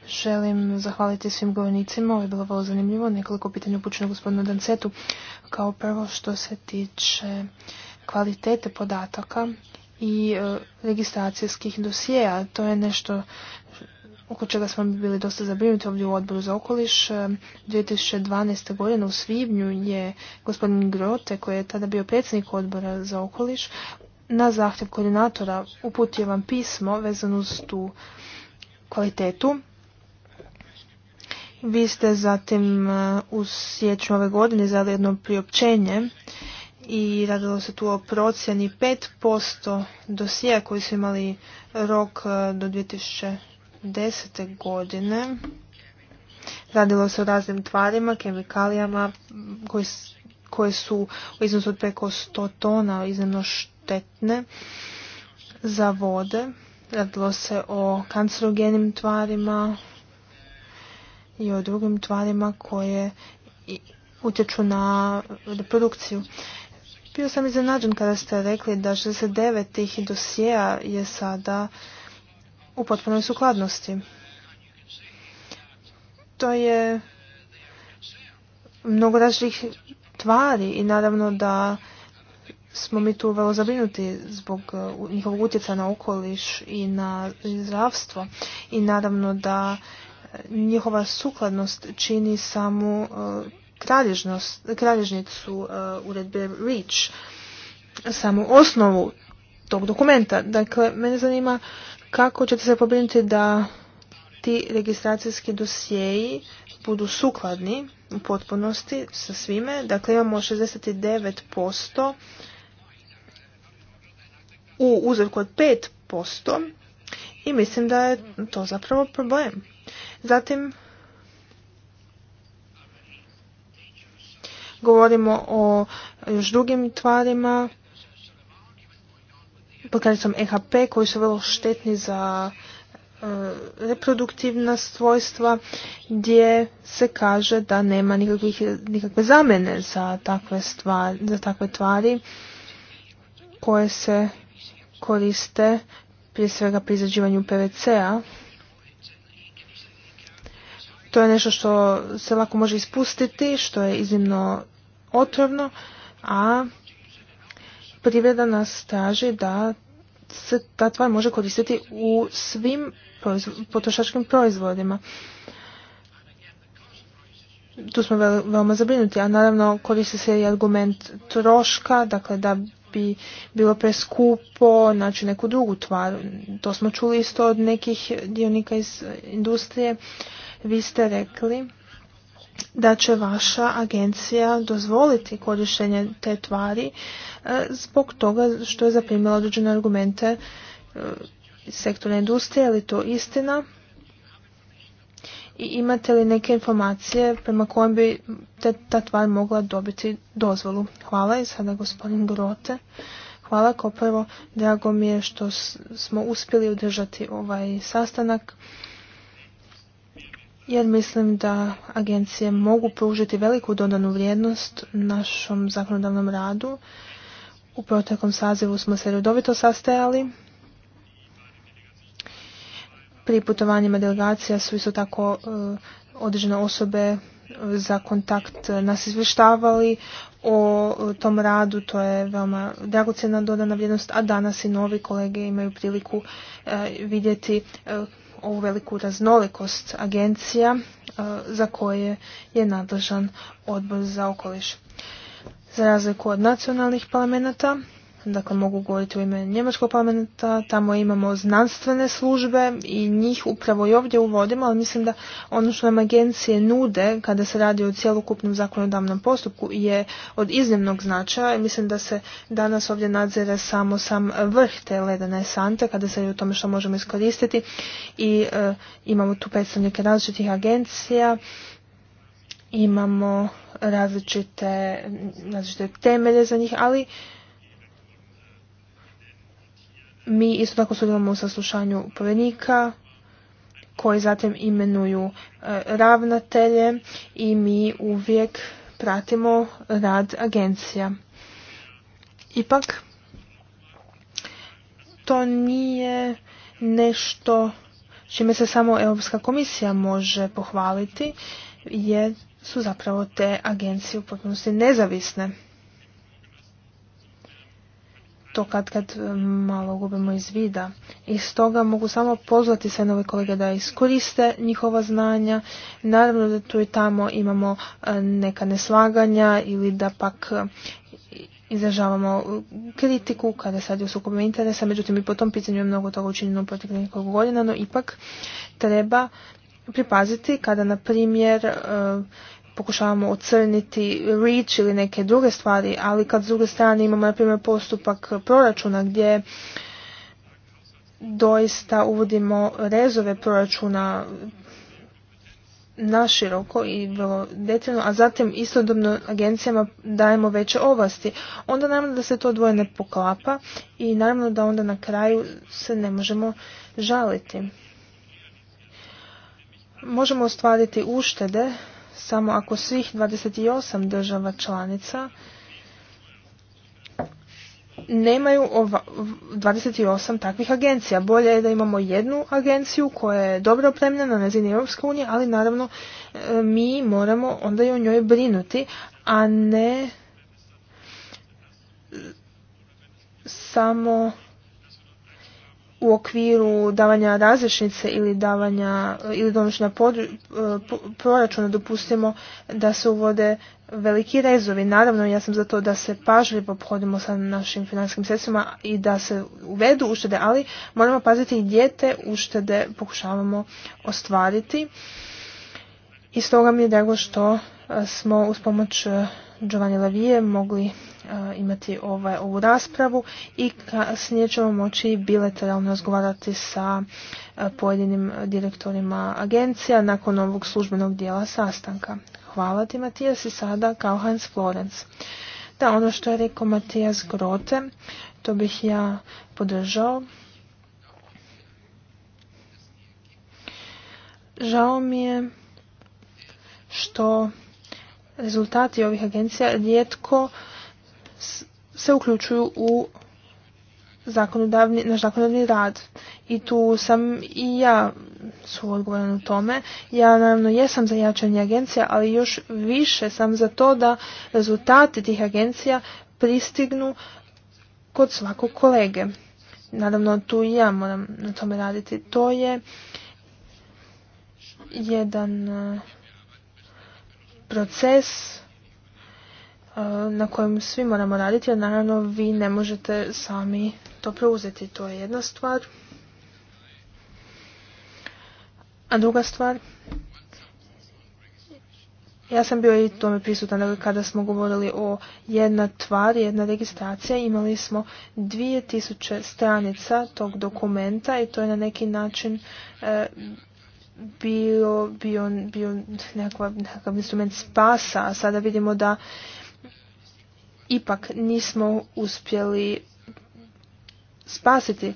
Želim zahvaliti svim govornicima. Ovo je bilo vrlo zanimljivo. Nekoliko pitanja upućeno gospodinu Dancetu. Kao prvo što se tiče kvalitete podataka i e, registracijskih dosijeja. To je nešto oko čega smo bili dosta zabrinuti ovdje u odboru za okoliš. 2012. E, godine u Svibnju je gospodin Grote, koji je tada bio predsjednik odbora za okoliš, na zahtjev koordinatora uputio vam pismo vezano uz tu kvalitetu. Vi ste zatim e, u sjeću ove godine zadali jedno priopćenje i radilo se tu o procjeni 5% dosija koji su imali rok e, do 2010. godine. Radilo se o raznim tvarima, kemikalijama koje su u iznosu od preko 100 tona iznimno štetne za vode. Radilo se o kancerogenim tvarima i o drugim tvarima koje utječu na reprodukciju. Bio sam iznenađen kada ste rekli da 69 tih dosjeja je sada u potpunoj sukladnosti. To je mnogo različitih tvari i naravno da smo mi tu vrlo zabrinuti zbog uh, njihovog utjecaja na okoliš i na zdravstvo i naravno da uh, njihova sukladnost čini samu uh, kralježnicu e, uredbe REACH, samu osnovu tog dokumenta. Dakle, mene zanima kako ćete se pobrinuti da ti registracijski dosjeji budu sukladni u potpunosti sa svime. Dakle, imamo 69% u uzorku od 5% i mislim da je to zapravo problem. Zatim, Govorimo o još drugim tvarima pod sam EHP koji su vrlo štetni za e, reproduktivna svojstva gdje se kaže da nema nikakve zamene za takve, stvari, za takve tvari koje se koriste prije svega pri izrađivanju PVC-a. To je nešto što se lako može ispustiti, što je iznimno otrovno, a privreda nas traži da se ta tvar može koristiti u svim potrošačkim proizvodima. Tu smo veoma zabrinuti, a naravno koristi se i argument troška, dakle da bi bilo preskupo naći neku drugu tvar. To smo čuli isto od nekih dionika iz industrije. Vi ste rekli da će vaša agencija dozvoliti korištenje te tvari e, zbog toga što je zaprimila određene argumente e, sektora industrije, ali to istina? I imate li neke informacije prema kojom bi te, ta tvar mogla dobiti dozvolu? Hvala i sada gospodin Grote. Hvala kao prvo, drago mi je što smo uspjeli održati ovaj sastanak jer mislim da agencije mogu pružiti veliku dodanu vrijednost našom zakonodavnom radu. U proteklom sazivu smo se redovito sastajali. Pri putovanjima delegacija su isto tako e, određene osobe za kontakt nas izvještavali o e, tom radu, to je veoma dragocjena dodana vrijednost, a danas i novi kolege imaju priliku e, vidjeti ovu veliku raznolikost agencija e, za koje je nadležan odbor za okoliš. Za razliku od nacionalnih parlamenta, dakle mogu govoriti u ime Njemačkog parlamenta, tamo imamo znanstvene službe i njih upravo i ovdje uvodimo, ali mislim da ono što nam agencije nude kada se radi o cjelokupnom zakonodavnom postupku je od iznimnog značaja i mislim da se danas ovdje nadzire samo sam vrh te ledene sante kada se je o tome što možemo iskoristiti i e, imamo tu predstavnike različitih agencija imamo različite, različite temelje za njih, ali mi isto tako sudjelujemo u saslušanju povjednika koji zatim imenuju e, ravnatelje i mi uvijek pratimo rad agencija. Ipak, to nije nešto čime se samo Europska komisija može pohvaliti, jer su zapravo te agencije u potpunosti nezavisne to kad kad e, malo gubimo iz vida. I stoga mogu samo pozvati sve nove kolege da iskoriste njihova znanja. Naravno da tu i tamo imamo e, neka neslaganja ili da pak e, izražavamo kritiku kada sad je u sukobu interesa, međutim i po tom pitanju je mnogo toga učinjeno u proteklih nekoliko godina, no ipak treba pripaziti kada, na primjer, pokušavamo ocrniti reach ili neke druge stvari, ali kad s druge strane imamo na primjer postupak proračuna gdje doista uvodimo rezove proračuna široko i vrlo detaljno, a zatim istodobno agencijama dajemo veće ovlasti, onda naravno da se to dvoje ne poklapa i naravno da onda na kraju se ne možemo žaliti. Možemo ostvariti uštede samo ako svih 28 država članica nemaju ova, 28 takvih agencija. Bolje je da imamo jednu agenciju koja je dobro opremljena na razini Europske unije, ali naravno e, mi moramo onda i o njoj brinuti, a ne samo u okviru davanja različnice ili davanja ili donošenja eh, proračuna dopustimo da se uvode veliki rezovi. Naravno, ja sam za to da se pažljivo pohodimo sa našim financijskim sredstvima i da se uvedu uštede, ali moramo paziti gdje te uštede pokušavamo ostvariti. I stoga mi je drago što eh, smo uz pomoć eh, Giovanni Lavije mogli Eh, imati ovaj, ovu raspravu i kasnije ćemo moći bilateralno razgovarati sa eh, pojedinim direktorima agencija nakon ovog službenog dijela sastanka. Hvala ti Matijas i sada kao Hans Florenc. Da, ono što je rekao Matijas Grote, to bih ja podržao. Žao mi je što rezultati ovih agencija rijetko se uključuju u zakonodavni, naš zakonodavni rad. I tu sam i ja suodgovoran u tome. Ja naravno jesam za jačanje agencija, ali još više sam za to da rezultati tih agencija pristignu kod svakog kolege. Naravno tu i ja moram na tome raditi. To je jedan eh, proces E, na kojem svi moramo raditi, jer naravno vi ne možete sami to preuzeti. To je jedna stvar. A druga stvar, ja sam bio i tome prisutan kada smo govorili o jedna tvar, jedna registracija. Imali smo 2000 stranica tog dokumenta i to je na neki način e, bio, nekakav instrument spasa. A sada vidimo da ipak nismo uspjeli spasiti e,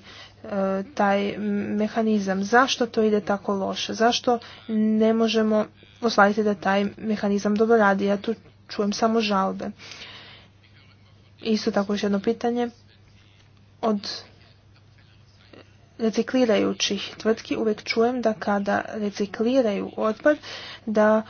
taj mehanizam. Zašto to ide tako loše? Zašto ne možemo osvariti da taj mehanizam dobro radi? Ja tu čujem samo žalbe. Isto tako još jedno pitanje. Od reciklirajućih tvrtki uvijek čujem da kada recikliraju otpad, da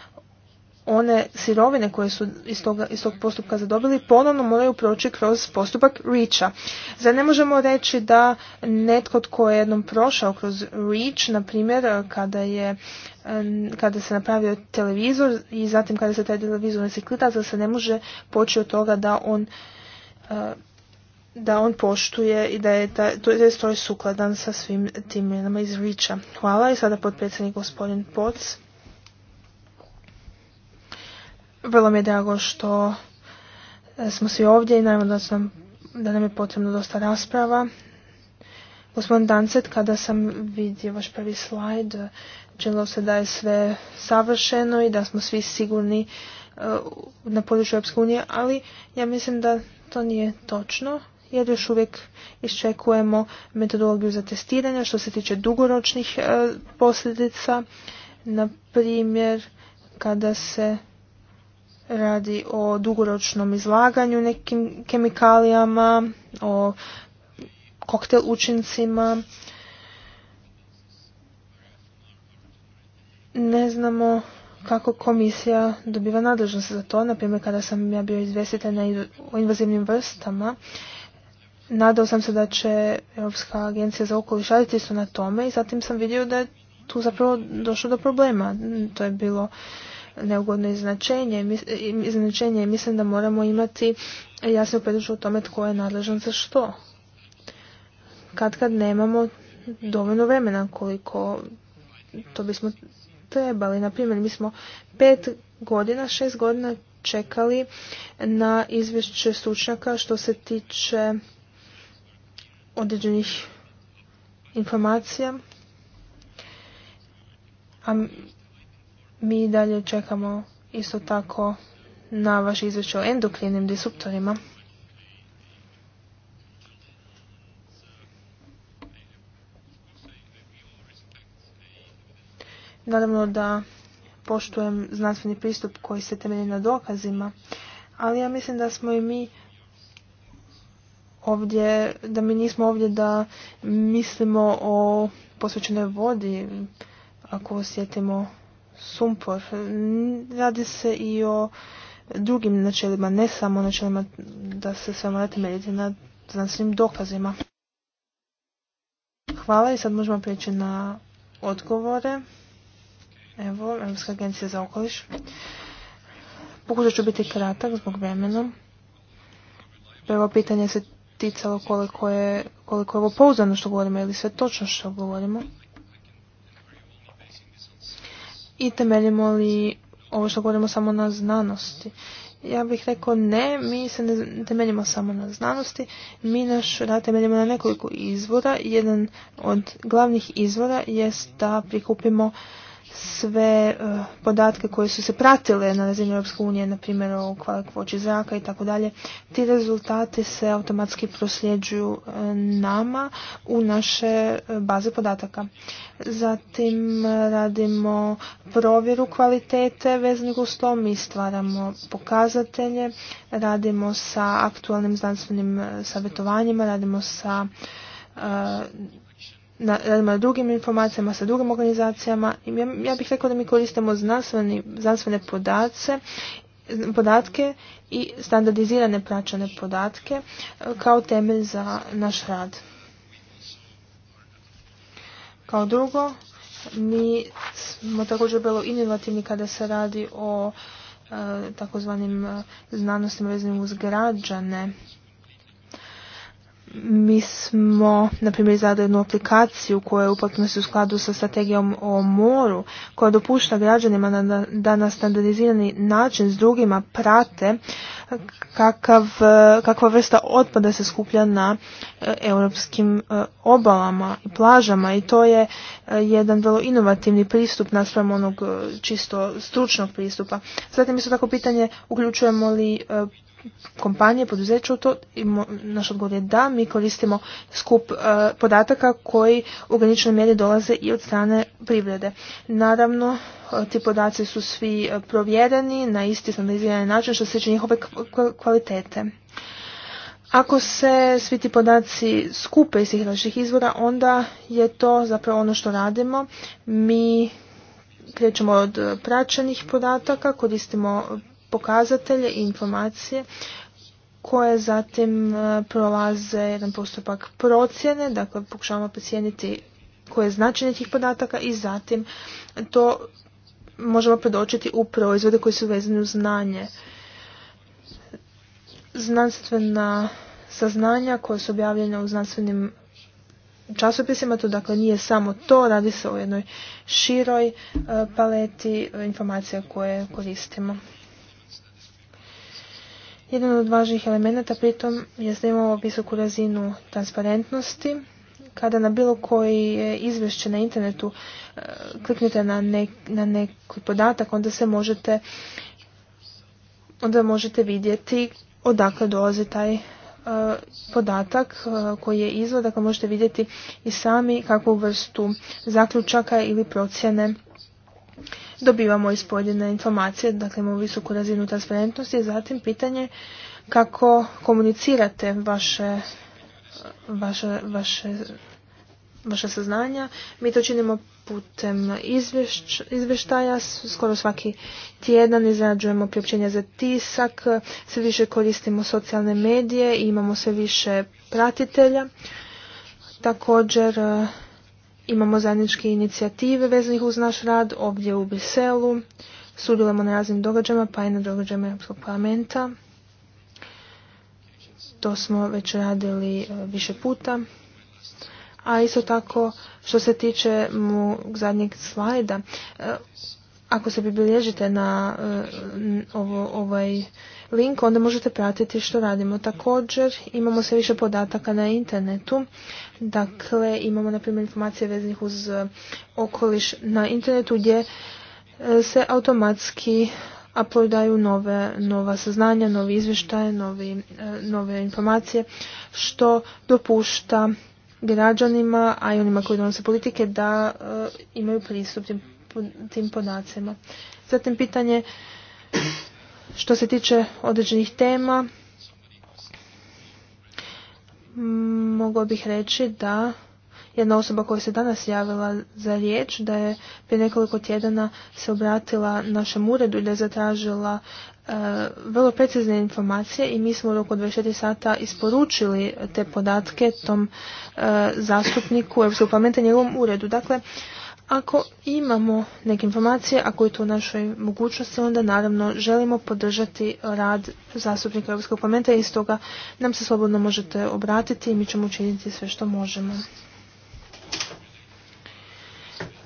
one sirovine koje su iz, toga, iz tog postupka zadobili ponovno moraju proći kroz postupak REACH-a. Zar ne možemo reći da netko tko je jednom prošao kroz REACH, na primjer kada je kada se napravio televizor i zatim kada se taj televizor reciklira, da se ne može poći od toga da on e, da on poštuje i da je taj sukladan sa svim tim mjerama iz Riča. Hvala i sada potpredsjednik gospodin Poc. Vrlo mi je drago što e, smo svi ovdje i naravno da, sam, da nam je potrebno dosta rasprava. Gospodin Dancet, kada sam vidio vaš prvi slajd, činilo se da je sve savršeno i da smo svi sigurni e, na području Europske unije, ali ja mislim da to nije točno, jer još uvijek iščekujemo metodologiju za testiranje što se tiče dugoročnih e, posljedica, na primjer kada se radi o dugoročnom izlaganju nekim kemikalijama, o koktel učincima. Ne znamo kako komisija dobiva nadležnost za to. Naprimjer, kada sam ja bio izvjestitelj o invazivnim vrstama, nadao sam se da će Europska agencija za okoliš raditi su na tome i zatim sam vidio da je tu zapravo došlo do problema. To je bilo neugodno iznačenje i mislim da moramo imati jasno predržu o tome tko je nadležan za što. Kad kad nemamo dovoljno vremena koliko to bismo trebali. Naprimjer, mi smo pet godina, šest godina čekali na izvješće stručnjaka što se tiče određenih informacija. A mi dalje čekamo isto tako na vaš izvješće o endokrinim disruptorima. Naravno da poštujem znanstveni pristup koji se temelji na dokazima, ali ja mislim da smo i mi ovdje, da mi nismo ovdje da mislimo o posvećenoj vodi, ako osjetimo sumpor. Radi se i o drugim načelima, ne samo načelima da se sve morate temeljiti na znanstvenim dokazima. Hvala i sad možemo prijeći na odgovore. Evo, Europska agencija za okoliš. Pokušat ću biti kratak zbog vremena. Prvo pitanje se ticalo koliko je, koliko je ovo pouzdano što govorimo, ili sve točno što govorimo i temeljimo li ovo što govorimo samo na znanosti. Ja bih rekao ne, mi se ne temeljimo samo na znanosti, mi naš rad temeljimo na nekoliko izvora. Jedan od glavnih izvora jest da prikupimo sve e, podatke koje su se pratile na razini Europske unije, na primjer o zraka i tako dalje, ti rezultati se automatski prosljeđuju e, nama u naše e, baze podataka. Zatim radimo provjeru kvalitete vezanih uz to, mi stvaramo pokazatelje, radimo sa aktualnim znanstvenim savjetovanjima, radimo sa na, na drugim informacijama sa drugim organizacijama. I ja, bih rekao da mi koristimo znanstvene podace, podatke i standardizirane praćene podatke e, kao temelj za naš rad. Kao drugo, mi smo također bilo inovativni kada se radi o e, takozvanim e, znanostima vezanim uz građane mi smo, na primjer, izradili jednu aplikaciju koja je u potpunosti u skladu sa strategijom o moru, koja dopušta građanima da na standardizirani način s drugima prate kakav, eh, kakva vrsta otpada se skuplja na eh, europskim eh, obalama i plažama i to je jedan vrlo inovativni pristup naspram onog čisto stručnog pristupa. Zatim isto tako pitanje uključujemo li kompanije, poduzeća u to? Naš odgovor je da, mi koristimo skup e, podataka koji u graničnoj mjeri dolaze i od strane privrede. Naravno, e, ti podaci su svi e, provjereni na isti standardizirani način što se tiče njihove kvalitete. Ako se svi ti podaci skupe iz svih različitih izvora, onda je to zapravo ono što radimo. Mi krećemo od praćenih podataka, koristimo pokazatelje i informacije koje zatim e, prolaze jedan postupak procjene, dakle pokušavamo procijeniti koje je značenje tih podataka i zatim to možemo predočiti u proizvode koji su vezani uz znanje. Znanstvena saznanja koja su objavljena u znanstvenim časopisima, to dakle nije samo to, radi se o jednoj široj e, paleti informacija koje koristimo. Jedan od važnijih elemenata pritom je da imamo visoku razinu transparentnosti. Kada na bilo koji e, izvješće na internetu e, kliknete na, na neki podatak, onda se možete onda možete vidjeti odakle dolazi taj e, podatak koji je izvod, dakle možete vidjeti i sami kakvu vrstu zaključaka ili procjene dobivamo iz pojedine informacije, dakle imamo visoku razinu transparentnosti i zatim pitanje kako komunicirate vaše, vaše, vaše, vaše saznanja. Mi to činimo putem izvješć, izvještaja, skoro svaki tjedan izrađujemo priopćenja za tisak, sve više koristimo socijalne medije i imamo sve više pratitelja. Također imamo zajedničke inicijative vezanih uz naš rad ovdje u Briselu, sudjelujemo na raznim događajima pa i na događajima Europskog parlamenta. To smo već radili e, više puta. A isto tako što se tiče mu zadnjeg slajda, e, ako se pribilježite na e, ovo, ovaj link, onda možete pratiti što radimo. Također imamo sve više podataka na internetu. Dakle, imamo na primjer informacije vezanih uz e, okoliš na internetu gdje e, se automatski uploadaju nove, nova saznanja, novi izvještaje, novi, nove informacije, što dopušta građanima, a i onima koji donose politike, da imaju pristup tim tim podacima. Zatim pitanje što se tiče određenih tema, mogao bih reći da jedna osoba koja se danas javila za riječ, da je prije nekoliko tjedana se obratila našem uredu i da je zatražila e, vrlo precizne informacije i mi smo u roku 24 sata isporučili te podatke tom e, zastupniku Europskog parlamenta njegovom uredu. Dakle, ako imamo neke informacije, ako je to u našoj mogućnosti, onda naravno želimo podržati rad zastupnika Europskog parlamenta i stoga nam se slobodno možete obratiti i mi ćemo učiniti sve što možemo.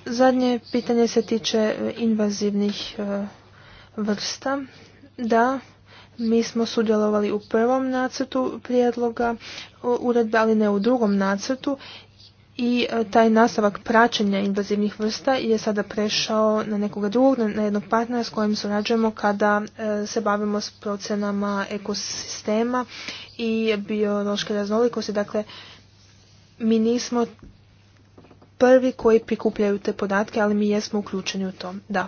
Zadnje pitanje se tiče e, invazivnih e, vrsta. Da, mi smo sudjelovali u prvom nacrtu prijedloga e, uredbe, ali ne u drugom nacrtu i e, taj nastavak praćenja invazivnih vrsta je sada prešao na nekoga drugog, na jednog partnera s kojim surađujemo kada e, se bavimo s procenama ekosistema i biološke raznolikosti. Dakle, mi nismo prvi koji prikupljaju te podatke, ali mi jesmo uključeni u to. Da.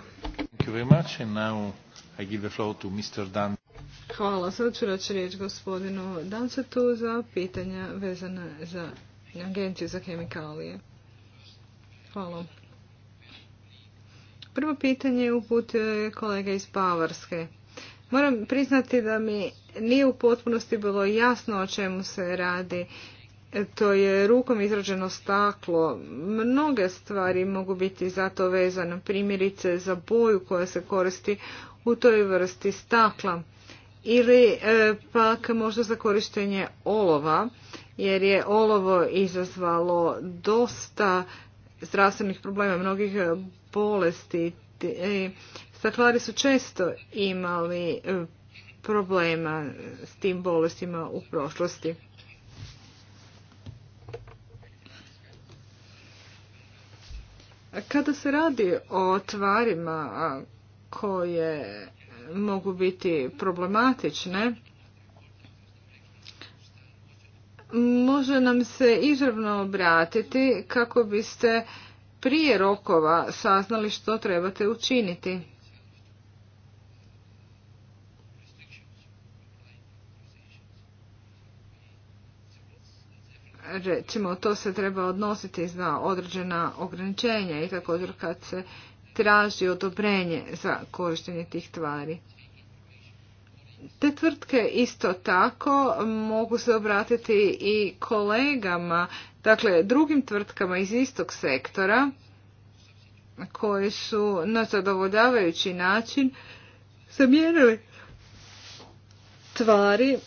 Hvala. Sada ću reći riječ gospodinu Dancetu za pitanja vezana za agenciju za kemikalije. Hvala. Prvo pitanje je uput e, kolega iz Bavarske. Moram priznati da mi nije u potpunosti bilo jasno o čemu se radi. E, to je rukom izrađeno staklo. Mnoge stvari mogu biti za to vezane. Primjerice za boju koja se koristi u toj vrsti stakla. Ili e, pak možda za korištenje olova jer je olovo izazvalo dosta zdravstvenih problema, mnogih e, bolesti. E, staklari su često imali e, problema s tim bolestima u prošlosti. Kada se radi o tvarima koje mogu biti problematične, može nam se izravno obratiti kako biste prije rokova saznali što trebate učiniti. Recimo, to se treba odnositi za određena ograničenja i također kad se traži odobrenje za korištenje tih tvari. Te tvrtke isto tako mogu se obratiti i kolegama, dakle drugim tvrtkama iz istog sektora koje su na zadovoljavajući način zamijenili tvari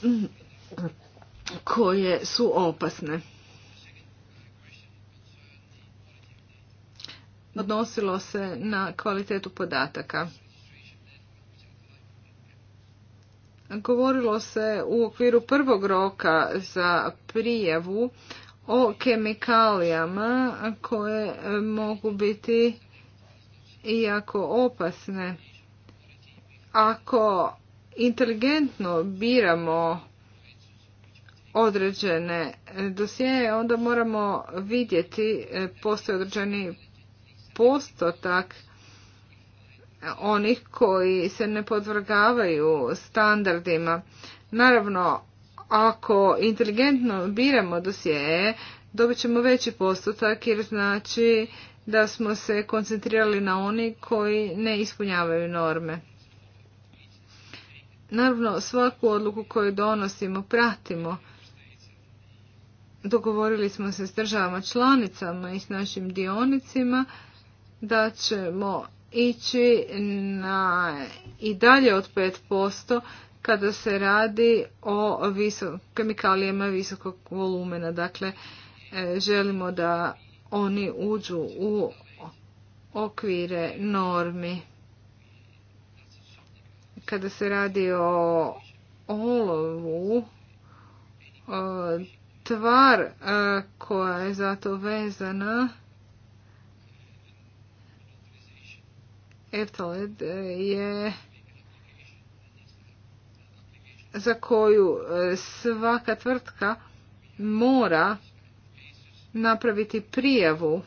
koje su opasne. Odnosilo se na kvalitetu podataka. govorilo se u okviru prvog roka za prijavu o kemikalijama koje mogu biti iako opasne. Ako inteligentno biramo određene dosjeje, onda moramo vidjeti e, postoje određeni postotak onih koji se ne podvrgavaju standardima. Naravno, ako inteligentno biramo dosjeje, dobit ćemo veći postotak jer znači da smo se koncentrirali na oni koji ne ispunjavaju norme. Naravno, svaku odluku koju donosimo pratimo. Dogovorili smo se s državama članicama i s našim dionicima da ćemo ići na i dalje od 5% kada se radi o visok, kemikalijama visokog volumena. Dakle, e, želimo da oni uđu u okvire normi. Kada se radi o olovu, e, tvar e, koja je zato vezana E, je za koju e, svaka tvrtka mora napraviti prijavu.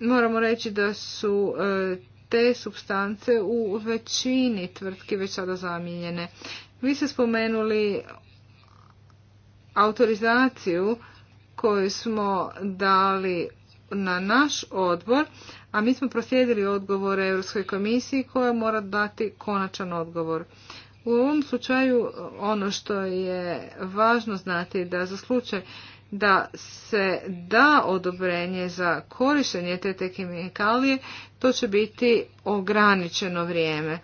Moramo reći da su e, te substance u većini tvrtki već sada zamijenjene. Vi ste spomenuli autorizaciju koju smo dali na naš odbor, a mi smo proslijedili odgovore Europskoj komisiji koja mora dati konačan odgovor. U ovom slučaju ono što je važno znati da za slučaj da se da odobrenje za korištenje te te kemikalije, to će biti ograničeno vrijeme.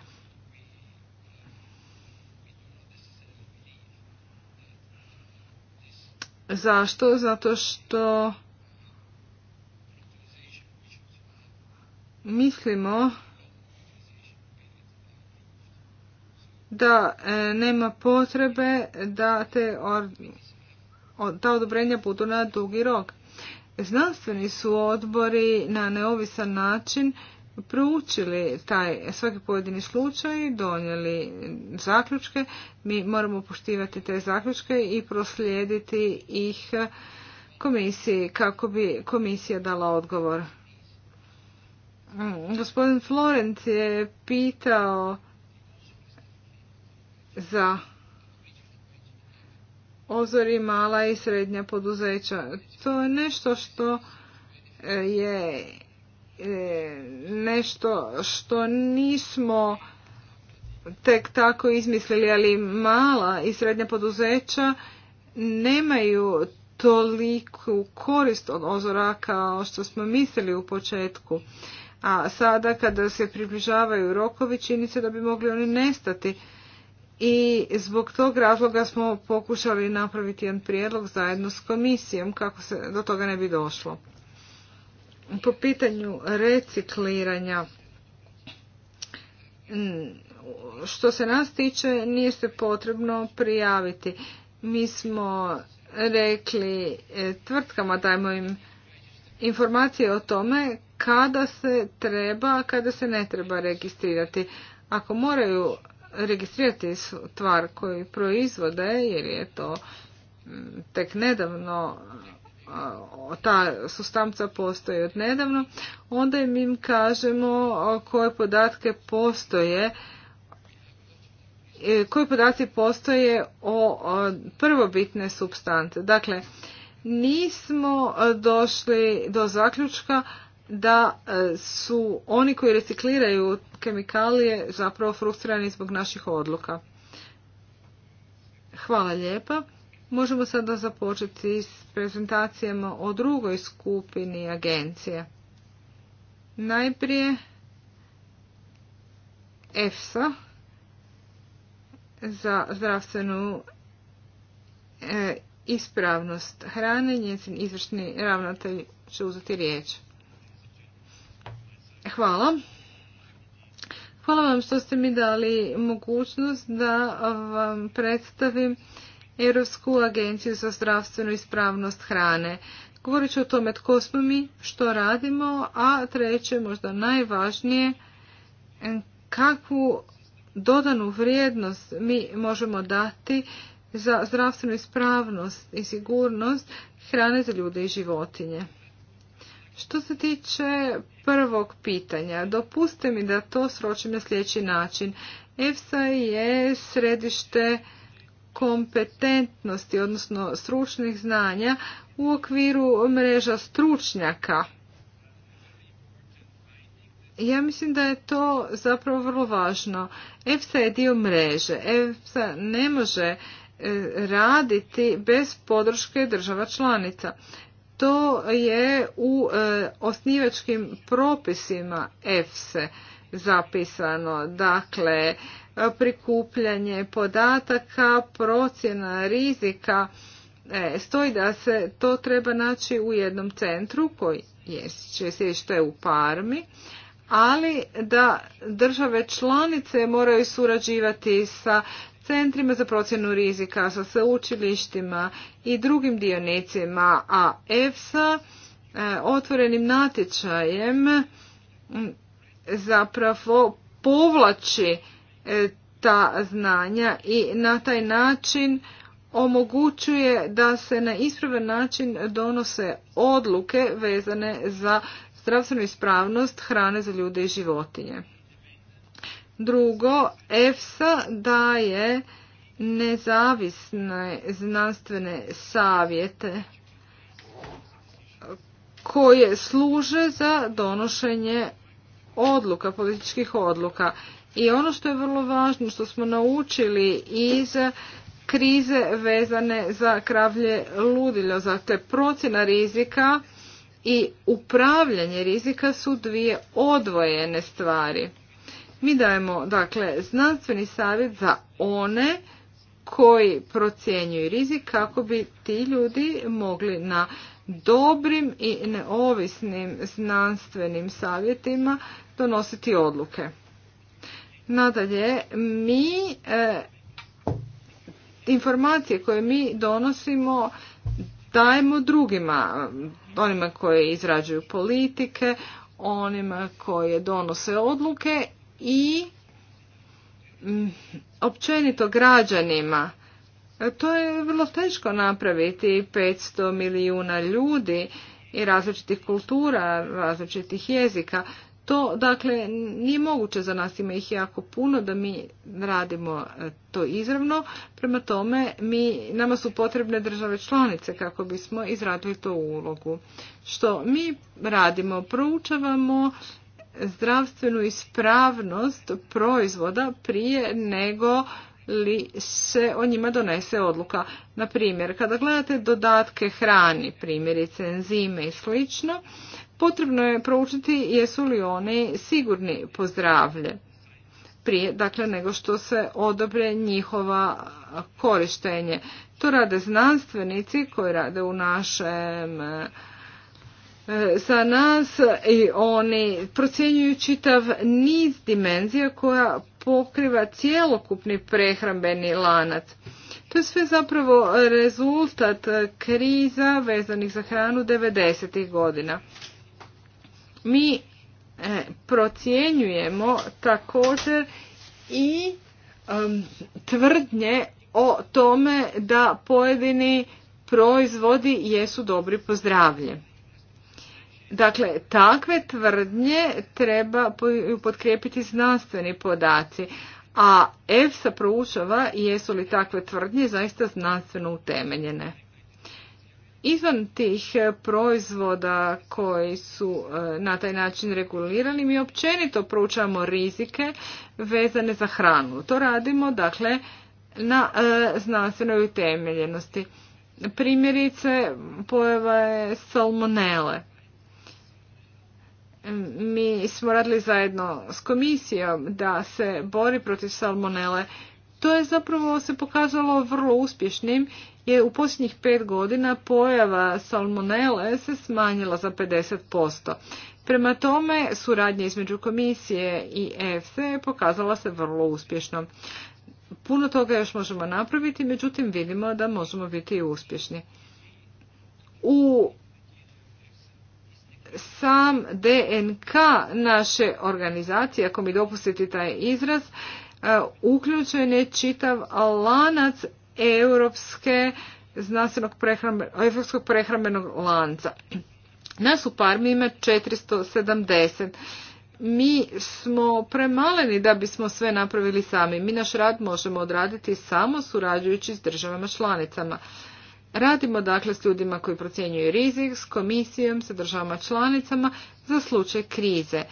Zašto? Zato što mislimo da e, nema potrebe da te ta odobrenja budu na dugi rok. Znanstveni su odbori na neovisan način proučili taj svaki pojedini slučaj, donijeli zaključke. Mi moramo poštivati te zaključke i proslijediti ih komisiji kako bi komisija dala odgovor. Mm, gospodin Florent je pitao za ozori mala i srednja poduzeća. To je nešto što e, je e, nešto što nismo tek tako izmislili, ali mala i srednja poduzeća nemaju toliku korist od ozora kao što smo mislili u početku a sada kada se približavaju rokovi čini se da bi mogli oni nestati i zbog tog razloga smo pokušali napraviti jedan prijedlog zajedno s komisijom kako se do toga ne bi došlo. Po pitanju recikliranja, mm, što se nas tiče, nije se potrebno prijaviti. Mi smo rekli e, tvrtkama, dajmo im informacije o tome kada se treba, a kada se ne treba registrirati. Ako moraju registrirati tvar koju proizvode, jer je to mm, tek nedavno ta sustamca postoji od nedavno, onda im, im kažemo koje podatke postoje e, koji podaci postoje o prvobitne substance. Dakle, nismo došli do zaključka da e, su oni koji recikliraju kemikalije zapravo frustrirani zbog naših odluka. Hvala lijepa. Možemo sada započeti s prezentacijama o drugoj skupini agencije. Najprije EFSA za zdravstvenu e, ispravnost hrane. Njezin izvršni ravnatelj će uzeti riječ. Hvala. Hvala vam što ste mi dali mogućnost da vam predstavim Europsku agenciju za zdravstvenu ispravnost hrane. Govorit ću o tome tko smo mi, što radimo, a treće, možda najvažnije, kakvu dodanu vrijednost mi možemo dati za zdravstvenu ispravnost i sigurnost hrane za ljude i životinje. Što se tiče prvog pitanja, dopuste mi da to sročim na sljedeći način. EFSA je središte kompetentnosti, odnosno stručnih znanja u okviru mreža stručnjaka. Ja mislim da je to zapravo vrlo važno. EFSA je dio mreže. EFSA ne može e, raditi bez podrške država članica to je u e, osnivačkim propisima EFSE zapisano. Dakle, prikupljanje podataka, procjena rizika, e, stoji da se to treba naći u jednom centru koji je, će je u Parmi, ali da države članice moraju surađivati sa centrima za procjenu rizika, sa sveučilištima i drugim dionicima, a EFSA e, otvorenim natječajem zapravo povlači e, ta znanja i na taj način omogućuje da se na ispravan način donose odluke vezane za zdravstvenu ispravnost hrane za ljude i životinje. Drugo, EFSA daje nezavisne znanstvene savjete koje služe za donošenje odluka, političkih odluka. I ono što je vrlo važno, što smo naučili iz krize vezane za kravlje ludilja, dakle procjena rizika i upravljanje rizika su dvije odvojene stvari. Mi dajemo, dakle, znanstveni savjet za one koji procjenjuju rizik kako bi ti ljudi mogli na dobrim i neovisnim znanstvenim savjetima donositi odluke. Nadalje, mi eh, informacije koje mi donosimo dajemo drugima, onima koji izrađuju politike, onima koje donose odluke i mm, općenito građanima. E, to je vrlo teško napraviti 500 milijuna ljudi i različitih kultura, različitih jezika. To, dakle, nije moguće za nas, ima ih jako puno da mi radimo e, to izravno. Prema tome, mi, nama su potrebne države članice kako bismo izradili to ulogu. Što mi radimo? Proučavamo zdravstvenu ispravnost proizvoda prije nego li se o njima donese odluka. Na primjer, kada gledate dodatke hrani, primjerice enzime i sl. potrebno je proučiti jesu li oni sigurni pozdravlje prije, dakle, nego što se odobre njihova korištenje. To rade znanstvenici koji rade u našem za e, nas i oni procjenjuju čitav niz dimenzija koja pokriva cjelokupni prehrambeni lanac. To je sve zapravo rezultat kriza vezanih za hranu 90. godina. Mi e, procjenjujemo također i tvrdnje o tome da pojedini proizvodi jesu dobri pozdravlje. Dakle, takve tvrdnje treba potkrijepiti znanstveni podaci, a EFSA proučava jesu li takve tvrdnje zaista znanstveno utemeljene. Izvan tih proizvoda koji su e, na taj način regulirani, mi općenito proučavamo rizike vezane za hranu. To radimo, dakle, na e, znanstvenoj utemeljenosti. Primjerice, pojava je salmonele mi smo radili zajedno s komisijom da se bori protiv salmonele. To je zapravo se pokazalo vrlo uspješnim jer u posljednjih pet godina pojava salmonele se smanjila za 50%. Prema tome, suradnja između komisije i EFSE pokazala se vrlo uspješno. Puno toga još možemo napraviti, međutim vidimo da možemo biti uspješni. U sam DNK naše organizacije, ako mi dopustite taj izraz, e, uključen je čitav lanac europske znanstvenog europskog prehrambenog lanca. Nas u Parmi ima 470. Mi smo premaleni da bismo sve napravili sami. Mi naš rad možemo odraditi samo surađujući s državama članicama. Radimo dakle s ljudima koji procjenjuju rizik, s komisijom, sa državama članicama za slučaj krize.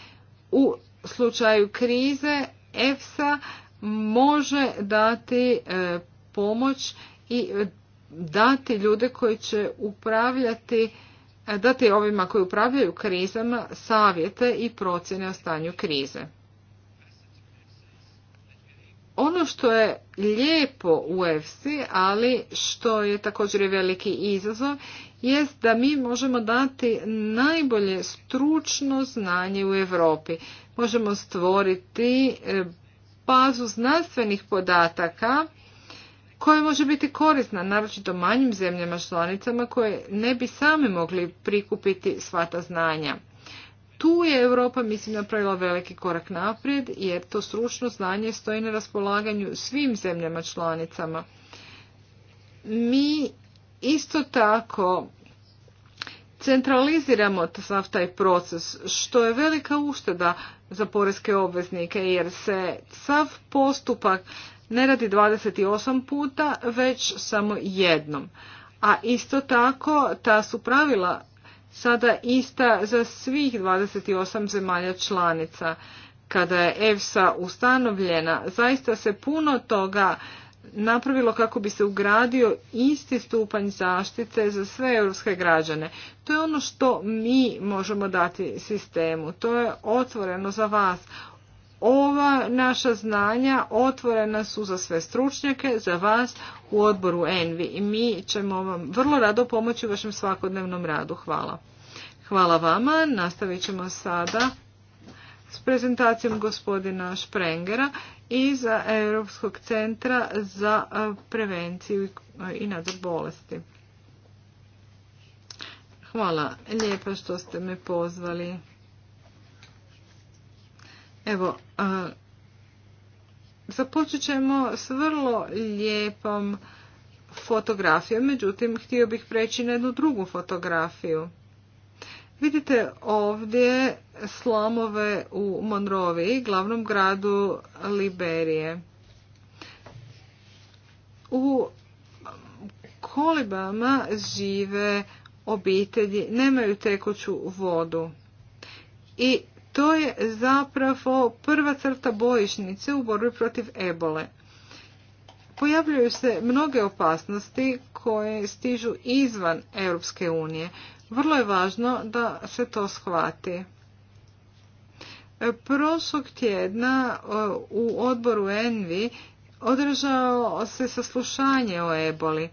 U slučaju krize EFSA može dati e, pomoć i e, dati ljude koji će upravljati, e, dati ovima koji upravljaju krizama savjete i procjene o stanju krize ono što je lijepo u EFSI, ali što je također veliki izazov, jest da mi možemo dati najbolje stručno znanje u Europi. Možemo stvoriti e, bazu znanstvenih podataka koja može biti korisna, naročito manjim zemljama članicama koje ne bi same mogli prikupiti sva ta znanja. Tu je Europa, mislim, napravila veliki korak naprijed, jer to stručno znanje stoji na raspolaganju svim zemljama članicama. Mi isto tako centraliziramo sav taj proces, što je velika ušteda za porezke obveznike, jer se sav postupak ne radi 28 puta, već samo jednom. A isto tako ta su pravila sada ista za svih 28 zemalja članica. Kada je EFSA ustanovljena, zaista se puno toga napravilo kako bi se ugradio isti stupanj zaštite za sve europske građane. To je ono što mi možemo dati sistemu. To je otvoreno za vas. Ova naša znanja otvorena su za sve stručnjake, za vas u odboru Envi i mi ćemo vam vrlo rado pomoći u vašem svakodnevnom radu. Hvala. Hvala vama. Nastavit ćemo sada s prezentacijom gospodina Šprengera iz Europskog centra za prevenciju i nadzor bolesti. Hvala lijepa što ste me pozvali. Evo, započet ćemo s vrlo lijepom fotografijom, međutim, htio bih preći na jednu drugu fotografiju. Vidite ovdje slomove u Monrovi, glavnom gradu Liberije. U kolibama žive obitelji, nemaju tekuću vodu. I to je zapravo prva crta bojišnice u borbi protiv ebole. Pojavljaju se mnoge opasnosti koje stižu izvan Europske unije. Vrlo je važno da se to shvati. Prošlog tjedna u odboru Envi održao se saslušanje o eboli.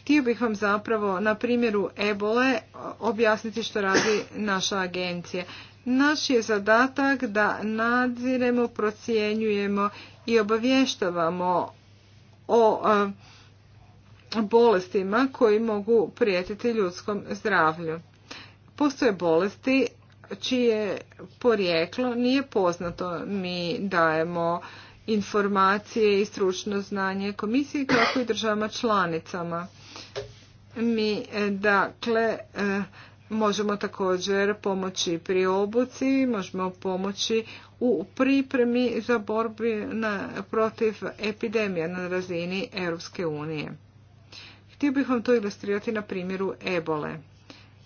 Htio bih vam zapravo na primjeru ebole objasniti što radi naša agencija. Naš je zadatak da nadziremo, procjenjujemo i obavještavamo o bolestima koji mogu prijetiti ljudskom zdravlju. Postoje bolesti čije porijeklo nije poznato. Mi dajemo informacije i stručno znanje komisiji kako i državama članicama. Mi dakle Možemo također pomoći pri obuci, možemo pomoći u pripremi za borbi na, protiv epidemija na razini Europske unije. Htio bih vam to ilustrirati na primjeru ebole.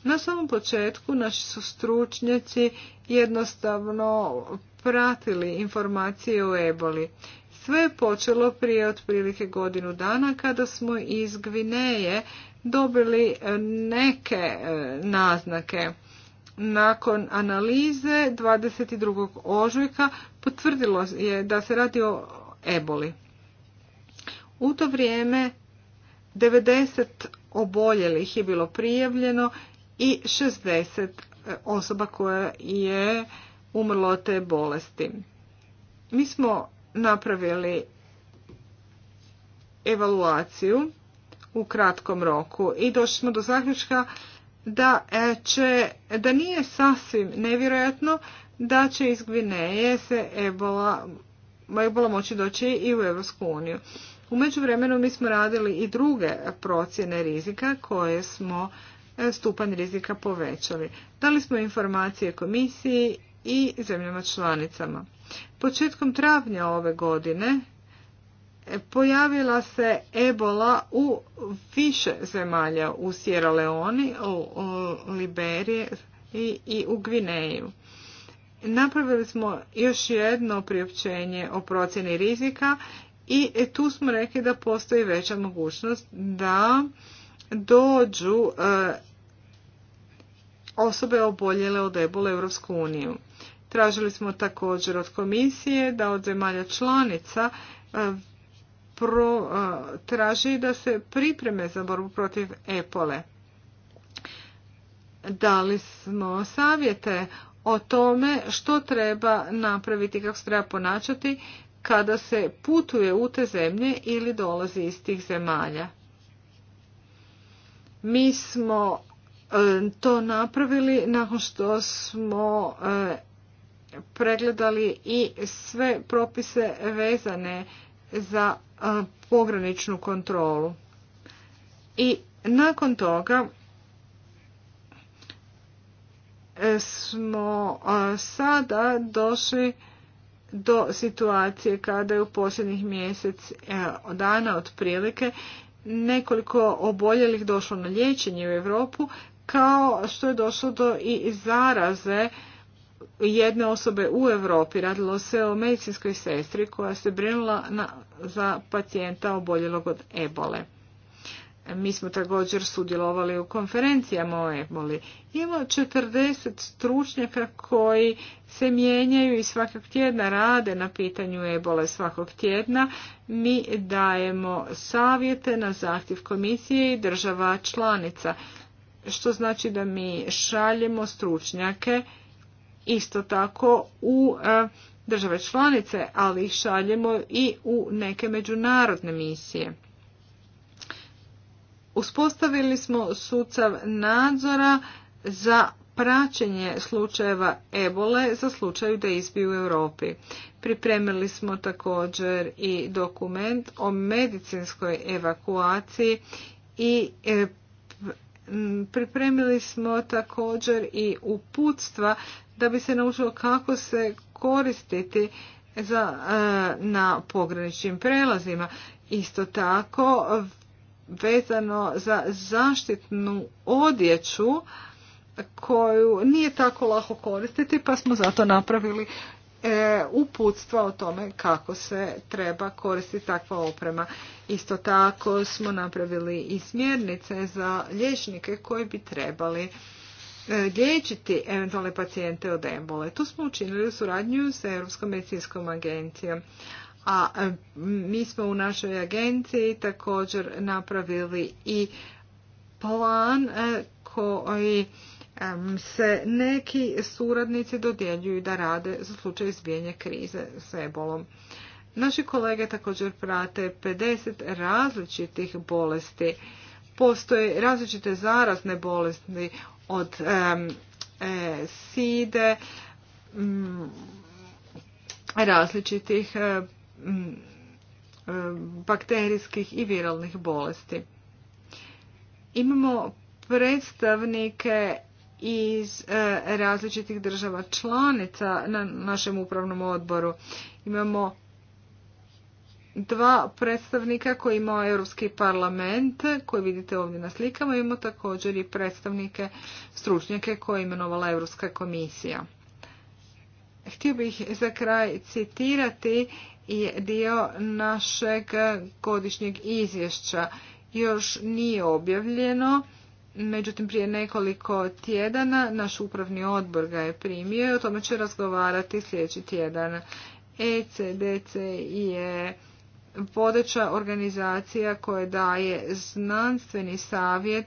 Na samom početku naši su stručnjaci jednostavno pratili informacije o eboli. Sve je počelo prije otprilike godinu dana kada smo iz Gvineje dobili e, neke e, naznake. Nakon analize 22. ožujka potvrdilo je da se radi o eboli. U to vrijeme 90 oboljelih je bilo prijavljeno i 60 e, osoba koja je umrlo od te bolesti. Mi smo napravili evaluaciju u kratkom roku. I došli smo do zaključka da, e, će, da nije sasvim nevjerojatno da će iz Gvineje se ebola, ebola moći doći i u Europsku uniju. U međuvremenu mi smo radili i druge procjene rizika koje smo e, stupanj rizika povećali. Dali smo informacije komisiji i zemljama članicama. Početkom travnja ove godine pojavila se ebola u više zemalja u Sierra Leone, u Liberiji i u Gvineju. Napravili smo još jedno priopćenje o procjeni rizika i tu smo rekli da postoji veća mogućnost da dođu e, osobe oboljele od ebola u Europsku uniju. Tražili smo također od komisije da od zemalja članica e, traži da se pripreme za borbu protiv epole. Dali smo savjete o tome što treba napraviti, kako se treba ponačati kada se putuje u te zemlje ili dolazi iz tih zemalja. Mi smo e, to napravili nakon što smo e, pregledali i sve propise vezane za pograničnu kontrolu. I nakon toga e, smo sada došli do situacije kada je u posljednjih mjesec e, dana otprilike nekoliko oboljelih došlo na liječenje u Europu kao što je došlo do i zaraze jedne osobe u Europi. Radilo se o medicinskoj sestri koja se brinula za pacijenta oboljelog od ebole. Mi smo također sudjelovali u konferencijama o eboli. Ima 40 stručnjaka koji se mijenjaju i svakog tjedna rade na pitanju ebole svakog tjedna. Mi dajemo savjete na zahtjev komisije i država članica. Što znači da mi šaljemo stručnjake isto tako u e, države članice, ali ih šaljemo i u neke međunarodne misije. Uspostavili smo sucav nadzora za praćenje slučajeva ebole za slučaju da izbiju u Europi. Pripremili smo također i dokument o medicinskoj evakuaciji i e, pripremili smo također i uputstva da bi se naučilo kako se koristiti za, e, na pograničnim prelazima. Isto tako vezano za zaštitnu odjeću koju nije tako lako koristiti pa smo zato napravili e, uputstva o tome kako se treba koristiti takva oprema. Isto tako smo napravili i smjernice za liječnike koji bi trebali E, liječiti eventualne pacijente od embole. To smo učinili u suradnju sa Europskom medicinskom agencijom. A e, mi smo u našoj agenciji također napravili i plan e, koji se neki suradnici dodjeljuju da rade za slučaj izbijanja krize s ebolom. Naši kolege također prate 50 različitih bolesti. Postoje različite zarazne bolesti od side e, mm, različitih e, mm, e, bakterijskih i viralnih bolesti. Imamo predstavnike iz različitih država članica na našem upravnom odboru. Imamo dva predstavnika koji imao Europski parlament, koji vidite ovdje na slikama, imamo također i predstavnike stručnjake koje je imenovala Europska komisija. Htio bih za kraj citirati i dio našeg godišnjeg izvješća. Još nije objavljeno, međutim prije nekoliko tjedana naš upravni odbor ga je primio i o tome će razgovarati sljedeći tjedan. ECDC je vodeća organizacija koja daje znanstveni savjet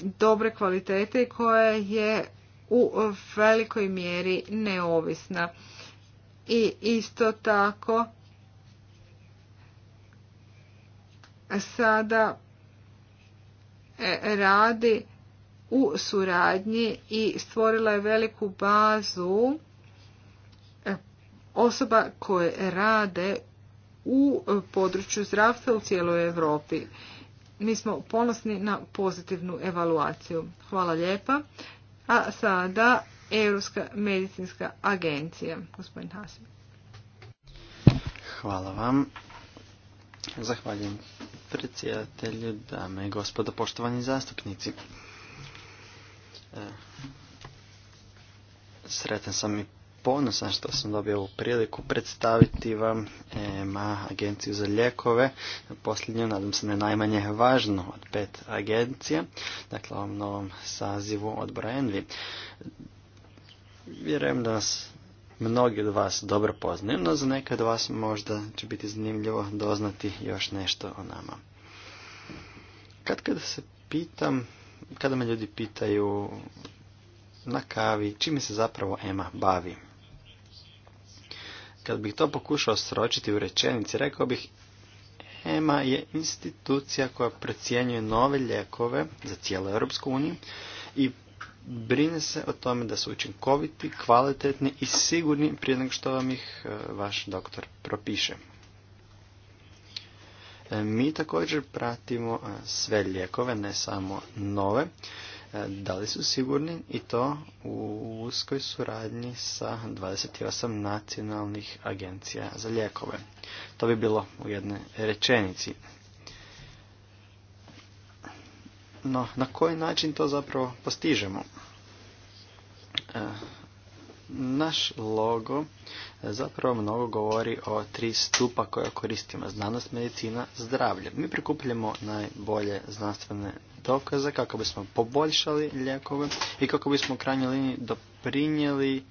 dobre kvalitete koja je u velikoj mjeri neovisna. I isto tako sada e, radi u suradnji i stvorila je veliku bazu e, osoba koje rade u e, području zdravstva u cijeloj Europi. Mi smo ponosni na pozitivnu evaluaciju. Hvala lijepa. A sada Europska medicinska agencija. Gospodin Hasim. Hvala vam. Zahvaljujem predsjedatelju, dame i gospodo, poštovani zastupnici. E, sretan sam i ponosan što sam dobio ovu priliku predstaviti vam EMA, Agenciju za ljekove, posljednju, nadam se ne najmanje važnu od pet agencija, dakle ovom novom sazivu odbora Envi. Vjerujem da vas mnogi od vas dobro poznaju, no za neke od vas možda će biti zanimljivo doznati još nešto o nama. Kad kada se pitam, kada me ljudi pitaju na kavi čime se zapravo Ema bavi. Kad bih to pokušao sročiti u rečenici, rekao bih EMA je institucija koja procjenjuje nove lijekove za cijelu Europsku uniju i brine se o tome da su učinkoviti, kvalitetni i sigurni prije nego što vam ih e, vaš doktor propiše. E, mi također pratimo e, sve lijekove, ne samo nove. E, da li su sigurni i to u uskoj suradnji sa 28 nacionalnih agencija za lijekove. To bi bilo u jednoj rečenici. No, na koji način to zapravo postižemo? E, naš logo zapravo mnogo govori o tri stupa koja koristimo. Znanost, medicina, zdravlje. Mi prikupljamo najbolje znanstvene dokaze kako bismo poboljšali lijekove i kako bismo u krajnjoj liniji doprinijeli e,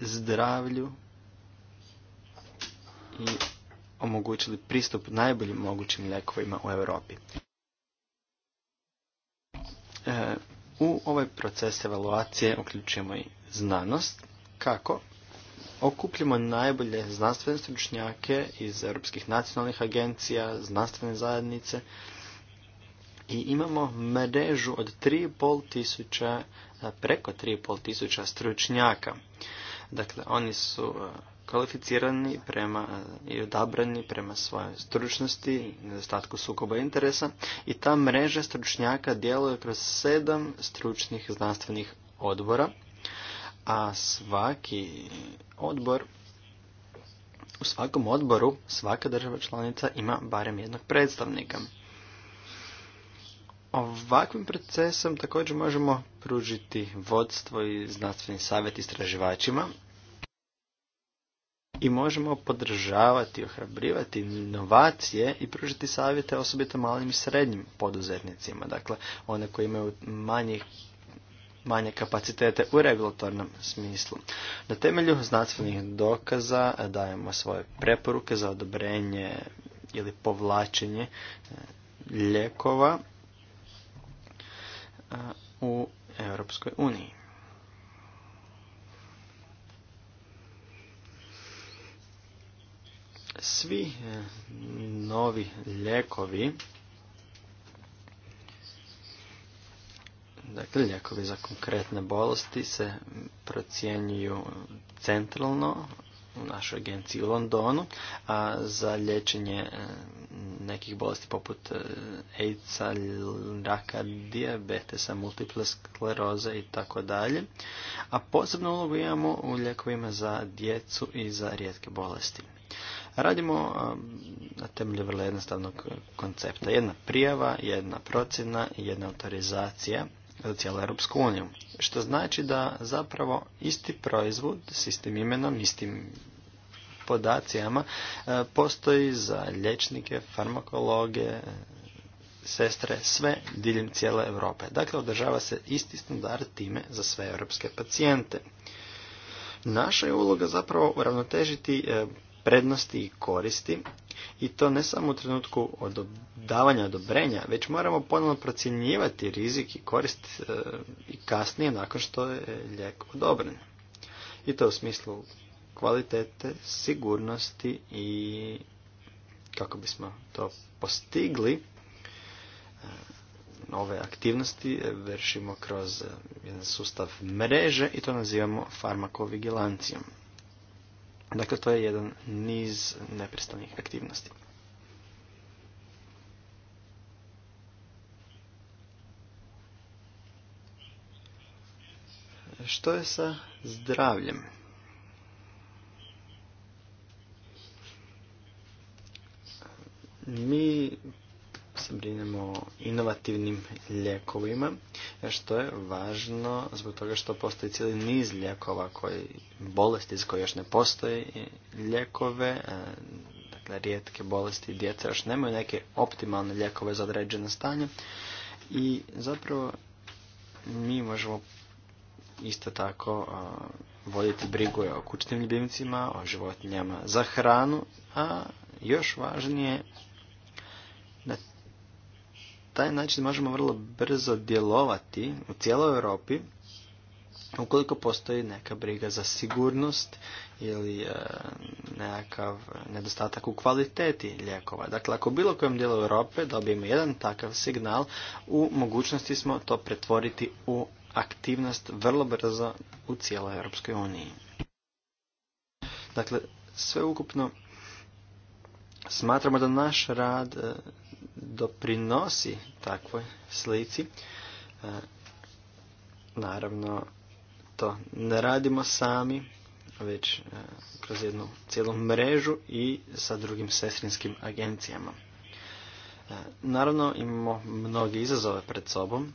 zdravlju i omogućili pristup najboljim mogućim lijekovima u Europi. E, u ovaj proces evaluacije uključujemo i znanost. Kako? okupljamo najbolje znanstvene stručnjake iz europskih nacionalnih agencija, znanstvene zajednice i imamo mrežu od 3,5 tisuća, preko 3,5 tisuća stručnjaka. Dakle, oni su kvalificirani prema i odabrani prema svojoj stručnosti, nedostatku sukoba interesa i ta mreža stručnjaka djeluje kroz sedam stručnih znanstvenih odbora a svaki odbor u svakom odboru svaka država članica ima barem jednog predstavnika. Ovakvim procesom također možemo pružiti vodstvo i znanstveni savjet istraživačima i možemo podržavati, ohrabrivati inovacije i pružiti savjete osobito malim i srednjim poduzetnicima, dakle one koji imaju manjih manje kapacitete u regulatornom smislu. Na temelju znanstvenih dokaza dajemo svoje preporuke za odobrenje ili povlačenje e, ljekova e, u Europskoj uniji. Svi e, novi ljekovi Dakle, lijekovi za konkretne bolesti se procjenjuju centralno u našoj agenciji u Londonu, a za liječenje e, nekih bolesti poput e, AIDS-a, raka, diabetesa, multiple skleroze i tako dalje. A posebno ulogu imamo u lijekovima za djecu i za rijetke bolesti. Radimo e, na temelju vrlo jednostavnog koncepta. Jedna prijava, jedna procjena i jedna autorizacija za cijelu Europsku Što znači da zapravo isti proizvod s istim imenom, istim podacijama e, postoji za liječnike, farmakologe, sestre, sve diljem cijele Europe. Dakle, održava se isti standard time za sve europske pacijente. Naša je uloga zapravo uravnotežiti e, prednosti i koristi i to ne samo u trenutku od davanja odobrenja, već moramo ponovno procjenjivati rizik i korist e, i kasnije nakon što je lijek odobren. I to u smislu kvalitete, sigurnosti i kako bismo to postigli, e, nove aktivnosti e, vršimo kroz jedan sustav mreže i to nazivamo farmakovigilancijom. Dakle, to je jedan niz neprestanih aktivnosti. Što je sa zdravljem? Mi se brinemo o inovativnim ljekovima, što je važno zbog toga što postoji cijeli niz lijekova koji bolesti za koje još ne postoje lijekove, e, dakle rijetke bolesti djeca još nemaju neke optimalne lijekove za određeno stanje i zapravo mi možemo isto tako e, voditi brigu o kućnim ljubimcima, o životinjama za hranu, a još važnije taj način možemo vrlo brzo djelovati u cijeloj Europi ukoliko postoji neka briga za sigurnost ili e, nekakav nedostatak u kvaliteti lijekova. Dakle, ako bilo kojem dijelu Europe dobijemo jedan takav signal, u mogućnosti smo to pretvoriti u aktivnost vrlo brzo u cijeloj Europskoj uniji. Dakle, sve ukupno smatramo da naš rad e, doprinosi takvoj slici. E, naravno, to ne radimo sami, već e, kroz jednu cijelu mrežu i sa drugim sestrinskim agencijama. E, naravno, imamo mnoge izazove pred sobom.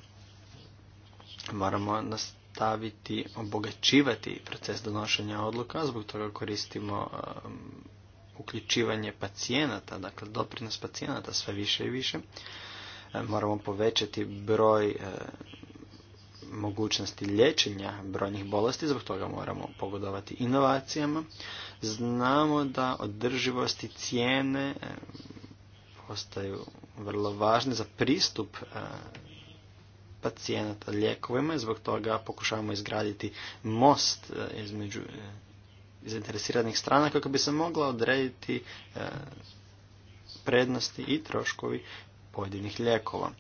Moramo nastaviti obogačivati proces donošenja odluka, zbog toga koristimo uključivanje pacijenata, dakle doprinos pacijenata sve više i više. E, moramo povećati broj e, mogućnosti liječenja brojnih bolesti, zbog toga moramo pogodovati inovacijama. Znamo da održivosti cijene e, postaju vrlo važne za pristup pacijenata lijekovima zbog toga pokušavamo izgraditi most između zainteresiranih strana kako bi se mogla odrediti e, prednosti i troškovi pojedinih lijekova.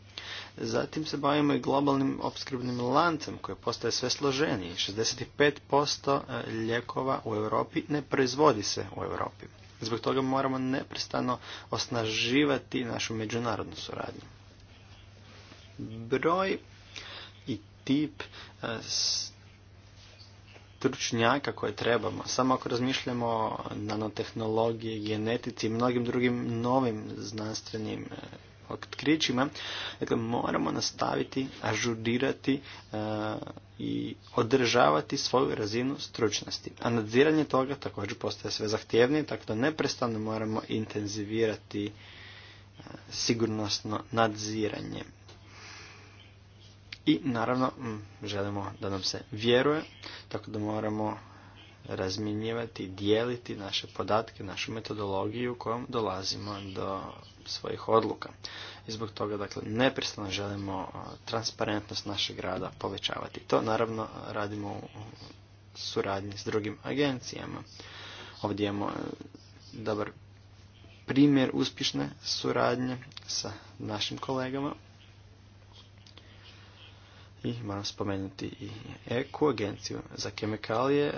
Zatim se bavimo i globalnim opskrbnim lancem koji postaje sve složeniji. 65% e, lijekova u Europi ne proizvodi se u Europi. Zbog toga moramo neprestano osnaživati našu međunarodnu suradnju. Broj i tip e, stručnjaka koje trebamo. Samo ako razmišljamo o nanotehnologiji, genetici i mnogim drugim novim znanstvenim e, otkrićima, dakle moramo nastaviti ažurirati e, i održavati svoju razinu stručnosti. A nadziranje toga također postaje sve zahtjevnije, tako da neprestano moramo intenzivirati e, sigurnosno nadziranje. I naravno mm, želimo da nam se vjeruje, tako da moramo razminjivati, dijeliti naše podatke, našu metodologiju kojom dolazimo do svojih odluka. I zbog toga, dakle, neprestano želimo transparentnost našeg rada povećavati. To naravno radimo u suradnji s drugim agencijama. Ovdje imamo dobar primjer uspješne suradnje sa našim kolegama i moram spomenuti i EKU, Agenciju za kemikalije. E,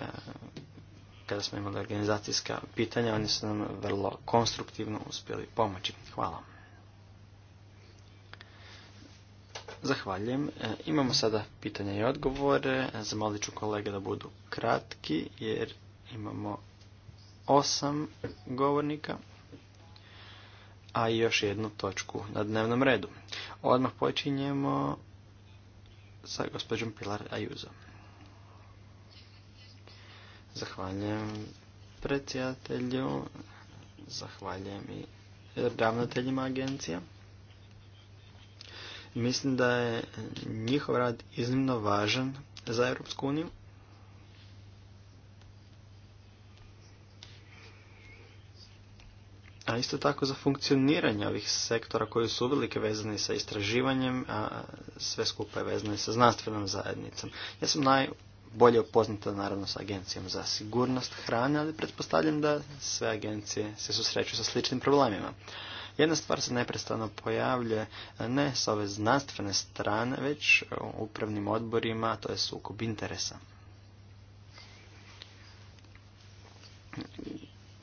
kada smo imali organizacijska pitanja, oni su nam vrlo konstruktivno uspjeli pomoći. Hvala. Zahvaljujem. E, imamo sada pitanja i odgovore. Zamolit ću kolege da budu kratki jer imamo osam govornika, a i još jednu točku na dnevnom redu. Odmah počinjemo sa gospođom Pilar Ajuzo. Zahvaljujem predsjedatelju, zahvaljujem i ravnateljima agencija. Mislim da je njihov rad iznimno važan za Europsku uniju. a isto tako za funkcioniranje ovih sektora koji su uvelike vezani sa istraživanjem, a sve skupa je vezani sa znanstvenom zajednicom. Ja sam najbolje upoznata naravno sa agencijom za sigurnost hrane, ali pretpostavljam da sve agencije se susreću sa sličnim problemima. Jedna stvar se neprestano pojavlja ne s ove znanstvene strane, već u upravnim odborima, to je sukob interesa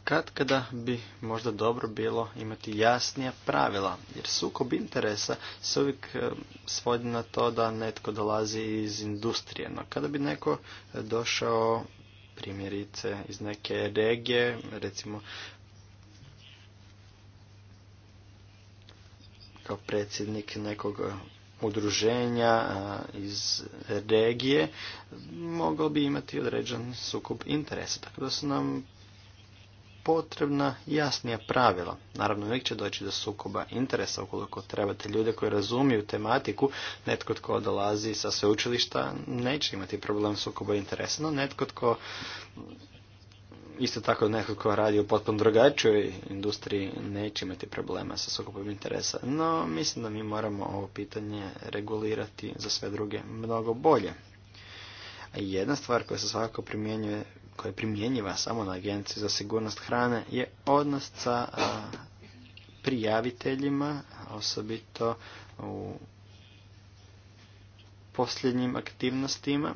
kad kada bi možda dobro bilo imati jasnija pravila, jer sukob interesa se uvijek e, svodi na to da netko dolazi iz industrije, no kada bi neko e, došao primjerice iz neke regije, recimo kao predsjednik nekog udruženja e, iz regije mogao bi imati određen sukob interesa. Tako da su nam potrebna jasnija pravila. Naravno, uvijek će doći do sukoba interesa ukoliko trebate ljude koji razumiju tematiku. Netko tko dolazi sa sveučilišta neće imati problem sukoba interesa, no netko tko isto tako netko tko radi u potpuno drugačijoj industriji neće imati problema sa sukobom interesa. No, mislim da mi moramo ovo pitanje regulirati za sve druge mnogo bolje. Jedna stvar koja se svakako primjenjuje koja je primjenjiva samo na Agenciji za sigurnost hrane je odnos sa prijaviteljima, osobito u posljednjim aktivnostima.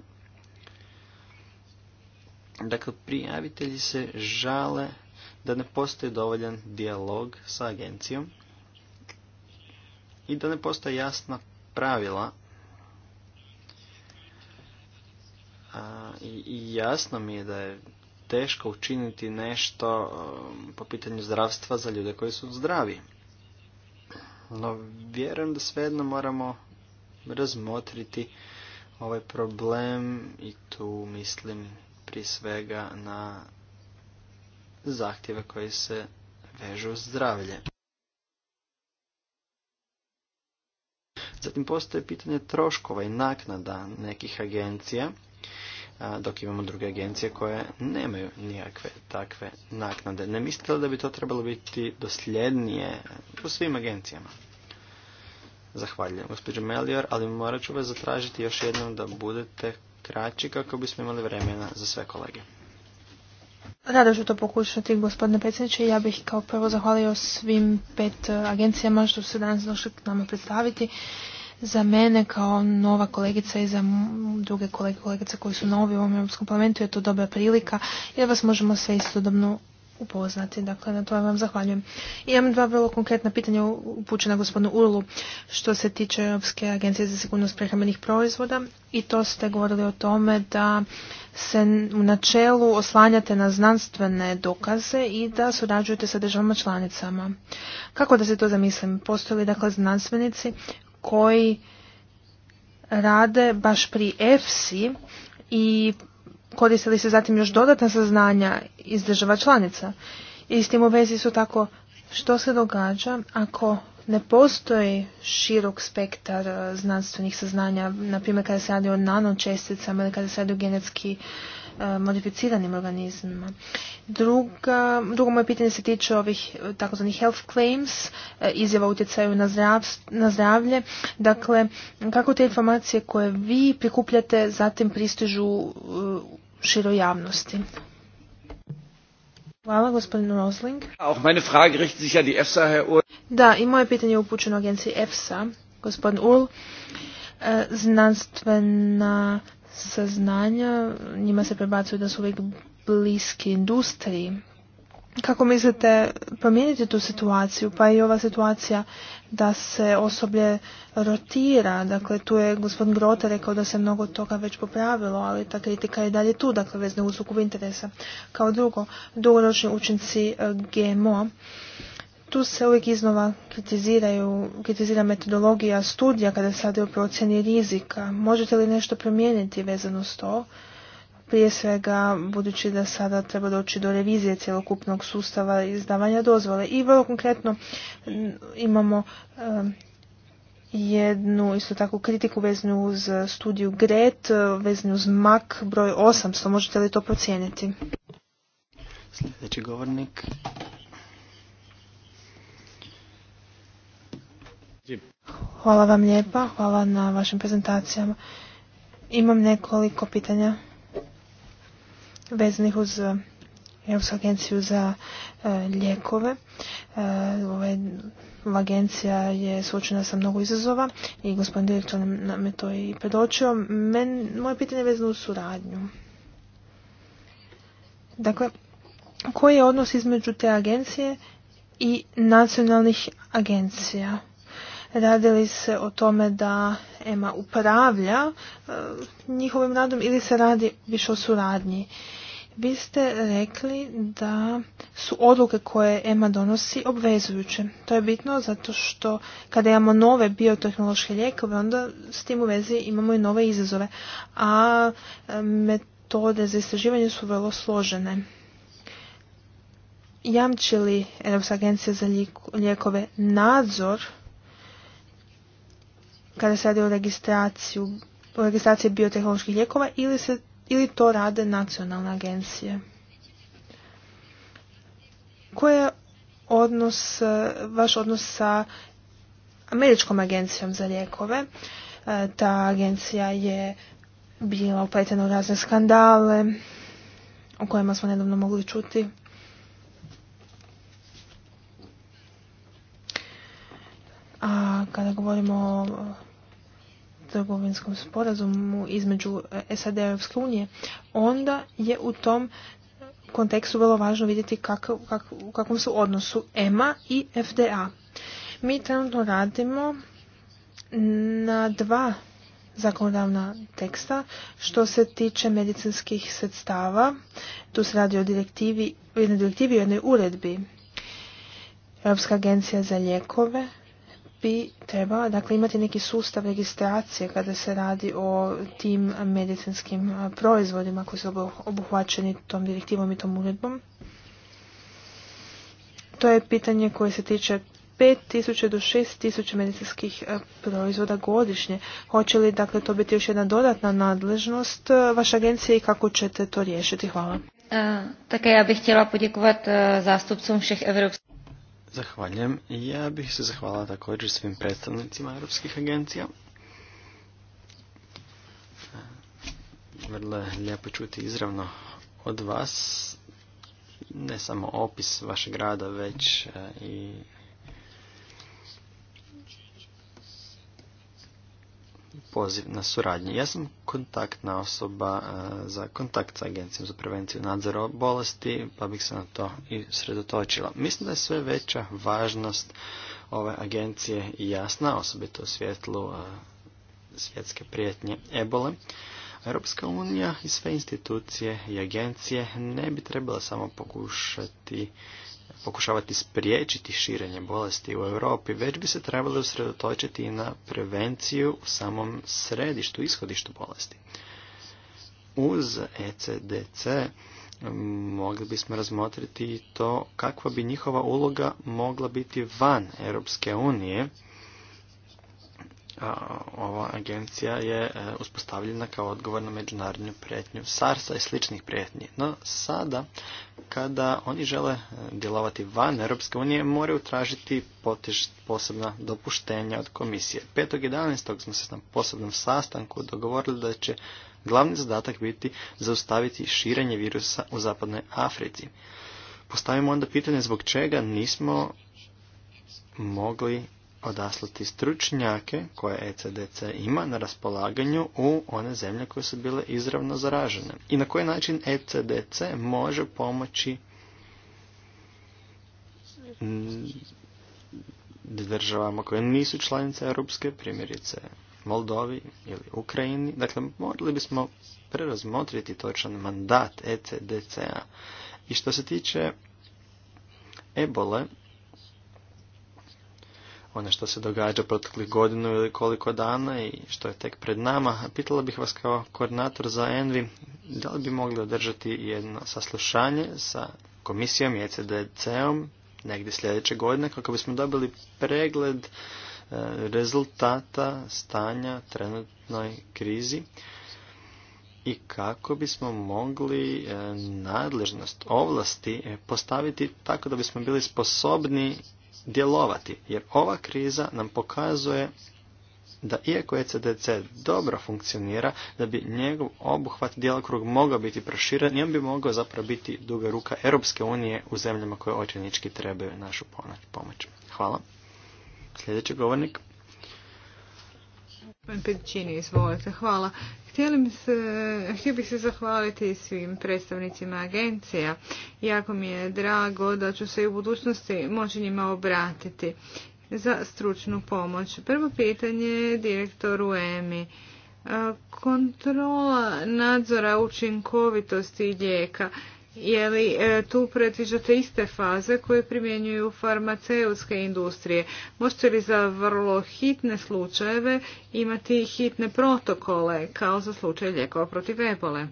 Dakle, prijavitelji se žale da ne postoji dovoljan dijalog sa agencijom i da ne postoje jasna pravila i, jasno mi je da je teško učiniti nešto um, po pitanju zdravstva za ljude koji su zdravi. No vjerujem da svejedno moramo razmotriti ovaj problem i tu mislim prije svega na zahtjeve koji se vežu zdravlje. Zatim postoje pitanje troškova i naknada nekih agencija dok imamo druge agencije koje nemaju nijakve takve naknade. Ne mislite li da bi to trebalo biti dosljednije u svim agencijama? Zahvaljujem, gospođo Melior, ali morat ću vas zatražiti još jednom da budete kraći kako bismo imali vremena za sve kolege. Rado ću to pokušati, gospodine predsjedniče. Ja bih kao prvo zahvalio svim pet agencijama što su se danas došli k nama predstaviti za mene kao nova kolegica i za druge kolege kolegice koji su novi u ovom Europskom parlamentu je to dobra prilika jer vas možemo sve istodobno upoznati. Dakle, na to vam zahvaljujem. imam dva vrlo konkretna pitanja upućena gospodinu Urlu što se tiče Europske agencije za sigurnost prehrambenih proizvoda i to ste govorili o tome da se u načelu oslanjate na znanstvene dokaze i da surađujete sa državama članicama. Kako da se to zamislim? Postoje li dakle znanstvenici koji rade baš pri EFSI i koristili se zatim još dodatna saznanja iz država članica. I s tim u vezi su tako što se događa ako ne postoji širok spektar e, znanstvenih saznanja, na primjer kada se radi o nanočesticama ili kada se radi o genetski Eh, modificiranim organizmima. Druga, drugo moje pitanje se tiče ovih eh, takozvanih health claims, eh, izjava utjecaju na, zdravlje. Dakle, kako te informacije koje vi prikupljate zatim pristižu široj javnosti? Hvala, gospodin Rosling. Auch Frage richtet sich Da, i moje pitanje je upućeno agenciji EFSA, gospodin Url, Znanstvena saznanja, njima se prebacuju da su uvijek bliski industriji. Kako mislite promijeniti tu situaciju, pa i ova situacija da se osoblje rotira, dakle tu je gospodin Grote rekao da se mnogo toga već popravilo, ali ta kritika je dalje tu, dakle vezne u sukob interesa. Kao drugo, dugoročni učinci eh, GMO tu se uvijek iznova kritiziraju, kritizira metodologija studija kada se radi o procjeni rizika. Možete li nešto promijeniti vezano s to? Prije svega, budući da sada treba doći do revizije cjelokupnog sustava izdavanja dozvole. I vrlo konkretno imamo jednu isto tako kritiku veznu uz studiju GRET, veznu uz MAK broj 800. Možete li to procijeniti? Sljedeći govornik. Hvala vam lijepa, hvala na vašim prezentacijama. Imam nekoliko pitanja vezanih uz eh, Europsku agenciju za ljekove. Eh, lijekove. Eh, ovaj, agencija je suočena sa mnogo izazova i gospodin direktor nam je to i predočio. moje pitanje je vezano uz suradnju. Dakle, koji je odnos između te agencije i nacionalnih agencija? li se o tome da EMA upravlja e, njihovim radom ili se radi više o suradnji. Vi ste rekli da su odluke koje EMA donosi obvezujuće. To je bitno zato što kada imamo nove biotehnološke lijekove, onda s tim u vezi imamo i nove izazove. A e, metode za istraživanje su vrlo složene. Jamči li Europska agencija za lijekove nadzor kada se radi o registraciju, o registraciji biotehnoloških lijekova ili, se, ili to rade nacionalne agencije. Koji je odnos, vaš odnos sa Američkom agencijom za lijekove? E, ta agencija je bila upletena u razne skandale o kojima smo nedavno mogli čuti. A kada govorimo o trgovinskom sporazumu između e, SAD i Europske unije, onda je u tom kontekstu vrlo važno vidjeti u kakvom su odnosu EMA i FDA. Mi trenutno radimo na dva zakonodavna teksta. Što se tiče medicinskih sredstava, tu se radi o direktivi, jednoj direktivi i jednoj uredbi. Europska agencija za lijekove bi trebala dakle, imati neki sustav registracije kada se radi o tim medicinskim proizvodima koji su obuhvaćeni tom direktivom i tom uredbom. To je pitanje koje se tiče 5000 do 6000 medicinskih proizvoda godišnje. Hoće li dakle to biti još jedna dodatna nadležnost vaše agencije i kako ćete to riješiti? Hvala. E, také ja bych chtěla poděkovat e, zástupcům všech evropských Zahvaljujem. Ja bih se zahvala također svim predstavnicima europskih agencija. E, vrlo je lijepo čuti izravno od vas ne samo opis vašeg rada, već e, i poziv na suradnje. Ja sam kontaktna osoba e, za kontakt sa Agencijom za prevenciju nadzora bolesti, pa bih se na to i sredotočila. Mislim da je sve veća važnost ove agencije jasna, osobito u svjetlu e, svjetske prijetnje ebole. Europska unija i sve institucije i agencije ne bi trebala samo pokušati pokušavati spriječiti širenje bolesti u Europi, već bi se trebali usredotočiti i na prevenciju u samom središtu, ishodištu bolesti. Uz ECDC mogli bismo razmotriti to kakva bi njihova uloga mogla biti van Europske unije, ova agencija je e, uspostavljena kao odgovor na međunarodnu prijetnju SARS-a i sličnih prijetnji. No sada, kada oni žele e, djelovati van Europske unije, moraju tražiti posebna dopuštenja od komisije. 5.11. smo se na posebnom sastanku dogovorili da će glavni zadatak biti zaustaviti širenje virusa u zapadnoj Africi. Postavimo onda pitanje zbog čega nismo mogli odaslati stručnjake koje ECDC ima na raspolaganju u one zemlje koje su bile izravno zaražene. I na koji način ECDC može pomoći državama koje nisu članice Europske, primjerice Moldovi ili Ukrajini. Dakle, morali bismo prerazmotriti točan mandat ECDC-a. I što se tiče ebole, ono što se događa proteklih godinu ili koliko dana i što je tek pred nama. Pitala bih vas kao koordinator za Envi, da li bi mogli održati jedno saslušanje sa komisijom i ECDC-om negdje sljedeće godine kako bismo dobili pregled e, rezultata stanja trenutnoj krizi i kako bismo mogli e, nadležnost ovlasti e, postaviti tako da bismo bili sposobni djelovati, jer ova kriza nam pokazuje da iako ECDC dobro funkcionira, da bi njegov obuhvat djelokrug mogao biti proširen i on bi mogao zapravo biti duga ruka Europske unije u zemljama koje očinički trebaju našu pomoć. Hvala. Sljedeći govornik. Hvala htio bih se zahvaliti svim predstavnicima agencija. Jako mi je drago da ću se i u budućnosti moći njima obratiti za stručnu pomoć. Prvo pitanje je direktoru EMI. Kontrola nadzora učinkovitosti lijeka je li e, tu predviđate iste faze koje primjenjuju farmaceutske industrije? Možete li za vrlo hitne slučajeve imati hitne protokole kao za slučaj lijekova protiv ebole?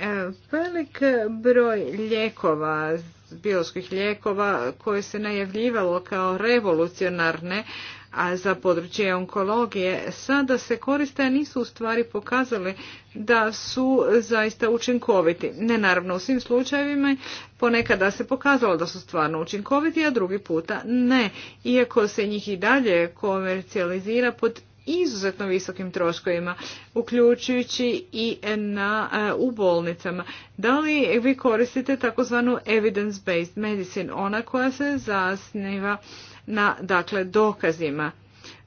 E, velik broj lijekova, bioloških lijekova koje se najavljivalo kao revolucionarne, a za područje onkologije sada se koriste, a nisu u stvari pokazali da su zaista učinkoviti. Ne naravno u svim slučajevima ponekada se pokazalo da su stvarno učinkoviti, a drugi puta ne, iako se njih i dalje komercijalizira pod izuzetno visokim troškovima, uključujući i na, e, u bolnicama. Da li vi koristite takozvanu evidence-based medicine, ona koja se zasniva na dakle, dokazima.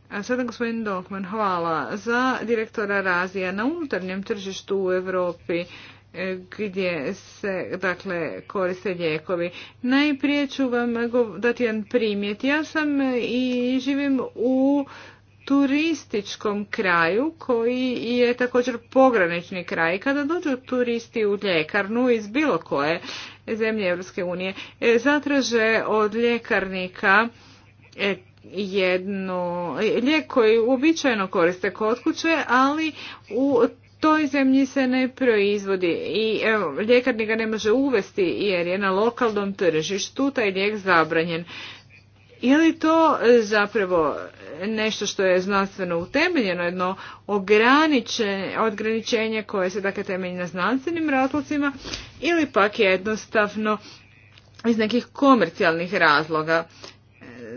A sada gospodin Dokman, hvala za direktora Razija na unutarnjem tržištu u Europi e, gdje se dakle koriste lijekovi. Najprije ću vam dati jedan primjet. Ja sam i živim u turističkom kraju koji je također pogranični kraj. Kada dođu turisti u ljekarnu iz bilo koje zemlje Europske unije, e, zatraže od ljekarnika E, jednu lijek koji uobičajeno koriste kod kuće, ali u toj zemlji se ne proizvodi i evo, ljekarni ga ne može uvesti jer je na lokalnom tržištu taj lijek zabranjen. Je li to zapravo nešto što je znanstveno utemeljeno, jedno ograničenje koje se dakle temelji na znanstvenim razlozima ili pak jednostavno iz nekih komercijalnih razloga?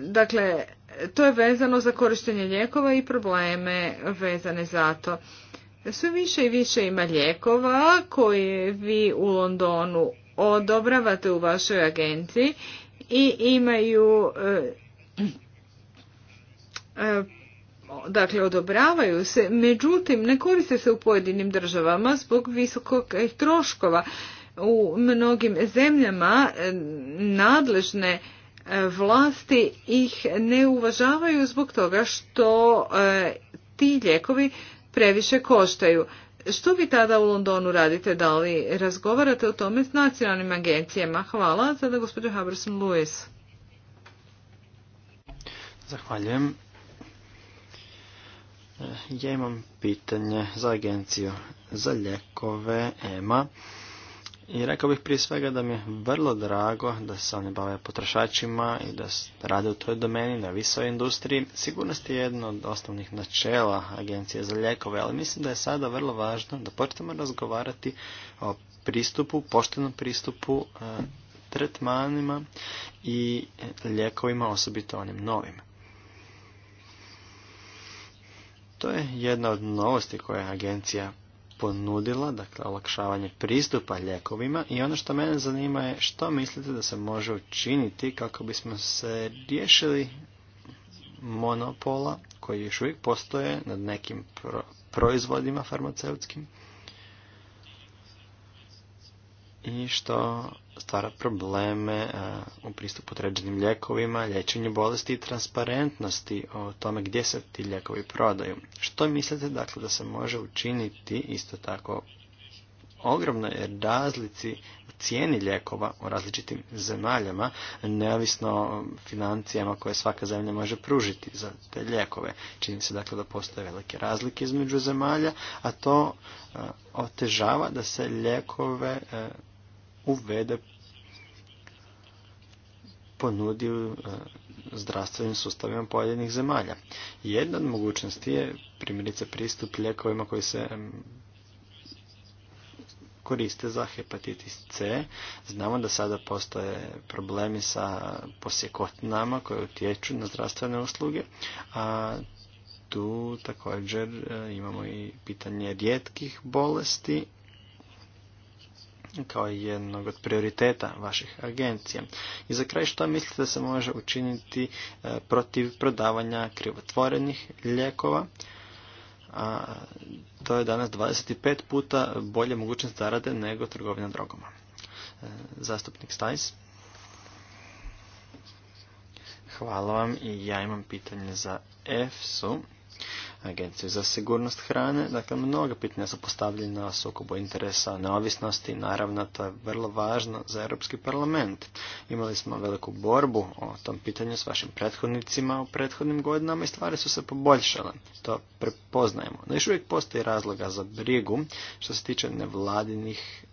Dakle, to je vezano za korištenje lijekova i probleme vezane za to. Sve više i više ima lijekova koje vi u Londonu odobravate u vašoj agenciji i imaju e, e, dakle odobravaju se, međutim ne koriste se u pojedinim državama zbog visokog troškova. U mnogim zemljama e, nadležne vlasti ih ne uvažavaju zbog toga što e, ti lijekovi previše koštaju. Što vi tada u Londonu radite? Da li razgovarate o tome s nacionalnim agencijama? Hvala. Sada gospođo Haberson Lewis. Zahvaljujem. E, ja imam pitanje za agenciju za ljekove EMA. I rekao bih prije svega da mi je vrlo drago da se oni bave potrošačima i da rade u toj domeni na visoj industriji. Sigurnost je jedno od osnovnih načela Agencije za lijekove, ali mislim da je sada vrlo važno da počnemo razgovarati o pristupu, poštenom pristupu e, tretmanima i lijekovima, osobito onim novim. To je jedna od novosti koje agencija ponudila, dakle olakšavanje pristupa ljekovima i ono što mene zanima je što mislite da se može učiniti kako bismo se riješili monopola koji još uvijek postoje nad nekim proizvodima farmaceutskim i što stvara probleme e, u pristupu određenim ljekovima, liječenju bolesti i transparentnosti o tome gdje se ti ljekovi prodaju. Što mislite dakle da se može učiniti isto tako ogromno je razlici u cijeni ljekova u različitim zemaljama, neovisno o financijama koje svaka zemlja može pružiti za te ljekove. Čini se dakle da postoje velike razlike između zemalja, a to e, otežava da se ljekove e, uvede ponudi e, zdravstvenim sustavima pojedinih zemalja. Jedna od mogućnosti je primjerice pristup lijekovima koji se koriste za hepatitis C. Znamo da sada postoje problemi sa posjekotinama koje utječu na zdravstvene usluge, a tu također e, imamo i pitanje rijetkih bolesti kao jednog od prioriteta vaših agencija. I za kraj što mislite da se može učiniti e, protiv prodavanja krivotvorenih lijekova? A, to je danas 25 puta bolje mogućnost zarade nego trgovina drogoma. E, zastupnik Stajs. Hvala vam i ja imam pitanje za EFSU. Agenciju za sigurnost hrane. Dakle, mnoga pitanja su postavljena o sukobu interesa, neovisnosti. Naravno, to je vrlo važno za Europski parlament. Imali smo veliku borbu o tom pitanju s vašim prethodnicima u prethodnim godinama i stvari su se poboljšale. To prepoznajemo. No, još uvijek postoji razloga za brigu što se tiče nevladinih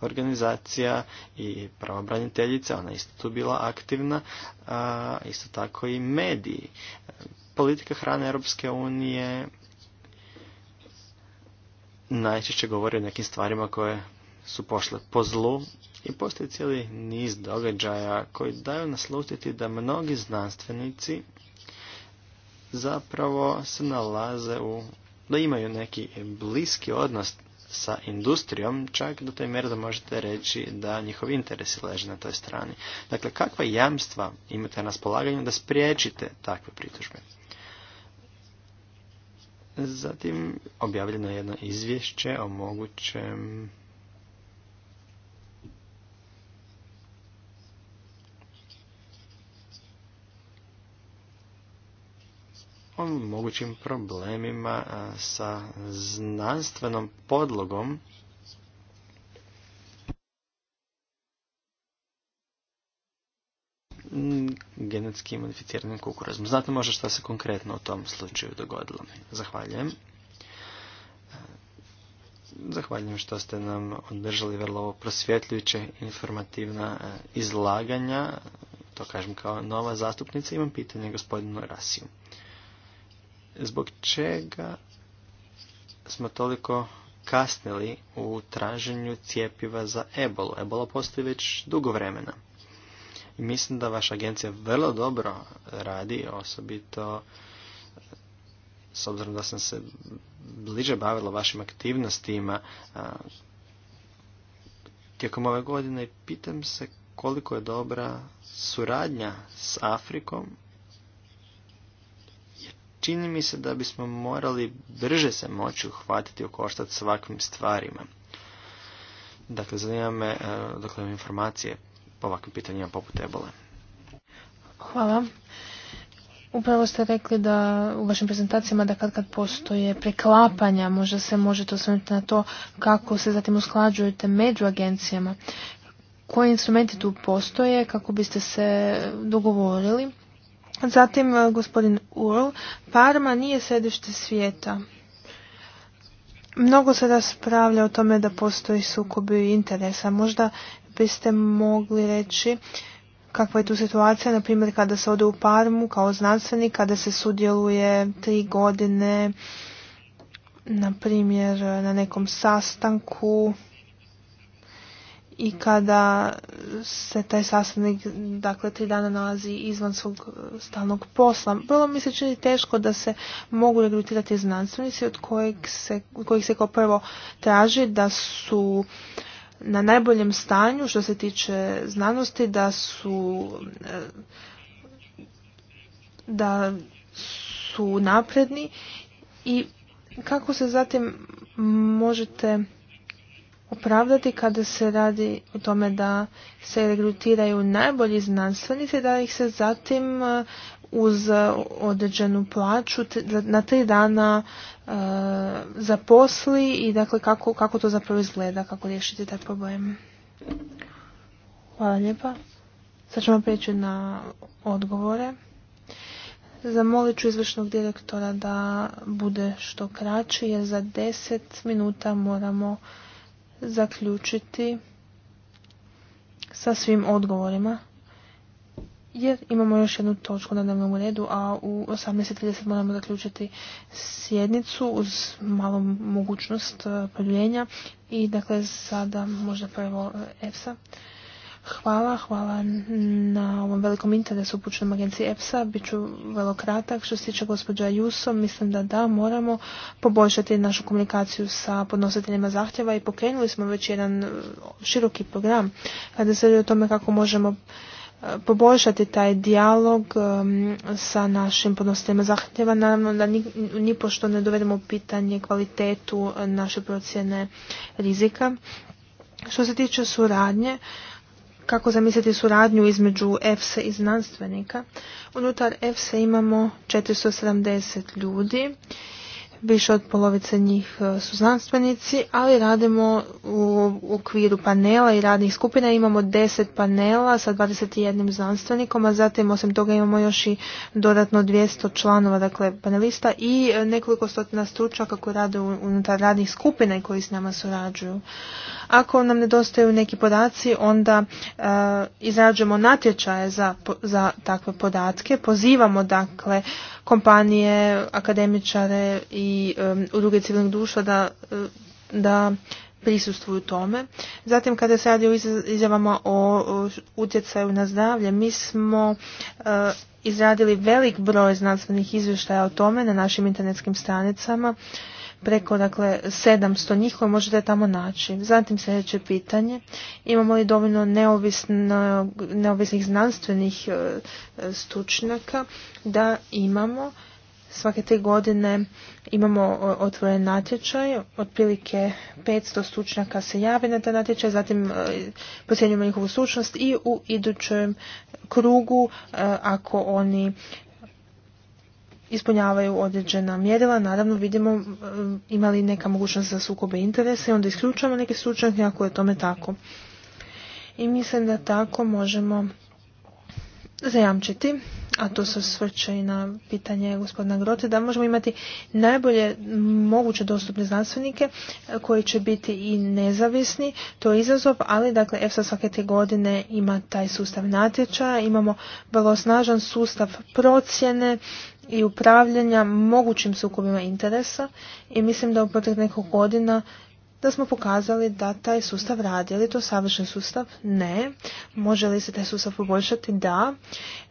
organizacija i pravobraniteljica, ona isto tu bila aktivna, a isto tako i mediji politika hrane Europske unije najčešće govori o nekim stvarima koje su pošle po zlu i postoji cijeli niz događaja koji daju naslutiti da mnogi znanstvenici zapravo se nalaze u, da imaju neki bliski odnos sa industrijom, čak do te mjere da možete reći da njihovi interesi leže na toj strani. Dakle, kakva jamstva imate na raspolaganju da spriječite takve pritužbe? Zatim objavljeno je jedno izvješće o mogućem o mogućim problemima sa znanstvenom podlogom Mm, genetski modificiranim kukuruzom. Znate možda što se konkretno u tom slučaju dogodilo. Zahvaljujem. Zahvaljujem što ste nam održali vrlo prosvjetljuće, informativna e, izlaganja. To kažem kao nova zastupnica. Imam pitanje gospodinu Rasiju. Zbog čega smo toliko kasnili u traženju cijepiva za ebolu? Ebola postoji već dugo vremena mislim da vaša agencija vrlo dobro radi, osobito eh, s obzirom da sam se bliže bavila vašim aktivnostima eh, tijekom ove godine pitam se koliko je dobra suradnja s Afrikom čini mi se da bismo morali brže se moći uhvatiti u koštac svakim stvarima. Dakle, zanima me dakle, informacije ovakvim pitanjima poput ebole. Hvala. Upravo ste rekli da u vašim prezentacijama da kad kad postoje preklapanja, možda se možete osvrnuti na to kako se zatim usklađujete među agencijama. Koji instrumenti tu postoje, kako biste se dogovorili? Zatim e, gospodin Url, Parma nije središte svijeta. Mnogo se raspravlja o tome da postoji sukobi interesa. Možda biste mogli reći kakva je tu situacija, na primjer kada se ode u Parmu kao znanstvenik, kada se sudjeluje tri godine, na primjer na nekom sastanku i kada se taj sastanak dakle tri dana nalazi izvan svog stalnog posla. Vrlo mi se čini teško da se mogu regrutirati znanstvenici od kojih se, kojih se kao prvo traži da su na najboljem stanju što se tiče znanosti da su e, da su napredni i kako se zatim možete opravdati kada se radi o tome da se regrutiraju najbolji znanstvenici da ih se zatim e, uz e, određenu plaću na tri dana e, zaposli i dakle kako, to zapravo izgleda, kako riješiti taj problem. Hvala lijepa. Sad ćemo prijeći na odgovore. Zamolit ću izvršnog direktora da bude što kraći jer za deset minuta moramo zaključiti sa svim odgovorima jer imamo još jednu točku na dnevnom redu, a u 18.30 moramo zaključiti sjednicu uz malu mogućnost e, produljenja i dakle sada možda prvo e, EFSA. Hvala, hvala na ovom velikom interesu upućenom agenciji EPSA. Biću vrlo kratak. Što se tiče gospođa Juso, mislim da da, moramo poboljšati našu komunikaciju sa podnositeljima zahtjeva i pokrenuli smo već jedan e, široki program kada se o tome kako možemo poboljšati taj dijalog um, sa našim podnositeljima zahtjeva, naravno da nipošto ne dovedemo u pitanje kvalitetu uh, naše procjene rizika. Što se tiče suradnje, kako zamisliti suradnju između EFSA i znanstvenika? Unutar EFSA imamo 470 ljudi više od polovice njih e, su znanstvenici, ali radimo u okviru panela i radnih skupina. Imamo 10 panela sa 21 znanstvenikom, a zatim osim toga imamo još i dodatno 200 članova, dakle panelista i e, nekoliko stotina stručaka koji rade unutar radnih skupina i koji s nama surađuju. Ako nam nedostaju neki podaci, onda e, izrađujemo natječaje za, za takve podatke, pozivamo dakle kompanije, akademičare i udruge civilnog društva da, e, da prisustvuju tome. Zatim kada se radi o izjavama o utjecaju na zdravlje, mi smo e, izradili velik broj znanstvenih izvještaja o tome na našim internetskim stranicama preko dakle, 700 njih možete tamo naći. Zatim sljedeće pitanje, imamo li dovoljno neovisnih znanstvenih e, stručnjaka da imamo svake tri godine imamo e, otvoren natječaj, otprilike 500 stručnjaka se javi na taj natječaj, zatim e, procjenjujemo njihovu stručnost i u idućem krugu ako oni ispunjavaju određena mjerila. Naravno vidimo e, imali neka mogućnost za sukobe interesa i onda isključujemo neke stručnjake ako je tome tako. I mislim da tako možemo zajamčiti, a to se osvrće i na pitanje gospodina Grote, da možemo imati najbolje moguće dostupne znanstvenike e, koji će biti i nezavisni. To je izazov, ali dakle EFSA svake te godine ima taj sustav natječaja, imamo vrlo snažan sustav procjene i upravljanja mogućim sukobima interesa i mislim da u protek nekog godina da smo pokazali da taj sustav radi. Je li to savršen sustav? Ne. Može li se taj sustav poboljšati? Da.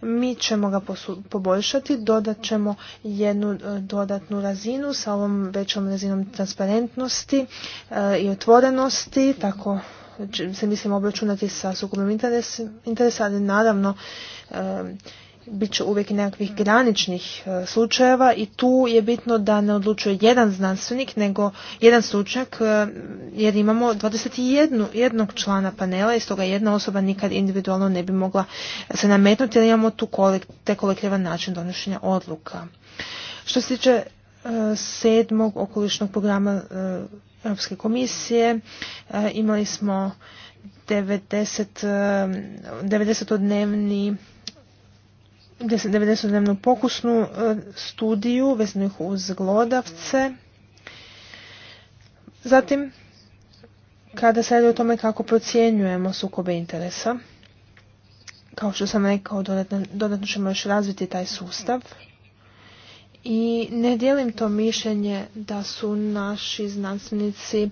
Mi ćemo ga poboljšati, dodat ćemo jednu e, dodatnu razinu sa ovom većom razinom transparentnosti e, i otvorenosti, tako se mislim obračunati sa sukobom interesa, ali naravno e, bit će uvijek nekakvih graničnih e, slučajeva i tu je bitno da ne odlučuje jedan znanstvenik nego jedan stručnjak e, jer imamo 21 jednog člana panela i stoga jedna osoba nikad individualno ne bi mogla se nametnuti jer imamo tu te kolektivan način donošenja odluka. Što se tiče e, sedmog okolišnog programa Europske komisije imali smo 90, 90 dnevni 90-dnevnu pokusnu e, studiju ih uz glodavce. Zatim, kada se radi o tome kako procjenjujemo sukobe interesa, kao što sam rekao, dodatno ćemo još razviti taj sustav i ne dijelim to mišljenje da su naši znanstvenici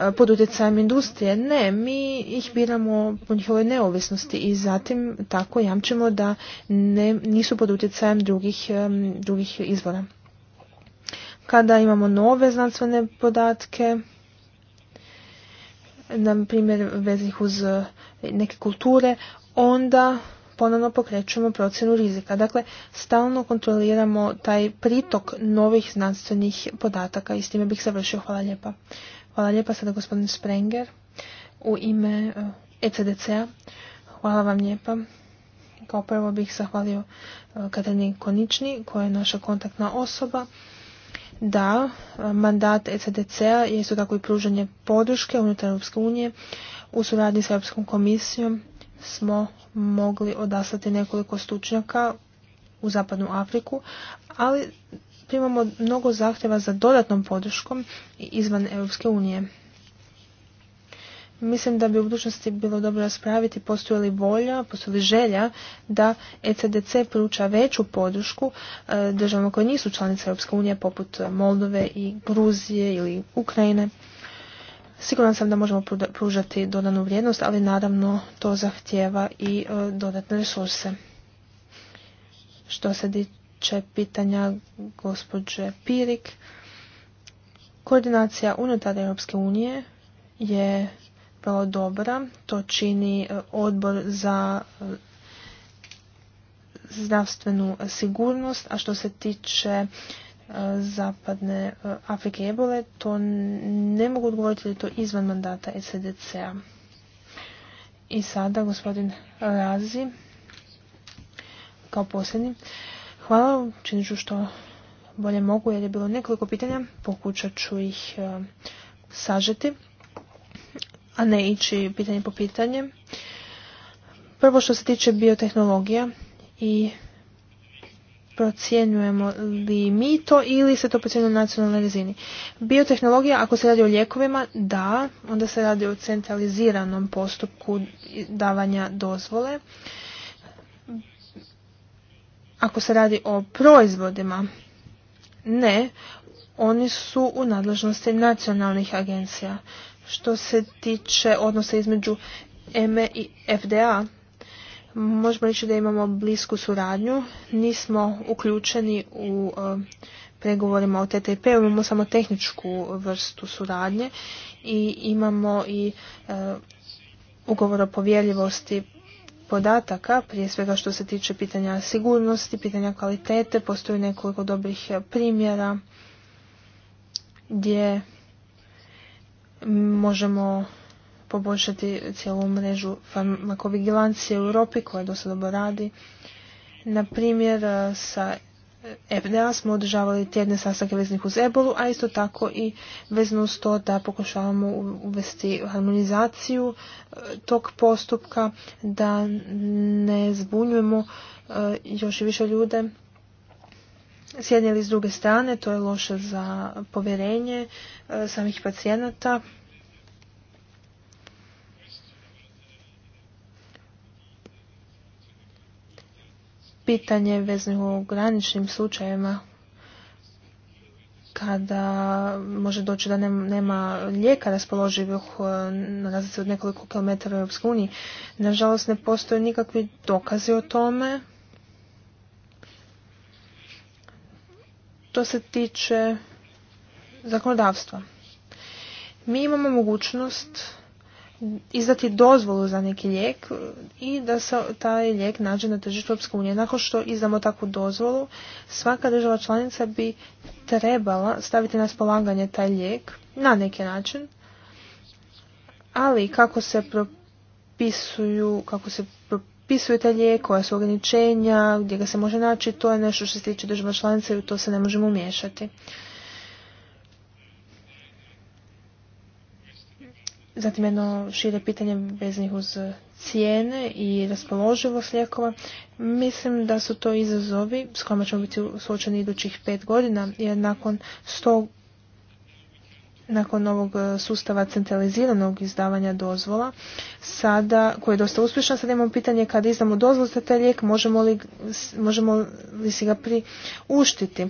e, pod utjecajem industrije. Ne, mi ih biramo po njihovoj neovisnosti i zatim tako jamčimo da ne, nisu pod utjecajem drugih, e, drugih izvora. Kada imamo nove znanstvene podatke, na primjer vezih uz e, neke kulture, onda ponovno pokrećemo procjenu rizika. Dakle, stalno kontroliramo taj pritok novih znanstvenih podataka i s time bih završio. Hvala lijepa. Hvala lijepa sada gospodin Sprenger u ime ECDC-a. Eh, e Hvala vam lijepa. Kao prvo bih zahvalio eh, Katarini Konični koja je naša kontaktna osoba. Da, eh, mandat ECDC-a je isto tako i pružanje podrške unutar Europske unije. U suradnji s Europskom komisijom smo mogli odaslati nekoliko stručnjaka u zapadnu Afriku, ali primamo mnogo zahtjeva za dodatnom podrškom izvan Europske unije. Mislim da bi u budućnosti bilo dobro raspraviti postoji li volja, postoji li želja da ECDC pruča veću podršku e, državama koje nisu članice Europske unije poput Moldove i Gruzije ili Ukrajine. Siguran sam da možemo pružati dodanu vrijednost, ali naravno to zahtjeva i e, dodatne resurse. Što se tiče pitanja gospođe Pirik, koordinacija unutar Europske unije je vrlo dobra. To čini e, odbor za e, zdravstvenu sigurnost, a što se tiče zapadne e, Afrike to ne mogu odgovoriti da je to izvan mandata SEDC-a. I sada gospodin Razi, kao posljednji. Hvala, činit ću što bolje mogu jer je bilo nekoliko pitanja, pokušat ću ih e, sažeti, a ne ići pitanje po pitanje. Prvo što se tiče biotehnologija i procjenjujemo li mi to ili se to procjenjuje na nacionalnoj razini. Biotehnologija, ako se radi o lijekovima, da, onda se radi o centraliziranom postupku davanja dozvole. Ako se radi o proizvodima, ne, oni su u nadležnosti nacionalnih agencija. Što se tiče odnosa između EME i FDA, možemo reći da imamo blisku suradnju. Nismo uključeni u e, pregovorima o TTP, imamo samo tehničku vrstu suradnje i imamo i e, ugovor o povjerljivosti podataka, prije svega što se tiče pitanja sigurnosti, pitanja kvalitete, postoji nekoliko dobrih primjera gdje možemo poboljšati cijelu mrežu farmakovigilancije u Europi koja dosta dobro radi. Na primjer, e, sa FDA smo održavali tjedne sastanke veznih uz ebolu, a isto tako i vezno uz to da pokušavamo uvesti harmonizaciju e, tog postupka, da ne zbunjujemo e, još i više ljude s jedne ili s druge strane, to je loše za povjerenje samih pacijenata pitanje vezano u graničnim slučajevima kada može doći da nema lijeka raspoloživih eh, na razlici od nekoliko kilometara u EU, Nažalost ne postoje nikakvi dokazi o tome. To se tiče zakonodavstva. Mi imamo mogućnost izdati dozvolu za neki lijek i da se taj lijek nađe na tržištu Europske unije. Nakon što izdamo takvu dozvolu, svaka država članica bi trebala staviti na spolaganje taj lijek na neki način, ali kako se propisuju, kako se propisuju taj lijek, koja su ograničenja, gdje ga se može naći, to je nešto što se tiče država članica i u to se ne možemo umiješati. Zatim jedno šire pitanje njih uz cijene i raspoloživost lijekova. Mislim da su to izazovi s kojima ćemo biti suočeni idućih pet godina, jer nakon sto nakon ovog e, sustava centraliziranog izdavanja dozvola, sada, koji je dosta uspješan, sad imamo pitanje kada izdamo dozvolu za taj lijek, možemo li, možemo li si ga priuštiti.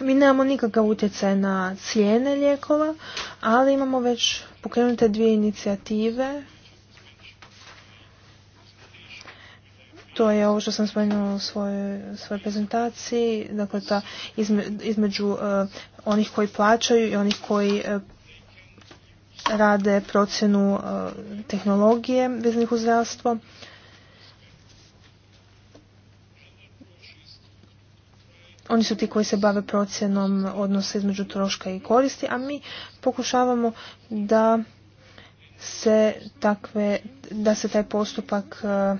Mi nemamo nikakav utjecaj na cijene lijekova, ali imamo već pokrenute dvije inicijative. To je ovo što sam spomenula u svojoj, prezentaciji, dakle ta između e, onih koji plaćaju i onih koji e, rade procjenu e, tehnologije vezanih u zdravstvo. Oni su ti koji se bave procjenom odnosa između troška i koristi, a mi pokušavamo da se takve, da se taj postupak e,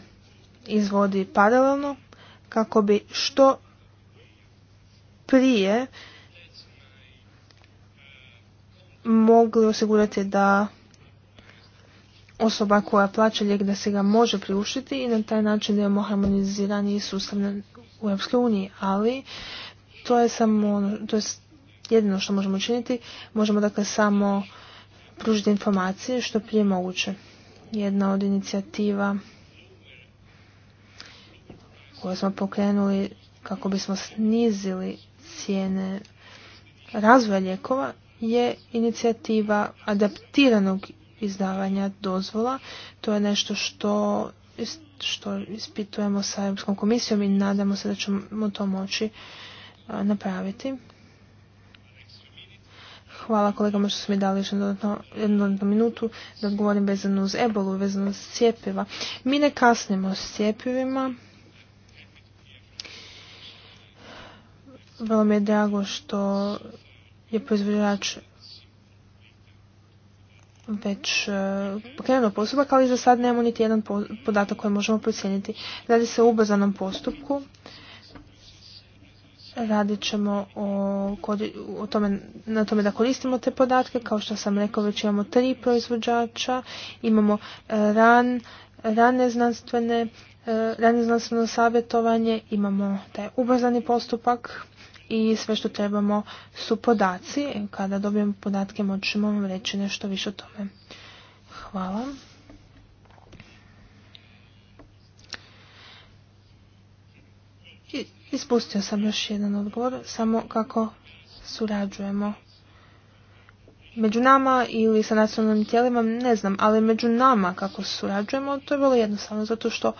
izvodi paralelno kako bi što prije mogli osigurati da osoba koja plaća lijek da se ga može priuštiti i na taj način da imamo harmonizirani sustav u Europskoj ali to je samo, ono, to je jedino što možemo učiniti, možemo dakle samo pružiti informacije što prije moguće. Jedna od inicijativa koje smo pokrenuli kako bismo snizili cijene razvoja lijekova je inicijativa adaptiranog izdavanja dozvola. To je nešto što što ispitujemo sa Europskom komisijom i nadamo se da ćemo to moći napraviti. Hvala kolegama što su mi dali jednu dodatnu minutu da odgovorim vezano uz ebolu, vezano uz cijepiva. Mi ne kasnimo s cijepivima. Vrlo mi je drago što je proizvođač već e, pokrenuo postupak, ali za sad nemamo niti jedan podatak koji možemo procijeniti. Radi se o ubrzanom postupku. Radit ćemo na tome da koristimo te podatke. Kao što sam rekao, već imamo tri proizvođača. Imamo e, ran, rane e, rane znanstveno savjetovanje, imamo taj ubrzani postupak i sve što trebamo su podaci. Kada dobijemo podatke moćemo vam reći nešto više o tome. Hvala. Ispustio sam još jedan odgovor, samo kako surađujemo. Među nama ili sa nacionalnim tijelima, ne znam, ali među nama kako surađujemo, to je bilo jednostavno, zato što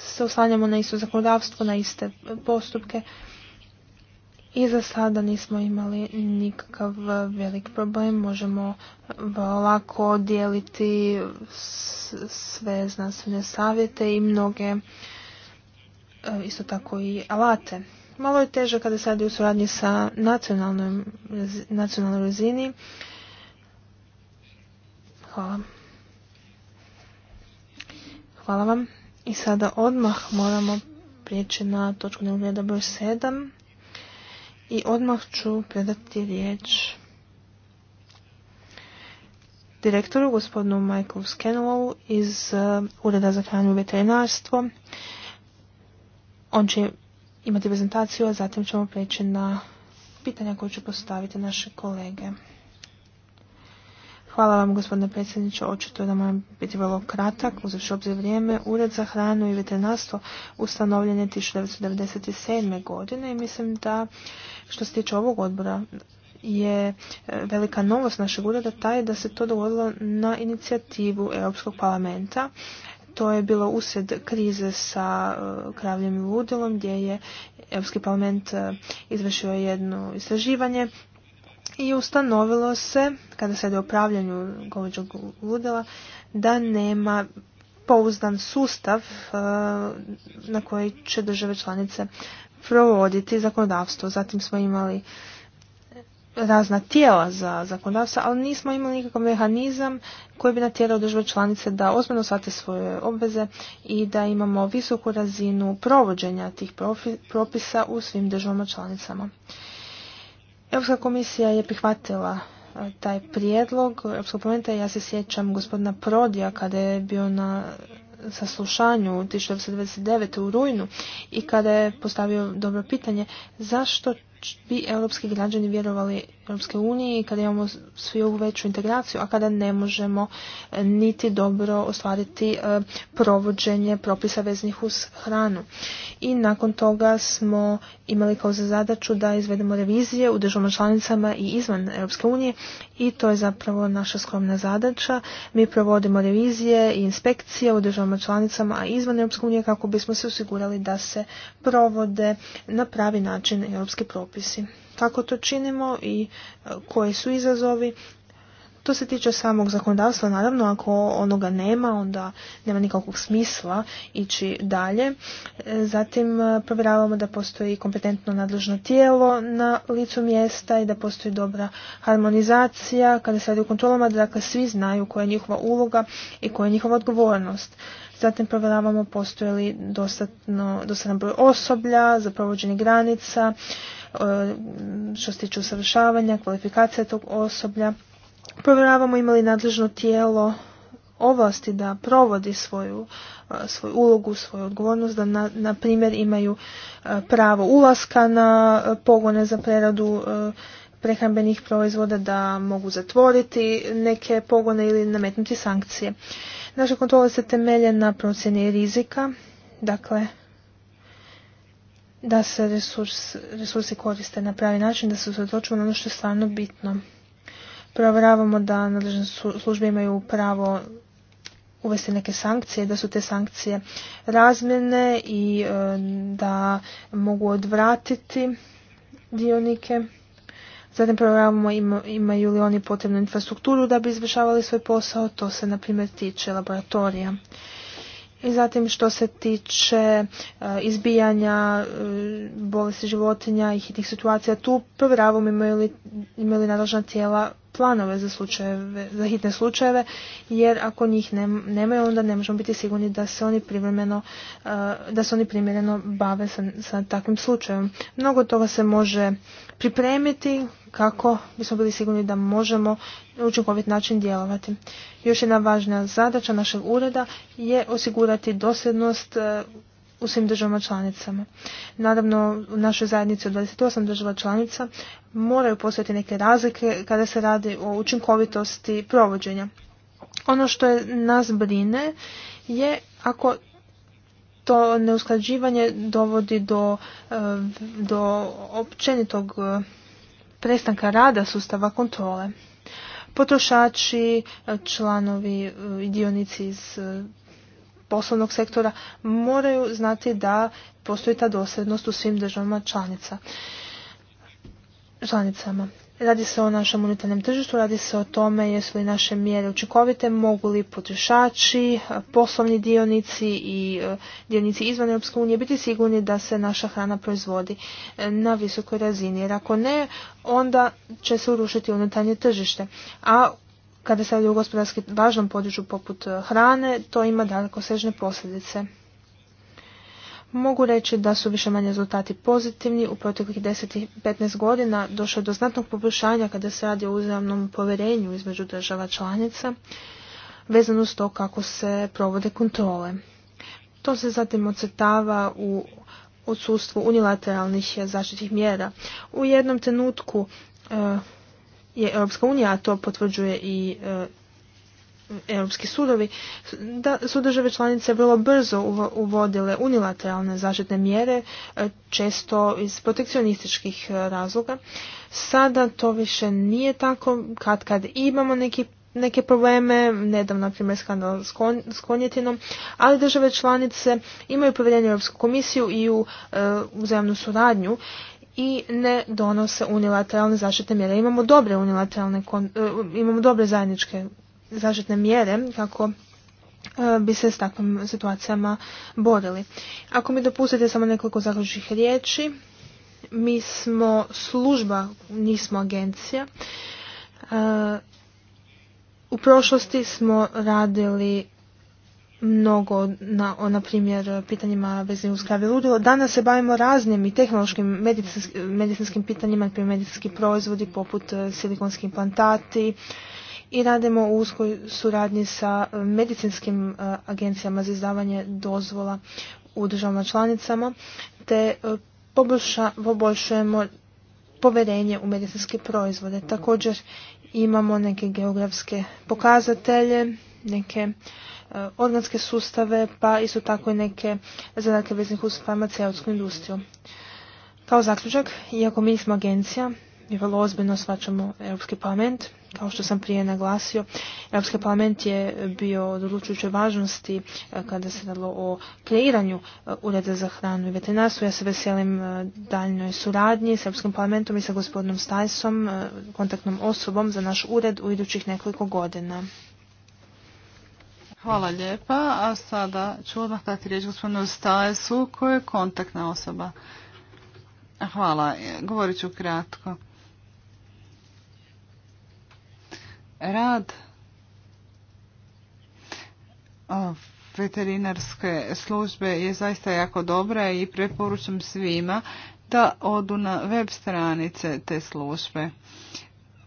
se oslanjamo na isto zakonodavstvo, na iste postupke i za sada nismo imali nikakav e, velik problem. Možemo e, lako dijeliti sve znanstvene savjete i mnoge e, isto tako i alate. Malo je teže kada se radi u suradnji sa nacionalnoj razini. Hvala. Hvala vam. I sada odmah moramo prijeći na točku dnevnog broj i odmah ću predati riječ direktoru, gospodinu Michael Scanlowu iz e, Ureda za hranu i veterinarstvo. On će imati prezentaciju, a zatim ćemo preći na pitanja koje će postaviti naše kolege. Hvala vam gospodine predsjedniče. Očito da moram biti vrlo kratak, uzevši obzir vrijeme. Ured za hranu i veterinarstvo ustanovljen je 1997. godine i mislim da što se tiče ovog odbora je e, velika novost našeg ureda taj da se to dogodilo na inicijativu Europskog parlamenta. To je bilo usred krize sa e, kravljem i ludilom gdje je Europski parlament e, izvršio jedno istraživanje i ustanovilo se, kada se je o upravljanju govođog ludela, da nema pouzdan sustav e, na koji će države članice provoditi zakonodavstvo. Zatim smo imali razna tijela za zakonodavstvo, ali nismo imali nikakav mehanizam koji bi natjerao države članice da ozbiljno shvate svoje obveze i da imamo visoku razinu provođenja tih propisa u svim državama članicama. Europska komisija je prihvatila e, taj prijedlog Europskog parlamenta. Ja se sjećam gospodina Prodija kada je bio na saslušanju 1999. u Rujnu i kada je postavio dobro pitanje zašto bi europski građani vjerovali Europske unije kada imamo svi ovu veću integraciju, a kada ne možemo e, niti dobro ostvariti e, provođenje propisa veznih uz hranu. I nakon toga smo imali kao za zadaću da izvedemo revizije u državama članicama i izvan Europske unije i to je zapravo naša skromna zadaća. Mi provodimo revizije i inspekcije u državama članicama, izvan Europske unije kako bismo se osigurali da se provode na pravi način europski propisi. Kako to činimo i e, koji su izazovi, to se tiče samog zakonodavstva, naravno, ako onoga nema, onda nema nikakvog smisla ići dalje. E, zatim e, provjeravamo da postoji kompetentno nadležno tijelo na licu mjesta i da postoji dobra harmonizacija kada se radi o kontrolama, da dakle svi znaju koja je njihova uloga i koja je njihova odgovornost. Zatim provjeravamo postoje li dostatno broj osoblja za provođenje granica, e, što se tiče usavršavanja, kvalifikacije tog osoblja provjeravamo imali nadležno tijelo ovlasti da provodi svoju, e, svoju ulogu, svoju odgovornost, da na, primjer imaju e, pravo ulaska na e, pogone za preradu prehrambenih proizvoda, da mogu zatvoriti neke pogone ili nametnuti sankcije. Naše kontrole se temelje na procjeni rizika, dakle da se resurs, resursi koriste na pravi način, da se usredočimo na ono što je stvarno bitno provjeravamo da nadležne službe imaju pravo uvesti neke sankcije, da su te sankcije razmjene i e, da mogu odvratiti dionike. Zatim provjeravamo imaju li oni potrebnu infrastrukturu da bi izvršavali svoj posao, to se na primjer tiče laboratorija. I zatim što se tiče e, izbijanja e, bolesti životinja i hitnih situacija, tu provjeravamo imaju li, imaju nadležna tijela planove za, slučajeve, za hitne slučajeve, jer ako njih nemaju, onda ne možemo biti sigurni da se oni privremeno, e, da se oni primjereno bave sa, sa takvim slučajem. Mnogo toga se može pripremiti kako bismo bili sigurni da možemo na učinkovit način djelovati. Još jedna važna zadaća našeg ureda je osigurati dosljednost e, u svim državama članicama. Naravno, u našoj zajednici od 28 država članica moraju postojati neke razlike kada se radi o učinkovitosti provođenja. Ono što je nas brine je ako to neusklađivanje dovodi do, e, do općenitog e, prestanka rada sustava kontrole. Potrošači, e, članovi i dionici iz poslovnog sektora moraju znati da postoji ta dosljednost u svim državama članicama. Radi se o našem unutarnjem tržištu, radi se o tome jesu li naše mjere učinkovite, mogu li potrošači, poslovni dionici i e, dionici izvan Europske unije biti sigurni da se naša hrana proizvodi e, na visokoj razini. Jer ako ne, onda će se urušiti unutarnje tržište. A kada se radi o gospodarski važnom području poput e, hrane, to ima daleko sežne posljedice. Mogu reći da su više manje rezultati pozitivni. U proteklih 10 i 15 godina došlo je do znatnog poboljšanja kada se radi o uzajamnom povjerenju između država članica vezano s to kako se provode kontrole. To se zatim ocrtava u odsustvu unilateralnih zaštitnih mjera. U jednom trenutku e, je Europska unija, a to potvrđuje i e, europski sudovi, da su države članice vrlo brzo uvodile unilateralne zaštitne mjere, e, često iz protekcionističkih e, razloga. Sada to više nije tako, kad kad imamo neki neke probleme, nedavno, na primjer, skandal s, konjetinom, ali države članice imaju povjerenje u Europsku komisiju i u e, uzajamnu suradnju i ne donose unilateralne zaštitne mjere. Imamo dobre unilateralne, imamo dobre zajedničke zaštitne mjere kako e, bi se s takvim situacijama borili. Ako mi dopustite samo nekoliko zaključnih riječi, mi smo služba, nismo agencija. E, u prošlosti smo radili mnogo na, na primjer, pitanjima vezanim uz krave ludilo. Danas se bavimo raznim i tehnološkim medicinskim, pitanjima, medicinski proizvodi poput e, silikonski implantati, i radimo u uskoj suradnji sa e, medicinskim e, agencijama za izdavanje dozvola u državama članicama te e, poboljšujemo povjerenje u medicinske proizvode. Također imamo neke geografske pokazatelje, neke organske sustave, pa isto tako i neke zadatke veznih uz farmaceutsku industriju. Kao zaključak, iako mi smo agencija, i vrlo ozbiljno svačamo Europski parlament. Kao što sam prije naglasio, Europski parlament je bio od odlučujuće važnosti e, kada se radilo o kreiranju e, Ureda za hranu i veterinarstvo. Ja se veselim e, daljnoj suradnji s Europskim parlamentom i sa gospodinom Stajsom, kontaktnom osobom za naš ured u idućih nekoliko godina. Hvala lijepa, a sada ću odmah dati riječ gospodinu Stajsu koja je kontaktna osoba. Hvala, govorit ću kratko. Rad veterinarske službe je zaista jako dobra i preporučam svima da odu na web stranice te službe.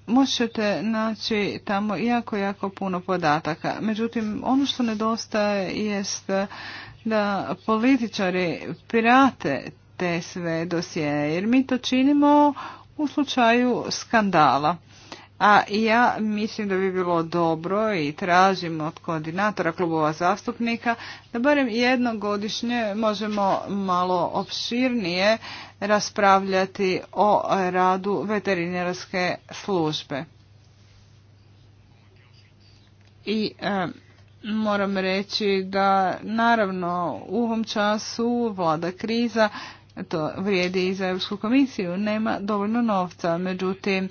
Možete naći tamo jako, jako puno podataka. Međutim, ono što nedostaje jest da političari pirate te sve dosije, jer mi to činimo u slučaju skandala. A ja mislim da bi bilo dobro i tražim od koordinatora klubova zastupnika da barem jednom godišnje možemo malo opširnije raspravljati o radu veterinarske službe. I e, moram reći da naravno u ovom času vlada kriza to vrijedi i za Europsku komisiju, nema dovoljno novca. Međutim,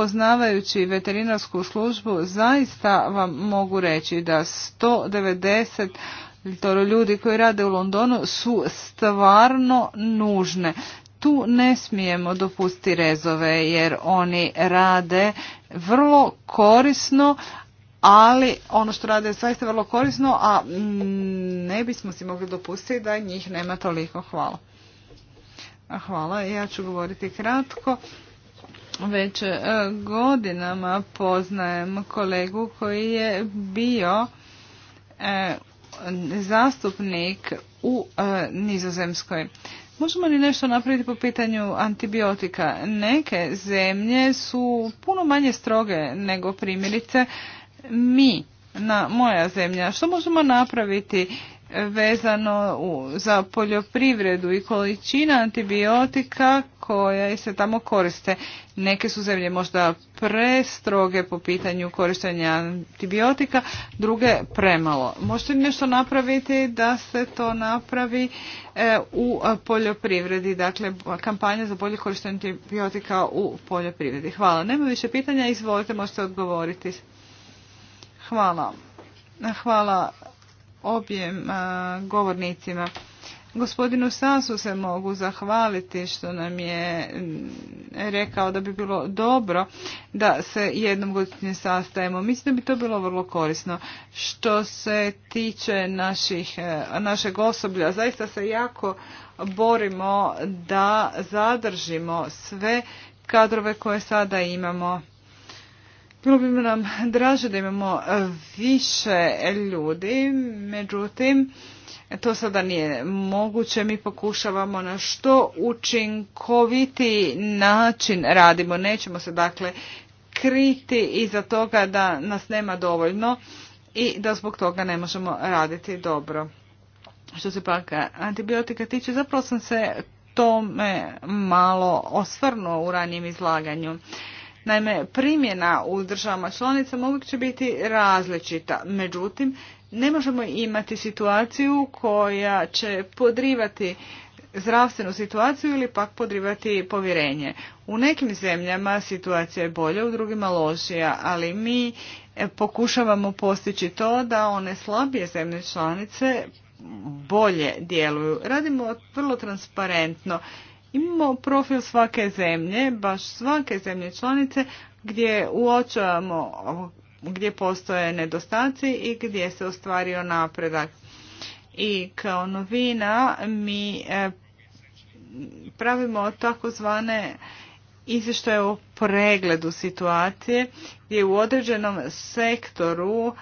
Poznavajući veterinarsku službu, zaista vam mogu reći da 190 ljudi koji rade u Londonu su stvarno nužne. Tu ne smijemo dopustiti rezove jer oni rade vrlo korisno, ali ono što rade je zaista vrlo korisno, a mm, ne bismo si mogli dopustiti da njih nema toliko. Hvala. Hvala, ja ću govoriti kratko. Već e, godinama poznajem kolegu koji je bio e, zastupnik u e, Nizozemskoj. Možemo li nešto napraviti po pitanju antibiotika? Neke zemlje su puno manje stroge nego primjerice mi na moja zemlja. Što možemo napraviti vezano za poljoprivredu i količina antibiotika koja se tamo koriste. Neke su zemlje možda prestroge po pitanju korištenja antibiotika, druge premalo. Možete li nešto napraviti da se to napravi e, u poljoprivredi, dakle kampanja za bolje korištenje antibiotika u poljoprivredi. Hvala. Nema više pitanja, izvolite, možete odgovoriti. Hvala. Hvala objem govornicima. Gospodinu Sasu se mogu zahvaliti što nam je rekao da bi bilo dobro da se jednom godišnje sastajemo. Mislim da bi to bilo vrlo korisno. Što se tiče naših, e, našeg osoblja, zaista se jako borimo da zadržimo sve kadrove koje sada imamo. Bilo bi nam draže da imamo e, više ljudi, međutim, to sada nije moguće. Mi pokušavamo na što učinkoviti način radimo. Nećemo se dakle kriti iza toga da nas nema dovoljno i da zbog toga ne možemo raditi dobro. Što se pak antibiotika tiče, zapravo sam se tome malo osvrnuo u ranijem izlaganju. Naime, primjena u državama članicama uvijek će biti različita. Međutim, ne možemo imati situaciju koja će podrivati zdravstvenu situaciju ili pak podrivati povjerenje. U nekim zemljama situacija je bolja, u drugima lošija, ali mi e, pokušavamo postići to da one slabije zemlje članice bolje djeluju. Radimo vrlo transparentno Imamo profil svake zemlje, baš svake zemlje članice gdje uočavamo gdje postoje nedostaci i gdje se ostvario napredak. I kao novina mi e, pravimo takozvane izvještaje o pregledu situacije gdje u određenom sektoru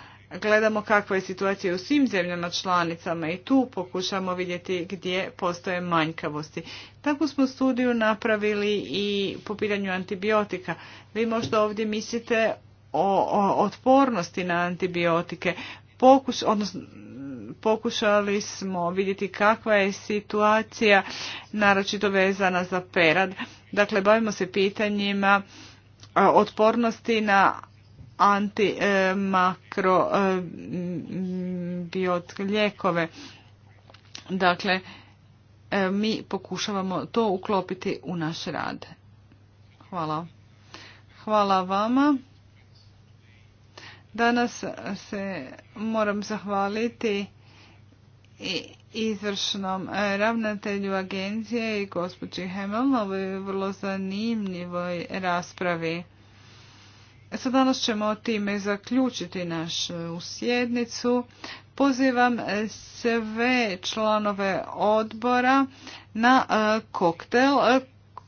gledamo kakva je situacija u svim zemljama članicama i tu pokušamo vidjeti gdje postoje manjkavosti. Takvu smo studiju napravili i po pitanju antibiotika. Vi možda ovdje mislite o, o otpornosti na antibiotike. Pokuš, odnosno, pokušali smo vidjeti kakva je situacija naročito vezana za perad. Dakle, bavimo se pitanjima otpornosti na antimakrobiot ljekove. Dakle, e, mi pokušavamo to uklopiti u naš rad. Hvala. Hvala vama. Danas se moram zahvaliti izvršnom ravnatelju agencije i gospođi Hemel na ovoj vrlo zanimljivoj raspravi. E sad danas ćemo time zaključiti našu e, sjednicu. Pozivam e, sve članove odbora na koktel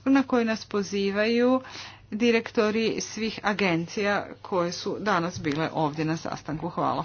na koji nas pozivaju direktori svih agencija koje su danas bile ovdje na sastanku. Hvala.